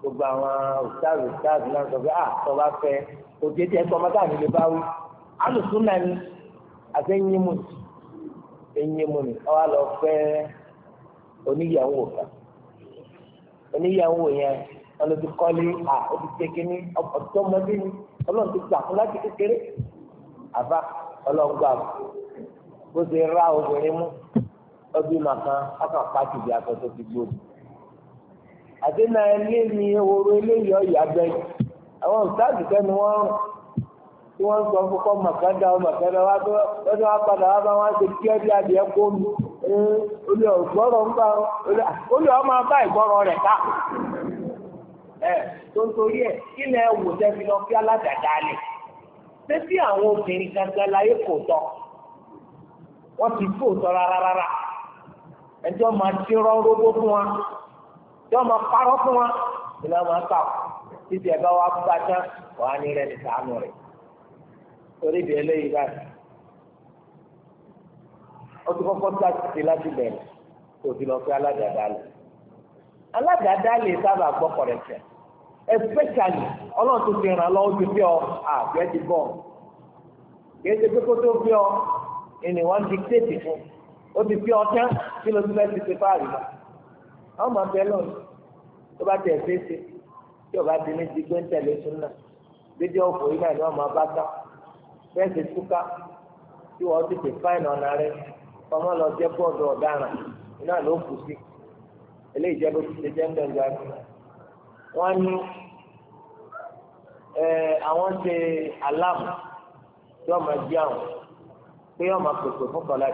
gbogbo àwọn òṣìṣẹ́ òṣìṣẹ́ náà sọ pé à tọ́ba fẹ́ òjé tí ẹ sọ ọmọdé àmì lè bá wí á lò sílẹ̀ ni àti ẹ̀yìn mu ẹ̀yìn mu ni ọ á fẹ́ oníyàwó kan oníyàwó yẹn ọlọ́dún kọ́lé à ó ti ṣe kínní ọ̀tọ́mọdé ni ọlọ́run ti gbà fún láti kékeré àbá. ọlọ́gbà bó ti ra obìnrin mú ọbí màkà ọkàn pàtì bí akọ̀tọ̀ ti gbòdì. àti náà ilé mi ehoro eléyìí ọ̀yà bẹ́ẹ̀ àwọn òṣìṣẹ́ kẹ́ni wọ́n tí wọ́n sọ fún kọ́ màkàdá ọ màkàdá wá tó lọ́dọ̀ wá padà wá bá wọn ṣe kí ẹ́ bí adìẹ kó mi olè ọ̀gbọ́rọ̀ ń bá olè bá ìgbọ́rọ̀ rẹ̀ ká. ẹ ṣé bí àwọn obìnrin gangan láyé kò tọ́ wọ́n ti kó tọ́ rárá rárá ẹjọ́ máa ti rán rógbó fún wa ẹjọ́ máa parọ́ fún wa ìlà máa kà ó títí ẹ̀ bá wa bá tán wà á ní rẹ̀ ní sàánú rẹ̀ torí ìdí eléyìí báyìí ó ti kọ́kọ́ tó àti láti bẹ̀rẹ̀ kò sí lọ fẹ́ aládàáda lẹ̀ aládàáda lè sábà gbọ́ kọ̀rẹ̀tẹ̀. especially ọlọ́run tó fi ràn lọ́wọ́ ọ ah, ti bọ̀ kìí ṣe pé kó tó fi ọ ìní wọn dictate fún ó ti fi ọ tán kí ló ti fẹ́ ti ṣe fáàrí lọ àwọn máa bẹ lọ́nà tó bá tẹ̀ ṣe é ṣe tí ọba ti ní ti gbé ń tẹ̀lé sún náà dédé ọ̀fọ̀ yìí náà ni wọ́n máa bá ká fẹ́ẹ́ ṣe túká tí wọ́n wọ́n ní àwọn ṣe aláàmù tí wọ́n máa jí àwọn pé wọ́n máa pèsè fún kọ́lá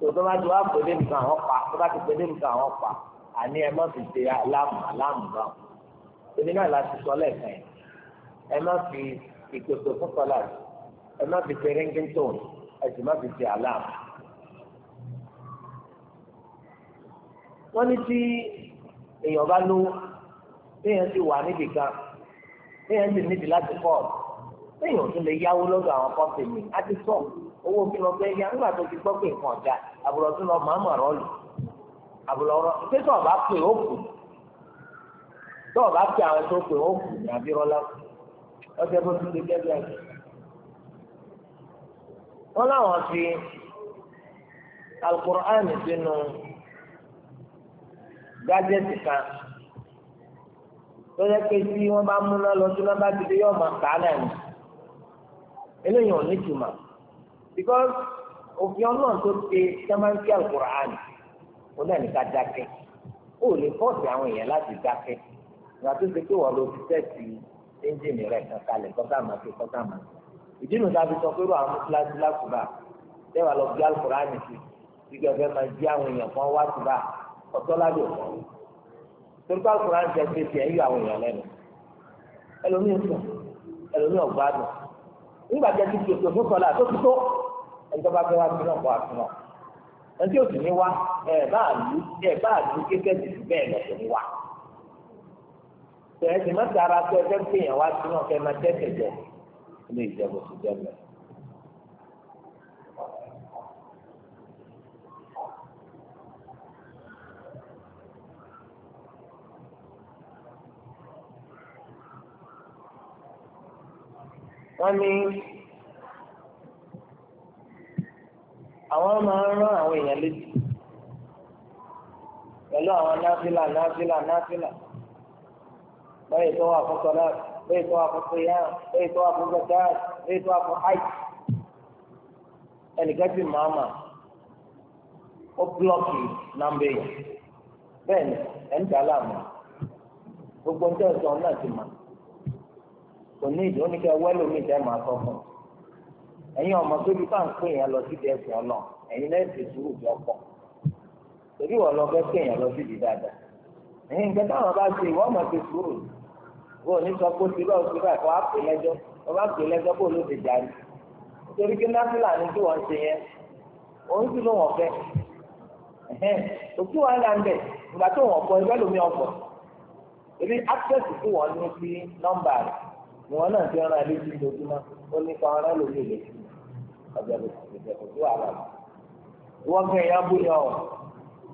jù tó bá ti wá pèlè nǹkan àwọn pa tó bá ti pèlè nǹkan àwọn pa àní ẹ má fi ṣe aláàmù aláàmù bá wọn èmi náà láti sọ lẹ́ẹ̀kan yẹn ẹ má fi ìpèsè fún kọ́lá jù ẹ má fi ṣe ríngíntòun ẹ sì má fi ṣe aláàmù. wọ́n ní tí èèyàn bá lówó téèyàn sì wà níbi kan téèyàn sì níbi láti kọ́ ọ̀ téèyàn tún lè yáwó lọ́dọ̀ àwọn kọ́mpìnì á ti sọ owó kí lọ fẹ́ yá nígbà tó ti gbọ́ pé nǹkan ọ̀dà àbúrò tún lọ màmú ọ̀rọ̀ lù àbúrò ọ̀rọ̀ tẹ́tọ̀ bá pè ó kù tọ́ bá pè àwọn tó pè ó kù ní abirọ́lá ọjọ́ bó ti lè gẹ́gẹ́ rẹ̀ wọ́n láwọn fi alukur'an sínú gájẹ́tì kan lọ́jọ́ pé tí wọ́n bá múná lọ tí wọ́n bá ti dé yóò máa kà á náà nì eléyìí ò ní jùmọ̀ because òfin ọlọ́run tó ṣe sẹ́mánkì àlùkùránì ó náà ní ká dákẹ́ ó lè fọ́ọ̀sì àwọn èèyàn láti dákẹ́ ìgbà tó ṣe pé wọ́n lo fífẹ́ẹ̀sì ẹ́ńjìnì rẹ̀ kan kalẹ̀ kọ́tà máa fi kọ́tà máa fi ìdí nu tàbí sọ pé àwọn mùsùlùmí lásùbà tẹ́wàá lọ bí àlùkùránì sí ìgbà fẹ́ máa jí àwọn èèyàn kan wá síbà ọ̀tọ̀ lábẹ́ òkú torí bá kúrò àti ẹgbẹ́ tiẹ̀ yọ àwọn èèyàn lẹ́nu ẹlòmíì sùn ẹlòmíì ọ̀gbádùn nígbà tí a ti pèsè fún sọlá tó ti tó ẹjọba fẹ́ wá sí náà bọ́ àti náà ẹni tí ó sì ní wá ẹ bá àlù ẹ bá àlù kékeré ti fi bẹ́ẹ̀ lọ́sẹ̀ ní wá tẹ̀ ẹ sì má tara pé ẹ fẹ́ gbìyànjú wá sí náà kẹ́ máa tẹ́tẹ̀ jẹ ilé ìjẹ́bù sí jẹ́ mẹ́rin. wọ́n ní àwọn máa ń rán àwọn èèyàn létí pẹ̀lú àwọn náfìlà náfìlà náfìlà lẹ́yìn tó wà fún sọlá lẹ́yìn tó wà fún péyà lẹ́yìn tó wà fún gbẹ̀dá lẹ́yìn tó wà fún áì ẹnìkan sì máa ó búlọ́ọ̀kì nàmbé gbogbo ń tẹ̀sán náà ti kò ní ìdí oníkẹ wẹlò mi dẹ máa sọ fún ẹ̀yin ọmọ tó bí fáwọn pé èèyàn lọ síbi ẹsẹ̀ ọlọ ẹ̀yin lẹsẹ sùúrù bí ọ̀pọ̀ torí wọn lọ fẹ pé èèyàn lọ síbi dáadáa ẹ̀yin nǹkan táwọn bá ṣe ìwọ ọmọ ti sùúrù wọn ò ní sọ pé ti lọọ síbẹ̀ kó a pè lẹ́jọ́ wọn bá pè lẹ́jọ́ kó ló ti darí torí kí náfìlà ni tí wọn ṣe yẹn òun sì ló wọn fẹ òkú wọn là ń bẹ ìgbà tó wọn kọ ẹgbẹ́ lómi ọkọ ebi access tí wọn ní sí nọ́mbà rẹ wọn náà ti rán alé tí lójúmọ́ ó ní kan rán lórí ìlú ọjọ́ ìjọba tó wà lára wọn gbé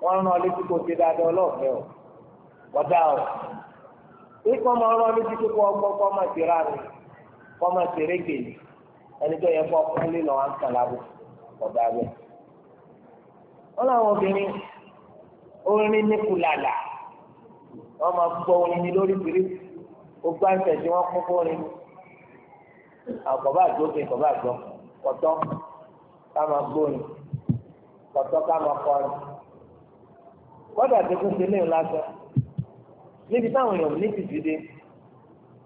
wọn rán alé dáadáa o máa rán alé máa ti máa ti rége ẹni tó yẹ kàn wọn làwọn obìnrin orin wọn máa gbogbo àǹtẹ̀ tí wọ́n kún fún ni àkọ́bá àdókè kọ́bá àgbọ̀ kọ́tọ́ ká máa gbóni kọ́tọ́ ká máa kọ́ni kọ́dà tó tún ṣe léyìn lásán níbi táwọn èèyàn ní ti dìde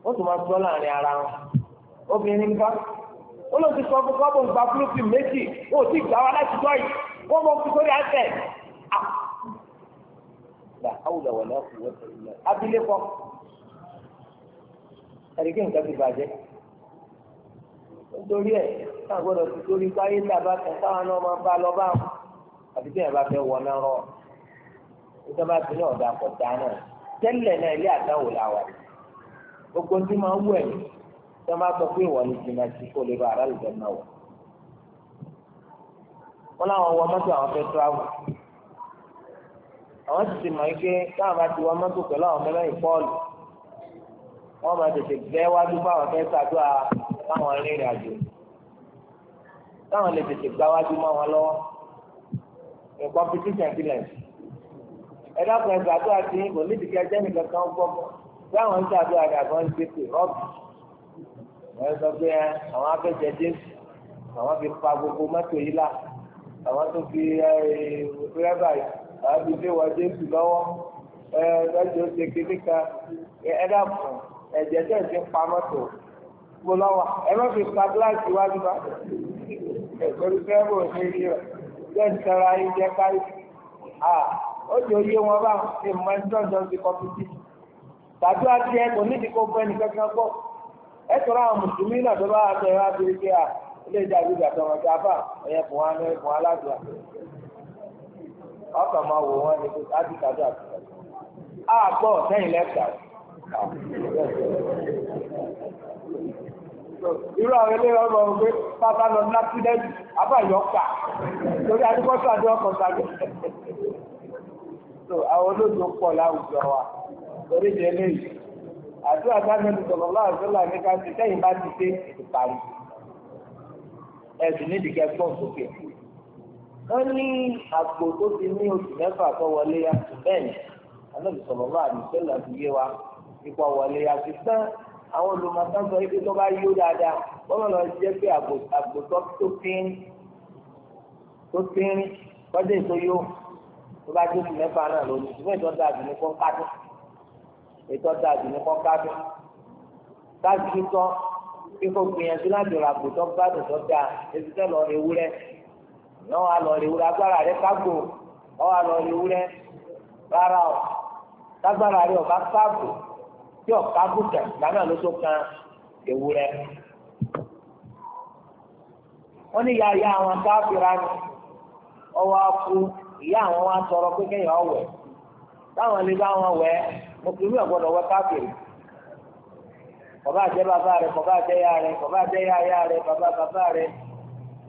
ó tún máa sọ láàrin ara wọn obìnrin bá ó ló ti sọ fún kọ́bọ̀ nípa fúlùfì méjì ó ti gbà wá láti jọ yìí wọ́n mọ fi sórí àtẹ̀ àbílẹ̀ wọ̀ lọ́kùnrin ẹ̀ríkì nǹkan ti bàjẹ́ nítorí ẹ̀ náà gbọ́dọ̀ ti torí báyé tàbá kan táwọn náà máa bá lọ bá wọn àti bí ẹ̀ bá fẹ́ wọ náà rọ ìjọba ti náà dà pọ̀ dá náà tẹ́lẹ̀ náà ilé àdáwò la wà gbogbo tí máa wù ẹ̀ tó máa sọ pé ìwọ ni jìnnà tí kò lè ba àrà lùjọ náà wọ̀ wọ́n láwọn wọ mọ́tò àwọn fẹ́ tíráwù àwọn sì ti mọ̀ ike táwọn bá ti wọ mọ́tò pẹ̀lú àwọn mẹ́lẹ́yìn pọ́ọ̀lù wọ́n máa tètè gbẹ́ wájú fáwọn fẹ́ ṣàdúrà fáwọn rìnrìn àjò táwọn lè tètè gbá wájú mọ́ wọn lọ́wọ́ ní competition challenge ẹ dákun ẹgbẹ́ àdúrà tí kò ní ìdíkẹ́ ẹjẹ́ nìkan kan gbọ́ táwọn ń ṣàdúrà dàgbọ́n ń ṣe pé rọ́ọ̀bù wọ́n sọ pé àwọn afẹ́jẹ jésù àwọn fi pa gbogbo mọ́tò yìí la àwọn tó fi dírẹ́bà àwọn fi dé wọ jésù lọ́wọ́ ẹ lọ́jọ́ ṣe kékeré kan ẹ dákun. ẹ̀jẹ̀ tẹ̀ fi pa mọ́tò mo lọ́wọ́ ẹ má fi pa gíláàsì wájú bá ẹ̀kọ́rí fẹ́ẹ́bù ní ilé rẹ̀ lẹ́yìn tẹ́ra ayé jẹ́ káyé ó jẹ́ oyé wọn bá ṣe mọ ẹni tó ti kọfí sí tàbí àti ẹ kò nídìí kó bẹ́ẹ̀ ẹ sọ̀rọ̀ àwọn mùsùlùmí náà tó bá ẹ̀rọ abiri ilé ìjà wọn fún wa ní fún ọkọ̀ máa wò wọ́n irú àwọn ilé ọmọ ògbé pátá lọ ní accident abáyọ pa lórí adúgbòsó àti ọkọ̀ sáré so àwọn olóògbé pọ̀ láwùjọ wa lórí ìdí eléyìí àdúrà sáfẹ́ ti sọ̀rọ̀ lọ́wọ́ àṣọlá ní ká ti sẹ́yìn bá ti dé ìparí ẹ̀sùn nídìí kẹ́kọ̀ọ́ sókè wọ́n ní àpò tó ti ní oṣù mẹ́fà tó wọlé bẹ́ẹ̀ ni àná ìsọ̀rọ̀ lọ́wọ́ àdìsẹ́lá ti yé ipa wọlé àti tán àwọn olùmọ̀tán sọ ibi tó bá yó dáadáa bọ́lá lọ jẹ́ pé àgbòtọ́ tó pín tó pín kọ́dé tó yó tó bá jókòó mẹ́fà náà lónìí ṣùgbọ́n ìtọ́ da àdùnnú kọ́ kádùn ìtọ́ da àdùnnú kọ́ kádùn káàkiri tọ́ kíkó gbìyànjú láti rà àgbòtọ́ gbádùn tó dáa ebi tẹ́ lọ rẹ wúrẹ́ náà wà lọ rẹ wúrẹ́ agbára rẹ kágbó ọ wà lọ rẹ wúrẹ́ rárá o tágbára rẹ ọba kágbó. tí ọ̀ka gùnkà gbàgbà ló tó kan ewúrẹ́. wọ́n ní yàyà àwọn káfíra ni ọwọ́ akú ìyá àwọn wa tọrọ pé kéèyàn ọ̀wẹ̀ táwọn lè bá wọn wẹ̀ mùsùlùmí ọ̀gbọ́dọ̀ àjẹ́ bàbá rẹ̀ àjẹ́ yá rẹ̀ àjẹ́ yá yá rẹ̀ bàbá bàbá rẹ̀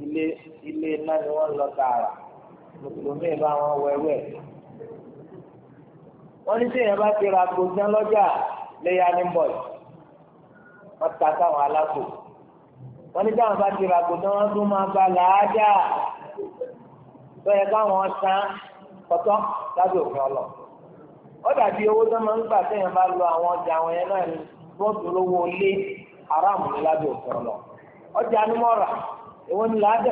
ilé ilé iná ni wọ́n lọ léyà ní bọ́ọ̀lù wọ́n ta sáwọn alákò wọ́n ní táwọn bá ti ràgò tán wọ́n tún máa gba làádá bẹ́ẹ̀ káwọn san kọ́tọ́ lábẹ́ òfin ọlọ́ ó dàbí owó tó máa ń gbà téèyàn bá lọ ọjà àwọn náà lówó lé aráàmù ní lábẹ́ òfin ọlọ́ ọjà ni mo rà èwo ni wọ́n ní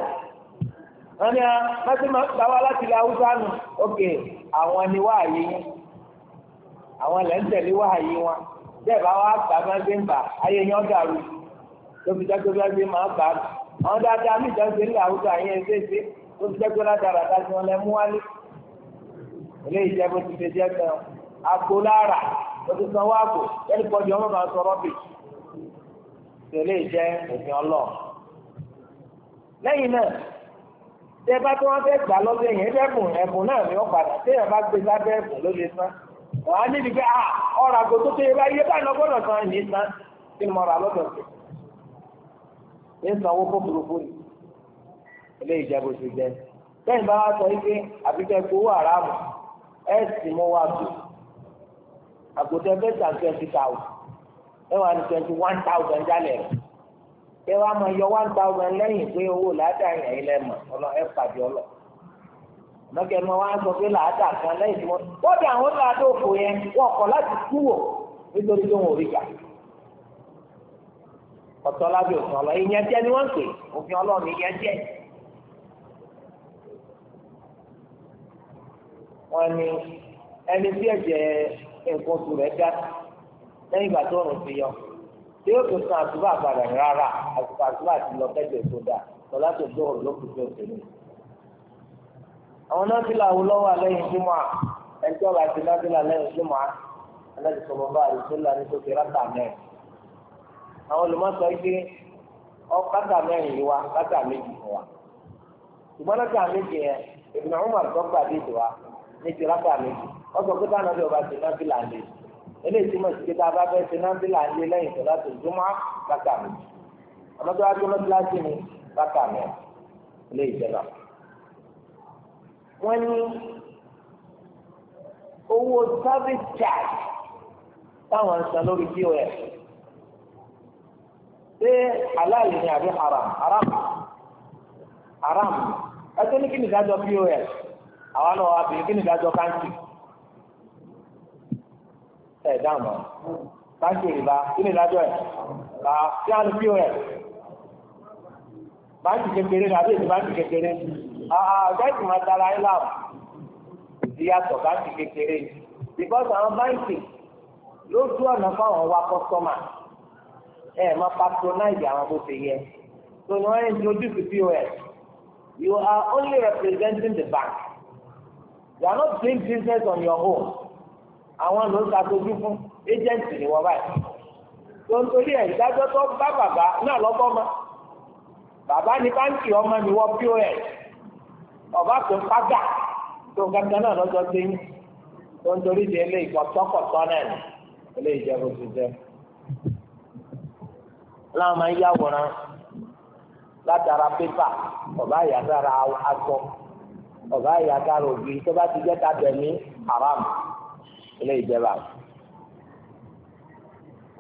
ah, máa ń láti ilẹ̀ haúsá nù ókè àwọn ni yín bẹ́ẹ̀ bá wá gbà máa ń gbé ń bà ayé yẹn dàrú lóbi dájú bá gbé máa bà á àwọn dáadáa mí ìdájọ́ ilé àwùjọ àyẹn ẹgbẹ́ ṣe lóbi dájú ládàrá dájú wọn lẹ mú wálé ilé ìjẹbù ti fi jẹ tán àgbo lára lóbi sanwó àgbo ẹni pọ̀jù ọmọ máa sọ rọ́bì ilé ìjẹ òfin ọlọ́ lẹ́yìn náà tẹ bá tí wọ́n fẹ́ gbà lọ́dọ̀ èèyàn ẹ̀bùn ẹ̀bùn náà ni wọ́n padà téèyàn bá gbé wàá níbi pé à ah, ọ̀rọ̀ àgbo tó tẹ ibà iye báyìí lọ́gbọ́dọ̀ san ní san kí ni mo rà lọ́dọ̀ sí ní sanwó fófurufú ni ilé ìjẹ́bù ti jẹ́ bẹ́ẹ̀ bá sọ wípé àbíkẹ́ kó ẹ̀ sì mú twenty thousand ẹ wà ní twenty one thousand jálẹ̀ rẹ̀ ẹ máa yọ one lọ́kẹ́ mọ́ wá ń sọ pé làádà kan lẹ́yìn tí wọ́n wọ́n bí àwọn làádà òfò yẹn wọ́n kọ̀ láti kú wò nítorí tó wọn ò rí gbà. ọ̀tọ̀ lábẹ́ òfin ọlọ́ ìyẹn jẹ́ ni wọ́n ń pè òfin ọlọ́run ìyẹn jẹ́. wọ́n ní ẹni tí ẹ̀jẹ̀ nǹkan oṣù rẹ̀ dá lẹ́yìn ìgbà tó rùn sí yọ tí yóò tó san àtúbà padà rárá àtúbà àtúbà ti lọ kẹ́jọ tó tọ́lá tó dóòrò lókùn tó tẹ̀lé. àwọn nọ́ọ̀sìlà wo lọ́wọ́ àlẹ́yìn jùmọ̀ à ẹjọ́ bá ti nọ́ọ̀sìlà lẹ́yìn jùmọ̀ à alẹ́yìn sọ̀rọ̀ bá àlùsílà ní sókè rákà mẹ́rin àwọn olùmọ̀sọ ike ọ̀kadà mẹ́rin yìí wa kàtà méjì wa yẹn àgbọ̀gbà wa ní ti rákà méjì pé táwọn ti lé eléyìí tí mo a wọ́n ní owó service charge táwọn ń san lórí pos ṣé aláàlú ni àbí haram haram haram ẹjọ́ ní kí ni ìdájọ́ pos àwọn náà wà bìí kí ni ìdájọ́ káńtì ẹ̀ dáhùn mọ́ káńtì ìrìbá kí ni ìdájọ́ ẹ̀ bá sí àlù pos báńkì kékeré ni àbí èdè báńkì kékeré ni àgbẹ̀tì máa tara ẹ̀ láwù ti yàtọ̀ báńkì kékeré because àwọn báńkì lójú ọ̀nà fáwọn wa kọ́sọ́mà ẹ̀ máa patronize àwọn bó ṣe yẹ so ni wọ́n introduce POS you are only representing the bank you are not doing business on your own àwọn ló ń ṣàtọ́jú fún agent ni wọ́n báyìí tó ń torí ẹ̀ ìdájọ́ tó bá bàbá náà lọ́gbọ́n ma bàbá ní báńkì ọmọ ni wọ́n POS ọba tó fájà tó gàdá náà lọ́jọ́ pé ó ń torí di eléyìí kọ̀tọ́kọ̀tọ́ náà ni eléyìí jẹ́ bó ti jẹ́. láwọn máa ń yàwòrán látara pépà ọba àyàdára aṣọ ọba àyàdára òbí tó bá ti jẹ́ tàbẹ̀mí haram eléyìí jẹ́ báyìí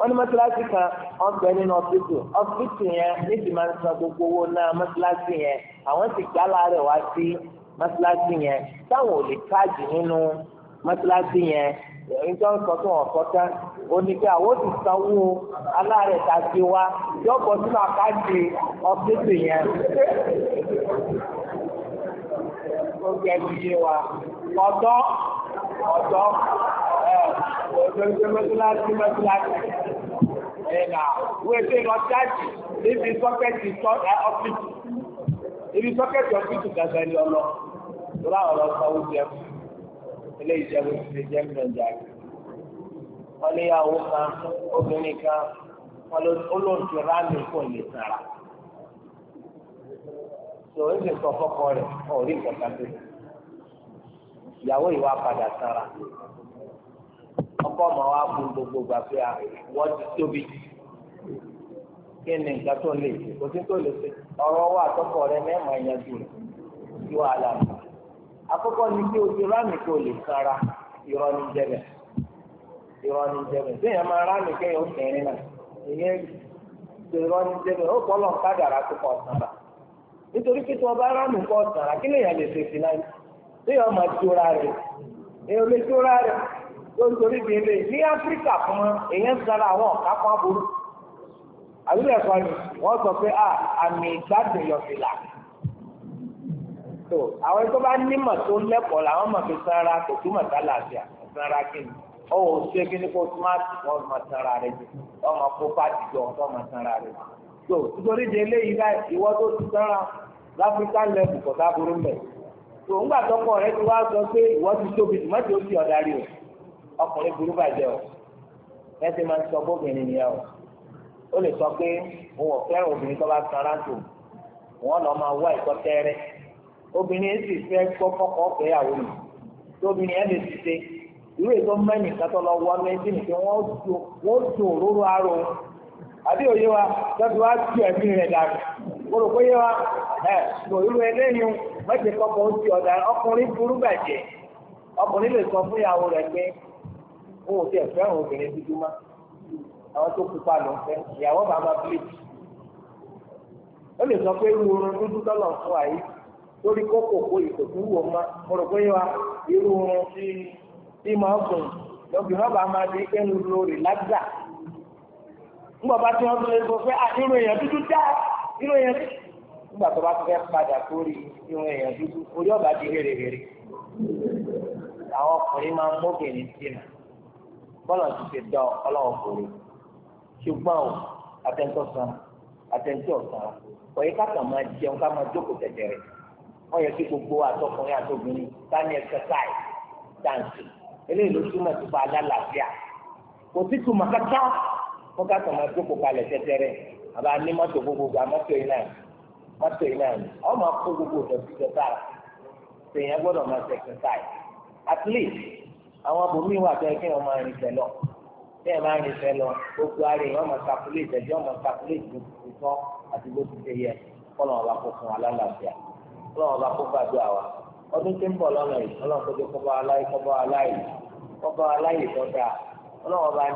wọ́n ní mọ́tíláṣí kan ọ̀gbẹ́ nínú ọ̀fíìsì ọ̀fíìsì yẹn níbi máa ń san gbogbo owó náà mọ́tíláṣí yẹn àwọn sì gbá láàárẹ̀ wá sí mọ́tíláṣí yẹn táwọn ò lè káàdì nínú mọ́tíláṣí yẹn ìjọ ń sọ fún ọ̀sọ́ tán ó ní pé àwọn ti sanwó aláàárẹ̀ tá a ti wá yóò bọ̀ sínú àkáǹtì ọ̀fíìsì yẹn. ó gbẹ́ mi wa ọ̀dọ́ ọ̀dọ́ ọ̀dọ́gbẹ́ mọ́tíláṣí mọ́tíláṣí ẹ̀nà wíwẹ́sẹ̀ lọ ṣáàjì níbi sọ́kẹ́tì ọ́fíìsì níbi sọ́kẹ́tì ọ́fíìsì gàgà ni ọlọ lọ́la ọ̀rọ̀ sanwó jẹ ilé ìjẹun ti ti rámì fún ìlẹ̀ sára tó ń lè sọ fọ́kọ rẹ̀ ọ̀rí tó ìyàwó ìwà padà sára. ọkọ ọmọ wa gbogbo gbà pé ah, wọ́n ti tóbi kí ni nǹkan tó lè ṣe kò sí tó lè ṣe ọ̀rọ̀ wa rẹ mẹ́mọ̀ sí wàhálà mi. ni kí o ti rámì kó lè ní jẹ́bẹ̀ irọ́ bí èèyàn máa rámì kéèyàn ó tẹ̀rín náà ìyẹn ti irọ́ ní ó kọ́ lọ́n kádàrá tó kọ́ sanra nítorí pé tí wọ́n bá rámì kọ́ kí lè ṣe lórítorí bí ilé ní áfíríkà fún èèyàn sára àwọn ọ̀ká kan burú àbílẹ̀ kan ni wọ́n sọ pé à ah, àmì ìgbádùn yọ̀fìlà tó àwọn tó bá nímọ̀ tó lẹ́kọ̀ọ́ làwọn mọ̀ fi sanra kò túmọ̀ tá làásìá sanra kíni ọwọ́ ṣé kíni kó smart wọ́n mọ̀ sanra rẹ̀ jù wọ́n mọ̀ kó pàtì jọ wọ́n mọ̀ sanra rẹ̀ jù tó nítorí di eléyìí bá ìwọ tó ti sanra láfíríkà lẹ́kùn kọ̀ọ̀dá burú mẹ́ tó ńgbà tọkọ rẹ ti wá sọ pé ìwọ ti tóbi tùmọ̀tì ó ti ọ̀darí rẹ̀ ọkùnrin burú bàjẹ́ o ẹsẹ̀ máa ń sọ bóbìnrin o ó lè sọ pé òun obìnrin tó bá sanra tó wọn lọ máa wá ìtọ́ tẹ́rẹ́ obìnrin yẹn sì fẹ́ gbọ́ kọ́kọ́ mi tó obìnrin yẹn lè ti ṣe ìwé tó kátó lọ wọ́n òróró aró àbí òye wa tọ́jú wa ẹ̀mí rẹ̀ yé wa ẹ̀ ó ti ọ̀dà ọkùnrin burú fún òsì ẹ̀fẹ́ àwọn obìnrin dúdú má àwọn tó pupa lọ fẹ́ ìyàwó bàbá bíléèdì ó lè sọ pé irú oorun dúdú tọ́lọ̀ fún àyè lórí kókò kó ìkò má mo rò pé wa irú oorun tí tí bá máa di ẹnu lórí lágbà nígbà bá tí tún lè sọ pé irú èèyàn dúdú dá irú èèyàn nígbà tó bá tún fẹ́ padà sórí irú èèyàn dúdú orí di àwọn ọkùnrin máa bọ́lá ti ṣe dán ọlọ́run kòrè ṣùgbọ́n o àtẹ̀ntọ́ san àtẹ̀ntọ́ san ọ̀yẹ́ káàkiri máa jẹun ká máa jókòó tẹ̀tẹ̀rẹ̀ wọ́n yẹ kí gbogbo àtọkùnrin àtọkùnrin sani ẹ̀sẹ̀sáì dáǹsì eléyìí ló túmọ̀ sí fún alálàáfíà kò sí túmọ̀ kátá wọ́n káàkiri máa jókòó kalẹ̀ tẹ̀tẹ̀rẹ̀ àbá ní mọ́tò gbogbo àmọ́tò yìí náà mọ́tò yìí náà ọmọ akó gbogbo least. àwọn abòmí iwu bẹ́ẹ̀ kí eke máa rìn fẹ́ lọ bẹ́ẹ̀ máa rìn fẹ́ lọ gbogbo ara èèyàn máa calculate ẹ̀jẹ̀ máa calculate bó tán àti bó ti yẹ kọ́nà ọba kó fún alálàáfíà kọ́nà ọba kó ọdún tí ń bọ̀ lọ́nà yìí ọlọ́run tó dé aláì aláì aláì tó dáa ọlọ́run